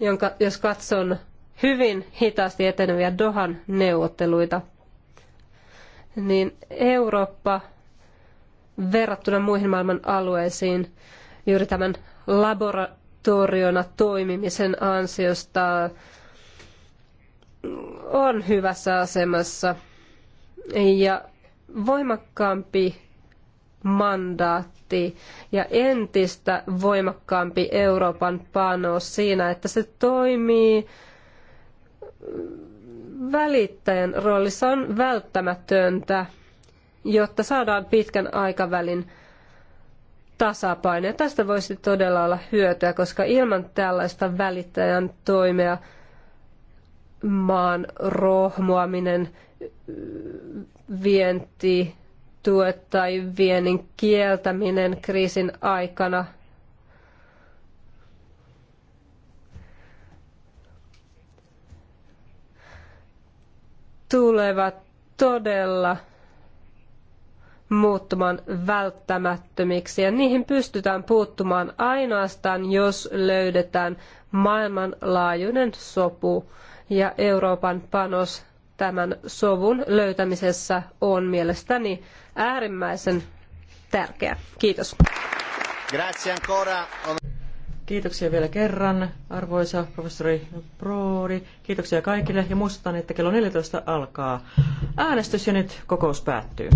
Jonka, jos katson hyvin hitaasti eteneviä Dohan neuvotteluita, niin Eurooppa verrattuna muihin maailman alueisiin juuri tämän laboratoriona toimimisen ansiosta on hyvässä asemassa ja voimakkaampi mandaatti ja entistä voimakkaampi Euroopan panos siinä, että se toimii välittäjän roolissa on välttämätöntä, jotta saadaan pitkän aikavälin tasapaino. Ja tästä voisi todella olla hyötyä, koska ilman tällaista välittäjän toimea maan rohmuaminen, vienti, tuet tai viennin kieltäminen kriisin aikana. tulevat todella muuttumaan välttämättömiksi ja niihin pystytään puuttumaan ainoastaan, jos löydetään maailmanlaajuinen sopu ja Euroopan panos tämän sovun löytämisessä on mielestäni äärimmäisen tärkeä. Kiitos. Kiitoksia vielä kerran, arvoisa professori Prodi.
Kiitoksia kaikille ja muistutan, että kello 14 alkaa äänestys ja nyt kokous päättyy.